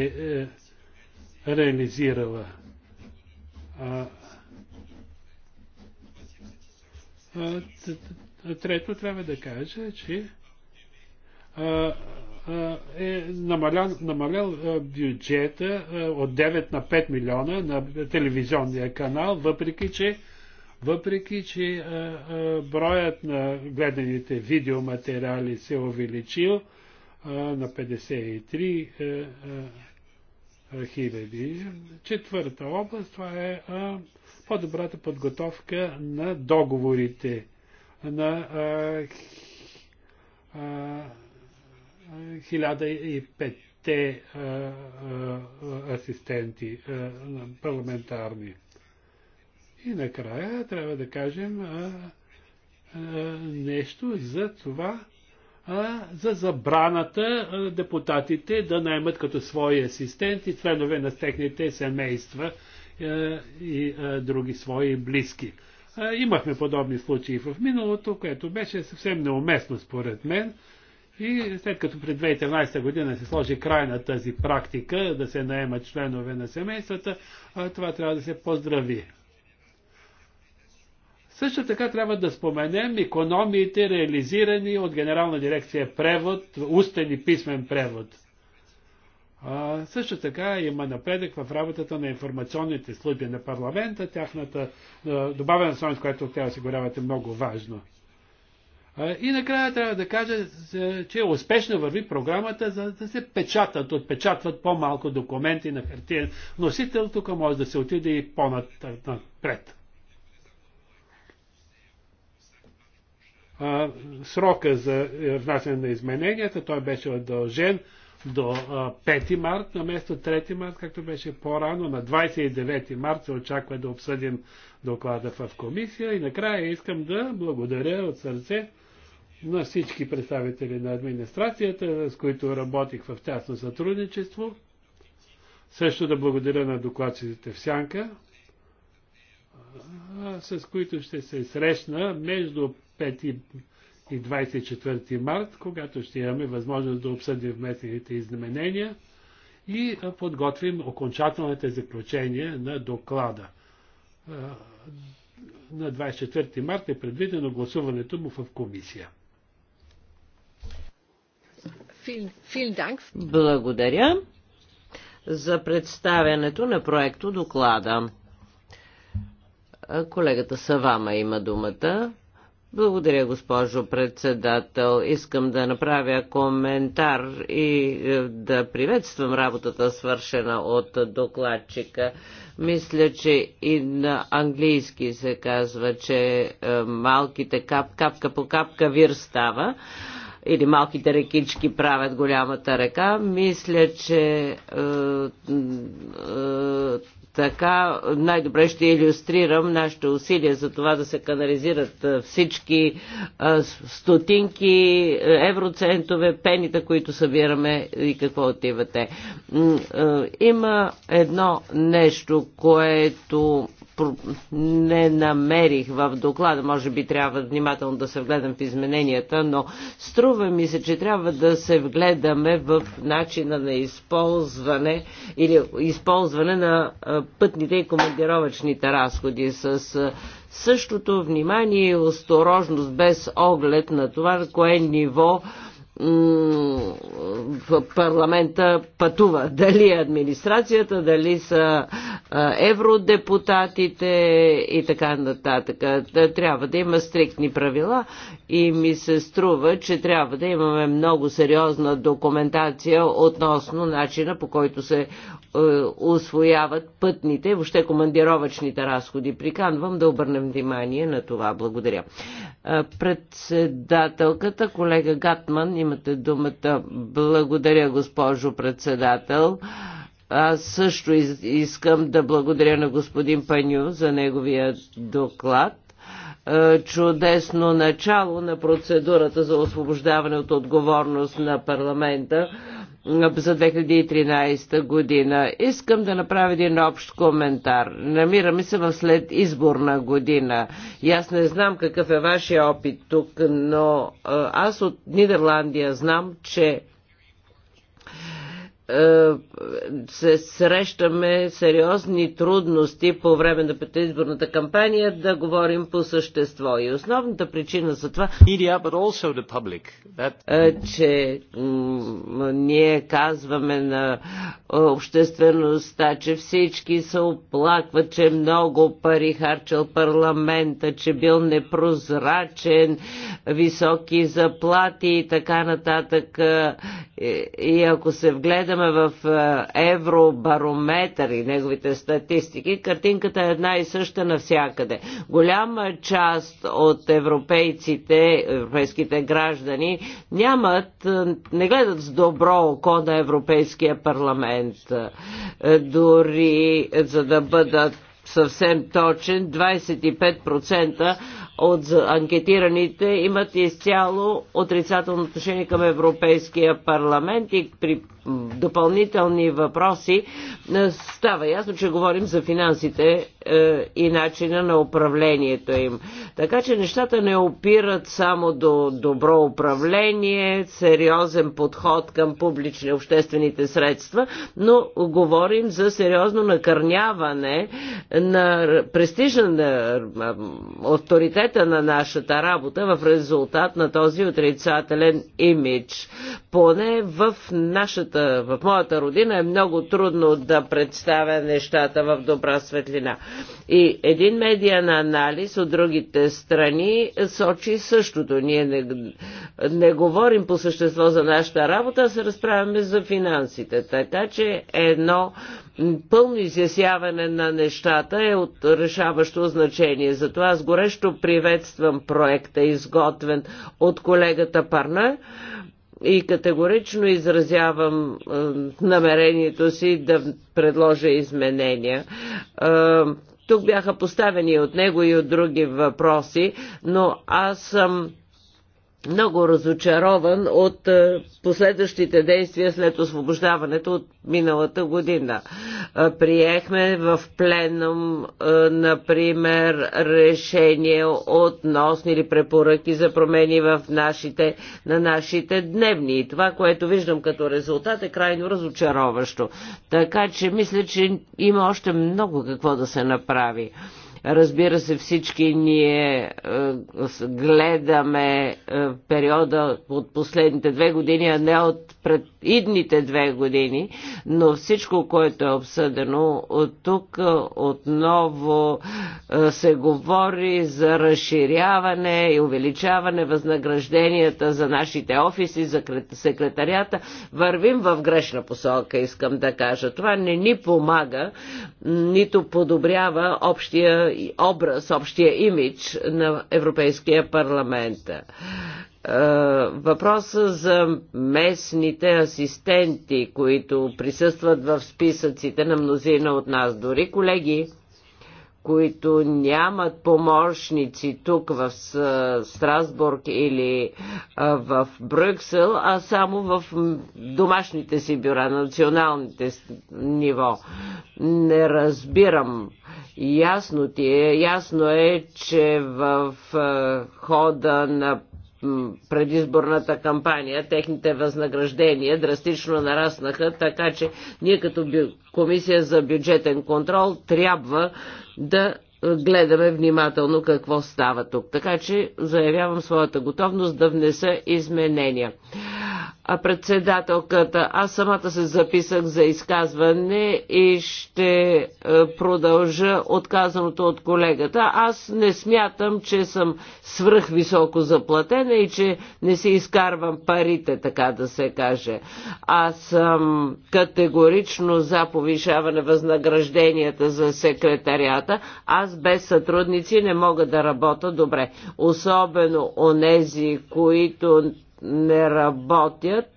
е реализирала. Трето трябва да кажа, че е намалял, намалял бюджета от 9 на 5 милиона на телевизионния канал, въпреки че въпреки че а, а, броят на гледаните видеоматериали се е увеличил а, на 53 хиляди. Четвърта област, това е по-добрата подготовка на договорите на 1005 асистенти парламентарни. И накрая трябва да кажем а, а, нещо за това, а, за забраната а, депутатите да наймат като свои асистенти членове на техните семейства а, и а, други свои близки. А, имахме подобни случаи в миналото, което беше съвсем неуместно според мен. И след като пред 2013 година се сложи край на тази практика да се наемат членове на семействата, това трябва да се поздрави. Също така трябва да споменем економиите, реализирани от Генерална дирекция превод, устен и писмен превод. А, също така има напредък в работата на информационните служби на парламента, тяхната добавена стоеност, която тя осигуряват е много важно. А, и накрая трябва да кажа, че успешно върви програмата за да се печатат, отпечатват по-малко документи на хартиен носител, тук може да се отиде и по-напред. срока за е, внасяне на измененията, той беше удължен до 5 март, на место 3 март, както беше по-рано. На 29 март се очаква да обсъдим доклада в комисия. И накрая искам да благодаря от сърце на всички представители на администрацията, с които работих в тясно сътрудничество. Също да благодаря на докладчиците в Сянка, с които ще се срещна между 5 и 24 март, когато ще имаме възможност да обсъдим вместените изменения и подготвим окончателните заключения на доклада. На 24 март е предвидено гласуването му в комисия. Благодаря за представянето на проекто доклада. Колегата Савама има думата. Благодаря, госпожо председател. Искам да направя коментар и е, да приветствам работата, свършена от докладчика. Мисля, че и на английски се казва, че е, малките кап, капка по капка вир става или малките рекички правят голямата река. Мисля, че е, е, така най-добре ще иллюстрирам нашите усилия за това да се канализират всички стотинки, евроцентове, пените, които събираме и какво отивате. Има едно нещо, което не намерих в доклада. Може би трябва внимателно да се вгледам в измененията, но струва ми се, че трябва да се вгледаме в начина на използване или използване на пътните и командировачните разходи с същото внимание и осторожност без оглед на това, на кое ниво в парламента пътува. Дали е администрацията, дали са евродепутатите и така нататък. Трябва да има стриктни правила и ми се струва, че трябва да имаме много сериозна документация относно начина по който се освояват е, пътните, въобще командировачните разходи. Приканвам да обърнем внимание на това. Благодаря. Председателката, колега Гатман, има Имате думата. Благодаря, госпожо председател. Аз също искам да благодаря на господин Паню за неговия доклад. Е, чудесно начало на процедурата за освобождаване от отговорност на парламента за 2013 година. Искам да направя един общ коментар. Намираме се в след изборна година. И аз не знам какъв е вашия опит тук, но аз от Нидерландия знам, че е, се срещаме сериозни трудности по време на предизборната кампания да говорим по същество. И основната причина за това Media, but also the public. That... Е, че ние казваме на е, обществеността, че всички се оплакват, че много пари харчал парламента, че бил непрозрачен, високи заплати и така нататък. И ако се вгледа разгледаме в е, Евробарометър и неговите статистики, картинката е една и съща навсякъде. Голяма част от европейците, европейските граждани нямат, е, не гледат с добро око на Европейския парламент. Е, дори за да бъдат съвсем точен, 25% от анкетираните имат изцяло отрицателно отношение към Европейския парламент и при допълнителни въпроси става ясно, че говорим за финансите е, и начина на управлението им. Така че нещата не опират само до добро управление, сериозен подход към публични обществените средства, но говорим за сериозно накърняване на престижа на авторитета на нашата работа в резултат на този отрицателен имидж. Поне в нашата, в моята родина е много трудно да представя нещата в добра светлина. И един медиан анализ от другите страни сочи същото. Ние не, не говорим по същество за нашата работа, а се разправяме за финансите. Така че едно пълно изясяване на нещата е от решаващо значение. Затова аз горещо приветствам проекта, изготвен от колегата Парна и категорично изразявам е, намерението си да предложа изменения. Е, тук бяха поставени от него и от други въпроси, но аз съм много разочарован от е, последващите действия след освобождаването от миналата година. Е, приехме в пленум, е, например, решение относно или препоръки за промени в нашите, на нашите дневни. И това, което виждам като резултат е крайно разочароващо. Така че мисля, че има още много какво да се направи. Разбира се, всички ние е, гледаме е, периода от последните две години, а не от пред идните две години, но всичко, което е обсъдено от тук, е, отново е, се говори за разширяване и увеличаване възнагражденията за нашите офиси, за секретарията. Вървим в грешна посока, искам да кажа. Това не ни помага, нито подобрява общия образ, общия имидж на Европейския парламент. Е, въпроса за местните асистенти, които присъстват в списъците на мнозина от нас, дори колеги, които нямат помощници тук в Страсбург или е, в Брюксел, а само в домашните си бюра, националните ниво. Не разбирам. Ясно ти е, ясно е, че в е, хода на предизборната кампания, техните възнаграждения драстично нараснаха, така че ние като комисия за бюджетен контрол трябва да гледаме внимателно какво става тук. Така че заявявам своята готовност да внеса изменения а председателката. Аз самата се записах за изказване и ще е, продължа отказаното от колегата. Аз не смятам, че съм свръхвисоко заплатена и че не си изкарвам парите, така да се каже. Аз съм категорично за повишаване възнагражденията за секретарията. Аз без сътрудници не мога да работя добре. Особено онези, които не работят.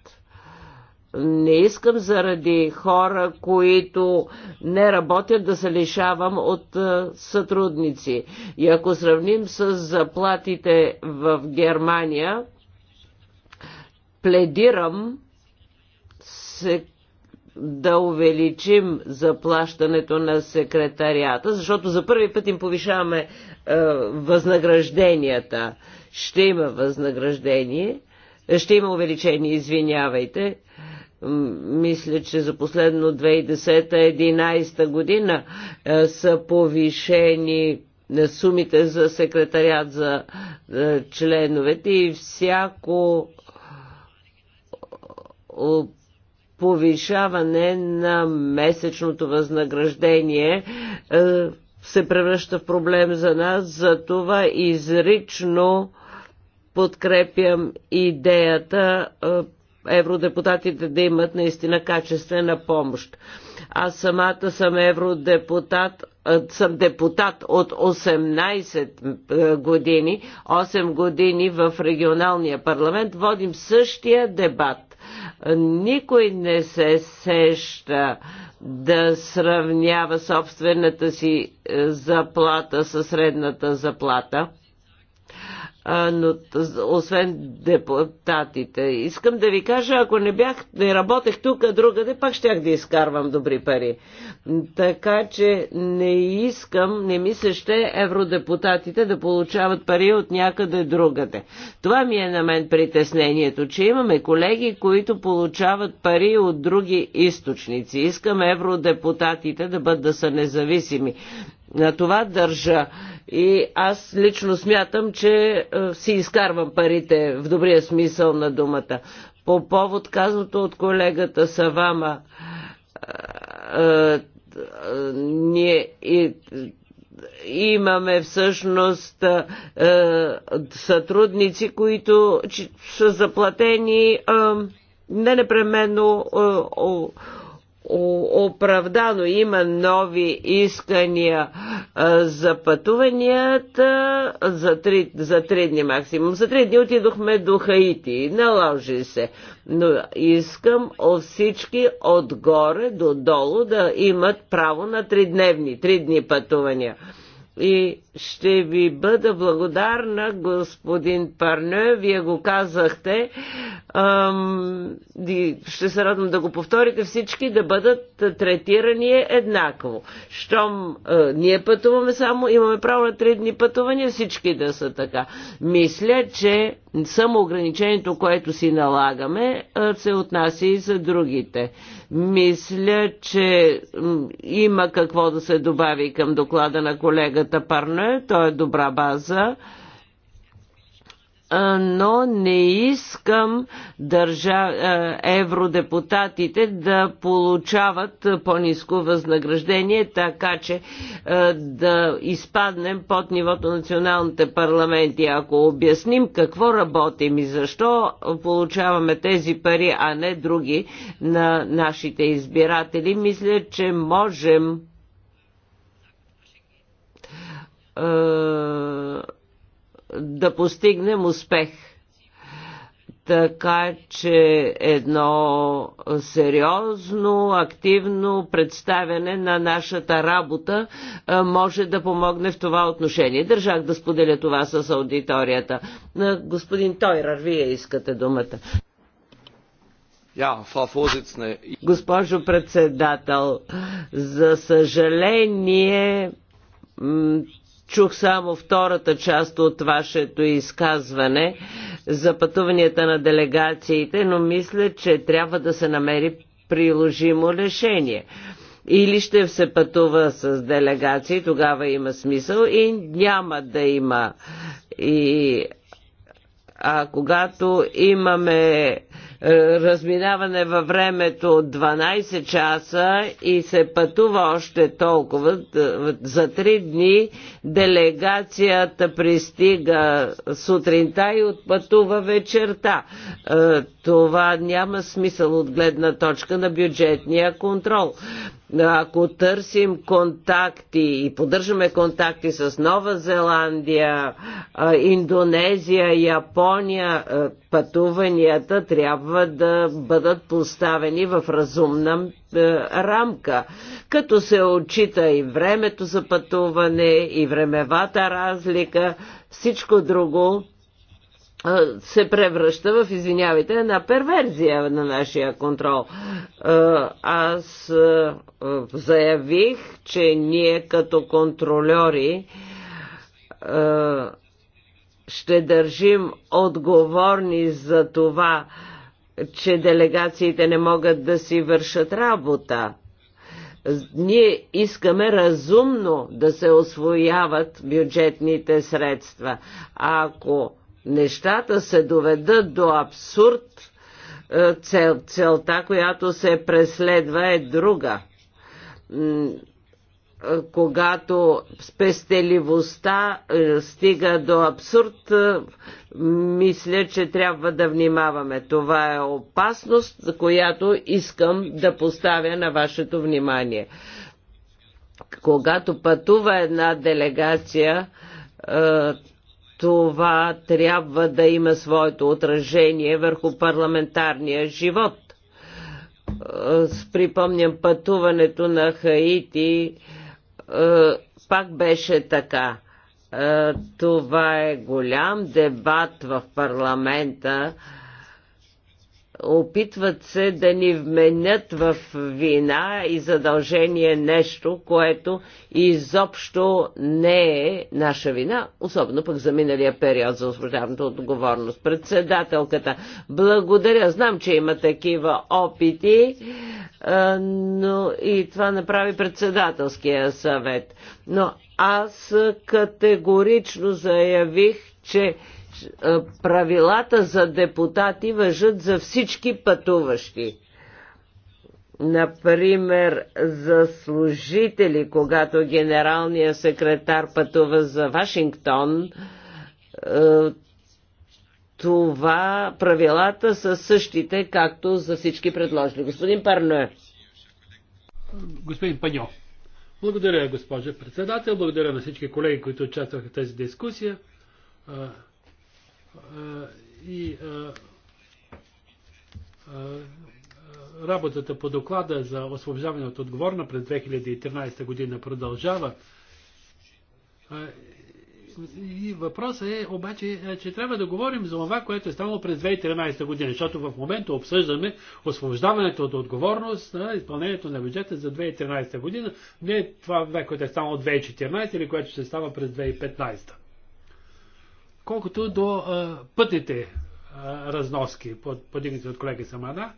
Не искам заради хора, които не работят, да се лишавам от сътрудници. И ако сравним с заплатите в Германия, пледирам се да увеличим заплащането на секретарията, защото за първи път им повишаваме е, възнагражденията. Ще има възнаграждение ще има увеличение, извинявайте. Мисля, че за последно 2010-2011 година е, са повишени е, сумите за секретарят за е, членовете и всяко повишаване на месечното възнаграждение се превръща в проблем за нас, затова изрично подкрепям идеята евродепутатите да имат наистина качествена помощ. Аз самата съм евродепутат, съм депутат от 18 години, 8 години в регионалния парламент, водим същия дебат. Никой не се сеща да сравнява собствената си заплата със средната заплата но освен депутатите. Искам да ви кажа, ако не бях, не работех тук, а другаде, пак щях да изкарвам добри пари. Така че не искам, не ми се ще евродепутатите да получават пари от някъде другаде. Това ми е на мен притеснението, че имаме колеги, които получават пари от други източници. Искам евродепутатите да бъдат да са независими. На това държа и аз лично смятам, че е, си изкарвам парите в добрия смисъл на думата. По повод казаното от колегата Савама, е, е, ние и имаме всъщност е, сътрудници, които са заплатени е, не непременно е, оправдано има нови искания за пътуванията за три, за три дни максимум. За три дни отидохме до Хаити. Наложи се. Но искам от всички отгоре до долу да имат право на три дневни три дни пътувания. И ще ви бъда благодарна, господин Парне, вие го казахте. Ам, ще се радвам да го повторите всички, да бъдат третирани еднакво. Щом а, ние пътуваме само, имаме право на три дни пътувания, всички да са така. Мисля, че само ограничението, което си налагаме, се отнася и за другите. Мисля, че има какво да се добави към доклада на колегата Парне. Той е добра база но не искам държа, евродепутатите да получават по-низко възнаграждение, така че да изпаднем под нивото на националните парламенти. Ако обясним какво работим и защо получаваме тези пари, а не други на нашите избиратели, мисля, че можем да постигнем успех. Така че едно сериозно, активно представяне на нашата работа може да помогне в това отношение. Държах да споделя това с аудиторията. Господин Тойрар, вие искате думата. Госпожо председател, за съжаление чух само втората част от вашето изказване за пътуванията на делегациите, но мисля, че трябва да се намери приложимо решение. Или ще се пътува с делегации, тогава има смисъл и няма да има и а когато имаме е, разминаване във времето от 12 часа и се пътува още толкова, за 3 дни делегацията пристига сутринта и отпътува вечерта. Е, това няма смисъл от гледна точка на бюджетния контрол. Ако търсим контакти и поддържаме контакти с Нова Зеландия, Индонезия, Япония, пътуванията трябва да бъдат поставени в разумна рамка, като се отчита и времето за пътуване, и времевата разлика, всичко друго се превръща в, извинявайте, една перверзия на нашия контрол. Аз заявих, че ние като контролери ще държим отговорни за това, че делегациите не могат да си вършат работа. Ние искаме разумно да се освояват бюджетните средства. ако нещата се доведат до абсурд, е, цел, целта, която се преследва е друга. Е, когато спестеливостта е, стига до абсурд, мисля, че трябва да внимаваме. Това е опасност, за която искам да поставя на вашето внимание. Когато пътува една делегация, това трябва да има своето отражение върху парламентарния живот. Припомням пътуването на Хаити, пак беше така. Това е голям дебат в парламента опитват се да ни вменят в вина и задължение нещо, което изобщо не е наша вина, особено пък за миналия период за освобождаването отговорност. Председателката, благодаря. Знам, че има такива опити, но и това направи председателския съвет. Но аз категорично заявих, че правилата за депутати въжат за всички пътуващи. Например, за служители, когато генералният секретар пътува за Вашингтон, това правилата са същите, както за всички предложили. Господин Парно. Господин Паньо. Благодаря, госпожа председател. Благодаря на всички колеги, които участваха в тази дискусия. Е, и е, е, работата по доклада за освобождаване от отговорна през 2013 година продължава. И въпросът е обаче, че трябва да говорим за това, което е станало през 2013 година, защото в момента обсъждаме освобождаването от отговорност на изпълнението на бюджета за 2013 година, не това, което е станало 2014 или което ще става през 2015. Колкото до а, пътните а, разноски, под, подигнати от колеги Самада,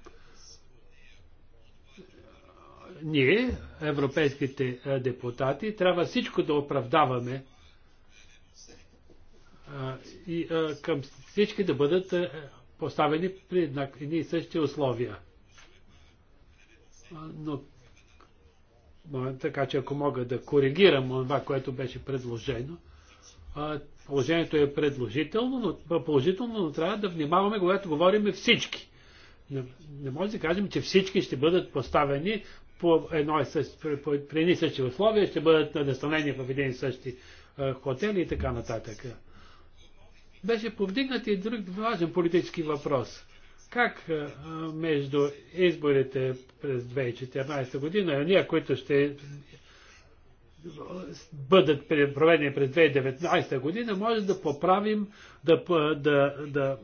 ние, европейските а, депутати, трябва всичко да оправдаваме а, и а, към всички да бъдат а, поставени при едни и същи условия. А, но така че ако мога да коригирам това, което беше предложено, положението е предложително, но, е положително, но трябва да внимаваме, когато говорим всички. Не, не може да кажем, че всички ще бъдат поставени по едно и същи, при, при, при едни същи условия, ще бъдат настанени в един и същи е, хотел и така нататък. Беше повдигнат и друг важен политически въпрос. Как е, между изборите през 2014 година и е, ние, които ще бъдат проведени през 2019 година, може да поправим, да, да, да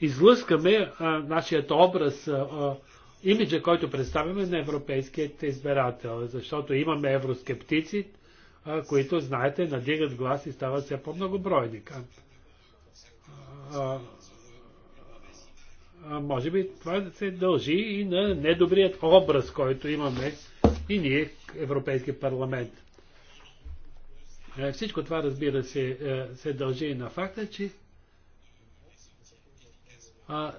излъскаме нашият образ, а, имиджа, който представяме на европейският избирател, защото имаме евроскептици, а, които, знаете, надигат глас и стават все по-многобройни. може би това се дължи и на недобрият образ, който имаме и ние, Европейския парламент. Е, всичко това, разбира се, е, се дължи и на факта, че а,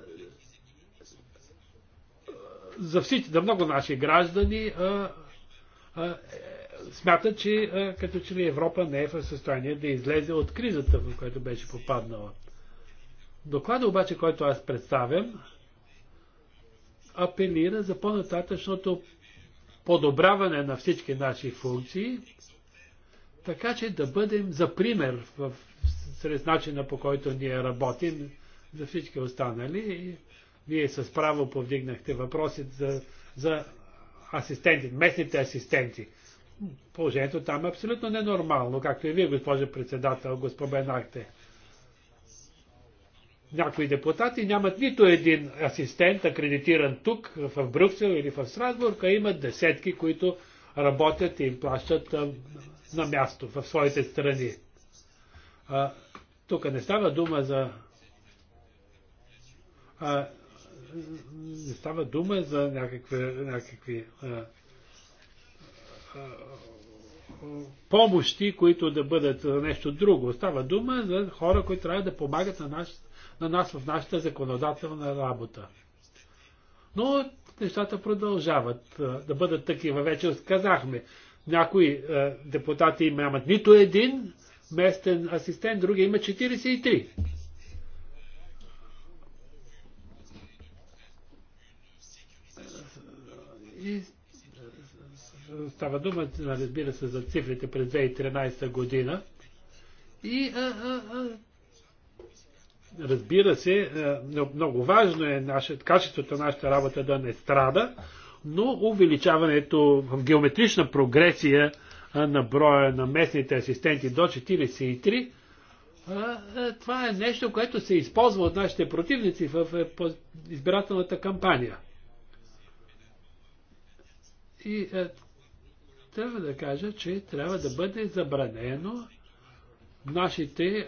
за всички, за много наши граждани а, а, е, смятат, че а, като че ли Европа не е в състояние да излезе от кризата, в която беше попаднала. Доклада обаче, който аз представям, апелира за по-нататъчното подобряване на всички наши функции, така че да бъдем за пример в, сред начина по който ние работим за всички останали. Вие с право повдигнахте въпроси за, за асистенти, местните асистенти. Положението там е абсолютно ненормално, както и вие, госпожа председател, го споменахте някои депутати нямат нито един асистент, акредитиран тук, в Брюксел или в Страсбург, а имат десетки, които работят и им плащат на място в своите страни. А, тук не става дума за. А, не става дума за някакви, някакви а, а, помощи, които да бъдат нещо друго. Става дума за хора, които трябва да помагат на нашите на нас в нашата законодателна работа. Но нещата продължават да бъдат такива. Вече казахме, някои депутати имат нито един местен асистент, други има 43. И става дума, нали, разбира се, за цифрите през 2013 година. И а, а, а, Разбира се, е, много важно е наше, качеството на нашата работа да не страда, но увеличаването в геометрична прогресия е, на броя на местните асистенти до 43, е, това е нещо, което се използва от нашите противници в избирателната кампания. И трябва да кажа, че трябва да бъде забранено нашите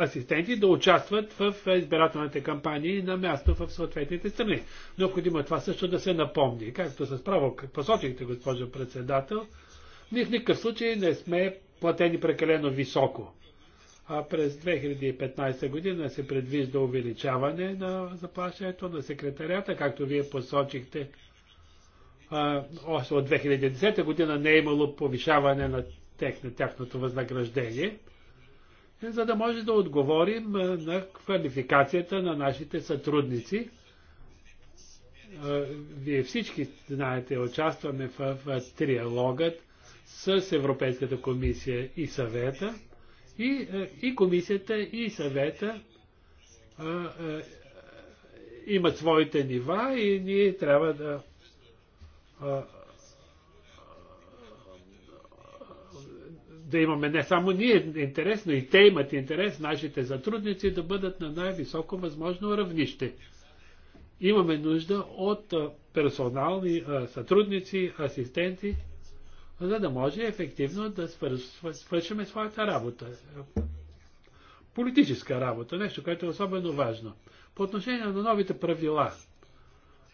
асистенти да участват в избирателните кампании на място в съответните страни. Необходимо е това също да се напомни. Както с право посочихте, госпожо председател, ние в никакъв случай не сме платени прекалено високо. А през 2015 година се предвижда увеличаване на заплащането на секретарията, както вие посочихте. А, още от 2010 година не е имало повишаване на, тех, на тяхното възнаграждение за да може да отговорим на квалификацията на нашите сътрудници. Вие всички знаете, участваме в, триалогът с Европейската комисия и съвета. И, и комисията, и съвета имат своите нива и ние трябва да да имаме не само ние интерес, но и те имат интерес, нашите затрудници да бъдат на най-високо възможно равнище. Имаме нужда от персонални сътрудници, асистенти, за да може ефективно да свършим своята работа. Политическа работа, нещо, което е особено важно. По отношение на новите правила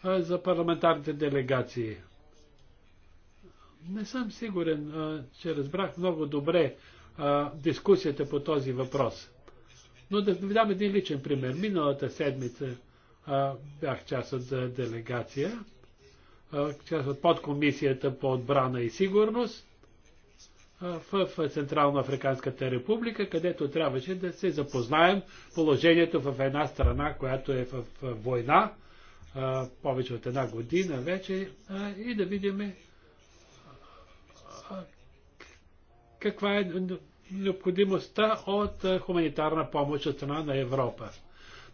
за парламентарните делегации – не съм сигурен, а, че разбрах много добре а, дискусията по този въпрос. Но да ви дам един личен пример. Миналата седмица а, бях част от делегация, а, част от подкомисията по отбрана и сигурност а, в, в Централно Африканската република, където трябваше да се запознаем положението в една страна, която е в, в война а, повече от една година вече а, и да видим каква е необходимостта от хуманитарна помощ от страна на Европа.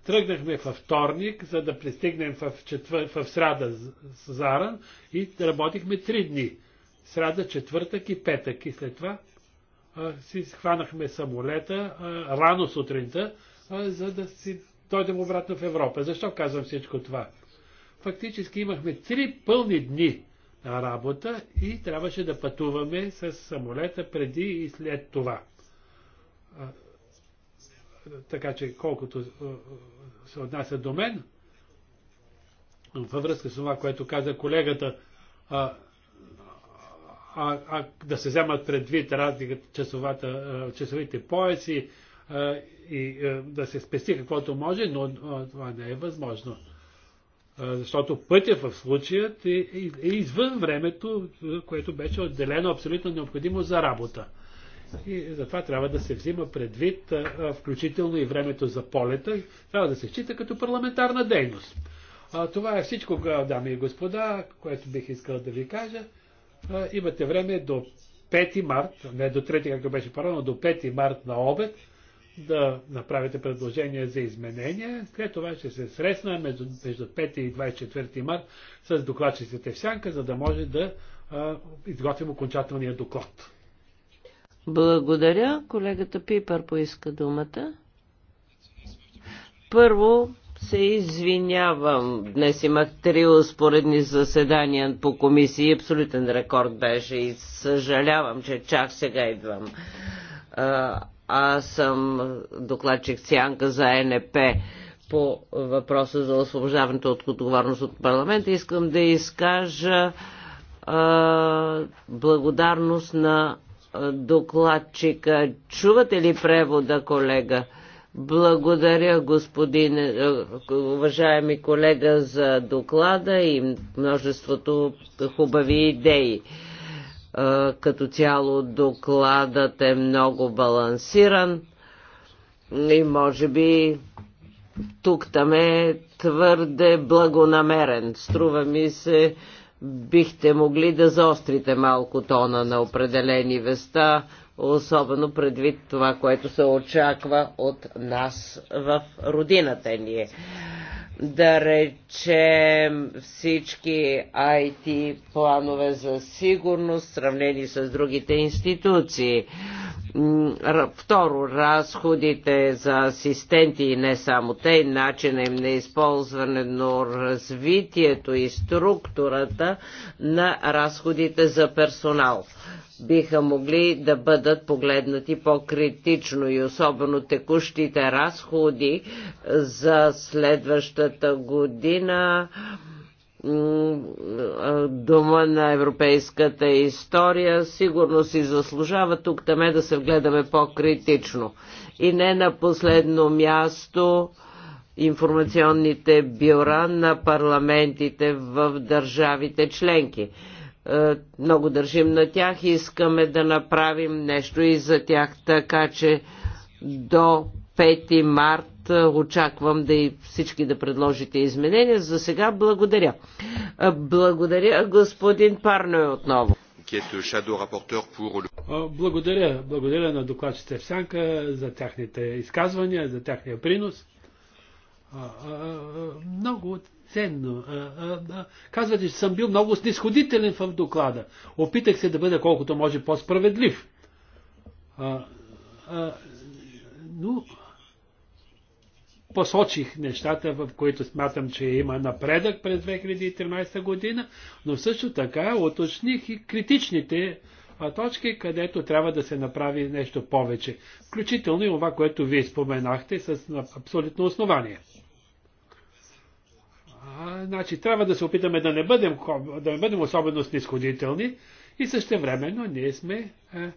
Тръгнахме във вторник, за да пристигнем в, четвър... в сряда с Заран и работихме три дни. Сряда, четвъртък и петък. И след това а, си хванахме самолета а, рано сутринта, а, за да си дойдем обратно в Европа. Защо казвам всичко това? Фактически имахме три пълни дни работа и трябваше да пътуваме с самолета преди и след това. така че колкото се отнася до мен, във връзка с това, което каза колегата, а, а, а да се вземат предвид разликата часовата, часовите пояси а, и а, да се спести каквото може, но а, това не е възможно защото пътя в случаят е, е, е извън времето, което беше отделено абсолютно необходимо за работа. И затова трябва да се взима предвид, включително и времето за полета, трябва да се счита като парламентарна дейност. Това е всичко, дами и господа, което бих искал да ви кажа. Имате време до 5 март, не до 3, както беше първо, но до 5 март на обед, да направите предложение за изменения. След това ще се сресна между, между 5 и 24 март с докладчиците в сянка, за да може да а, изготвим окончателния доклад. Благодаря. Колегата Пипър поиска думата. Първо се извинявам. Днес имах три успоредни заседания по комисии. Абсолютен рекорд беше и съжалявам, че чак сега идвам. Аз съм докладчик Сянка за НП по въпроса за освобождаването от отговорност от парламента. Искам да изкажа а, благодарност на докладчика. Чувате ли превода, колега? Благодаря, господин, уважаеми колега, за доклада и множеството хубави идеи. Като цяло докладът е много балансиран и може би тук там е твърде благонамерен. Струва ми се, бихте могли да заострите малко тона на определени веста, особено предвид това, което се очаква от нас в родината ни. Да речем всички IT планове за сигурност, сравнени с другите институции. Второ, разходите за асистенти и не само те, начина им на използване, но развитието и структурата на разходите за персонал биха могли да бъдат погледнати по-критично и особено текущите разходи за следващата година дома на европейската история сигурно си заслужава тук таме да се вгледаме по-критично. И не на последно място информационните бюра на парламентите в държавите членки. Е, много държим на тях и искаме да направим нещо и за тях, така че до 5 март е, очаквам да и всички да предложите изменения. За сега благодаря. Е, благодаря господин Парно отново. Благодаря. Благодаря на докладчите в Сянка за тяхните изказвания, за тяхния принос. Много от ценно. Казвате, че съм бил много снисходителен в доклада. Опитах се да бъда колкото може по-справедлив. Но посочих нещата, в които смятам, че има напредък през 2013 година, но също така уточних и критичните точки, където трябва да се направи нещо повече. Включително и това, което вие споменахте с абсолютно основание. Значи, трябва да се опитаме да не бъдем, да не бъдем особено снисходителни и същевременно ние сме, а, а,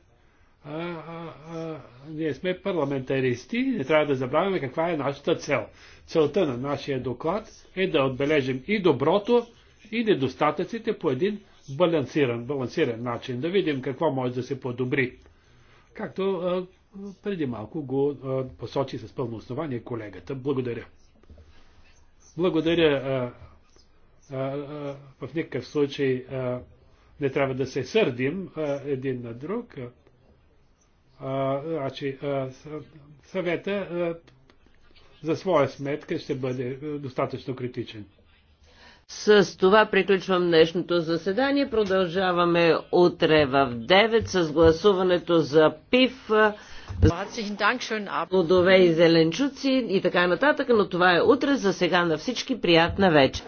а, а, ние сме парламентаристи и не трябва да забравяме каква е нашата цел. Целта на нашия доклад е да отбележим и доброто, и недостатъците по един балансиран, балансиран начин, да видим какво може да се подобри. Както а, е, преди малко го а, е, посочи с пълно основание колегата. Благодаря. Благодаря. А, а, а, в никакъв случай а, не трябва да се сърдим а, един на друг. значи, съвета а, за своя сметка ще бъде достатъчно критичен. С това приключвам днешното заседание. Продължаваме утре в 9 с гласуването за ПИФ плодове и зеленчуци и така нататък, но това е утре. За сега на всички приятна вечер.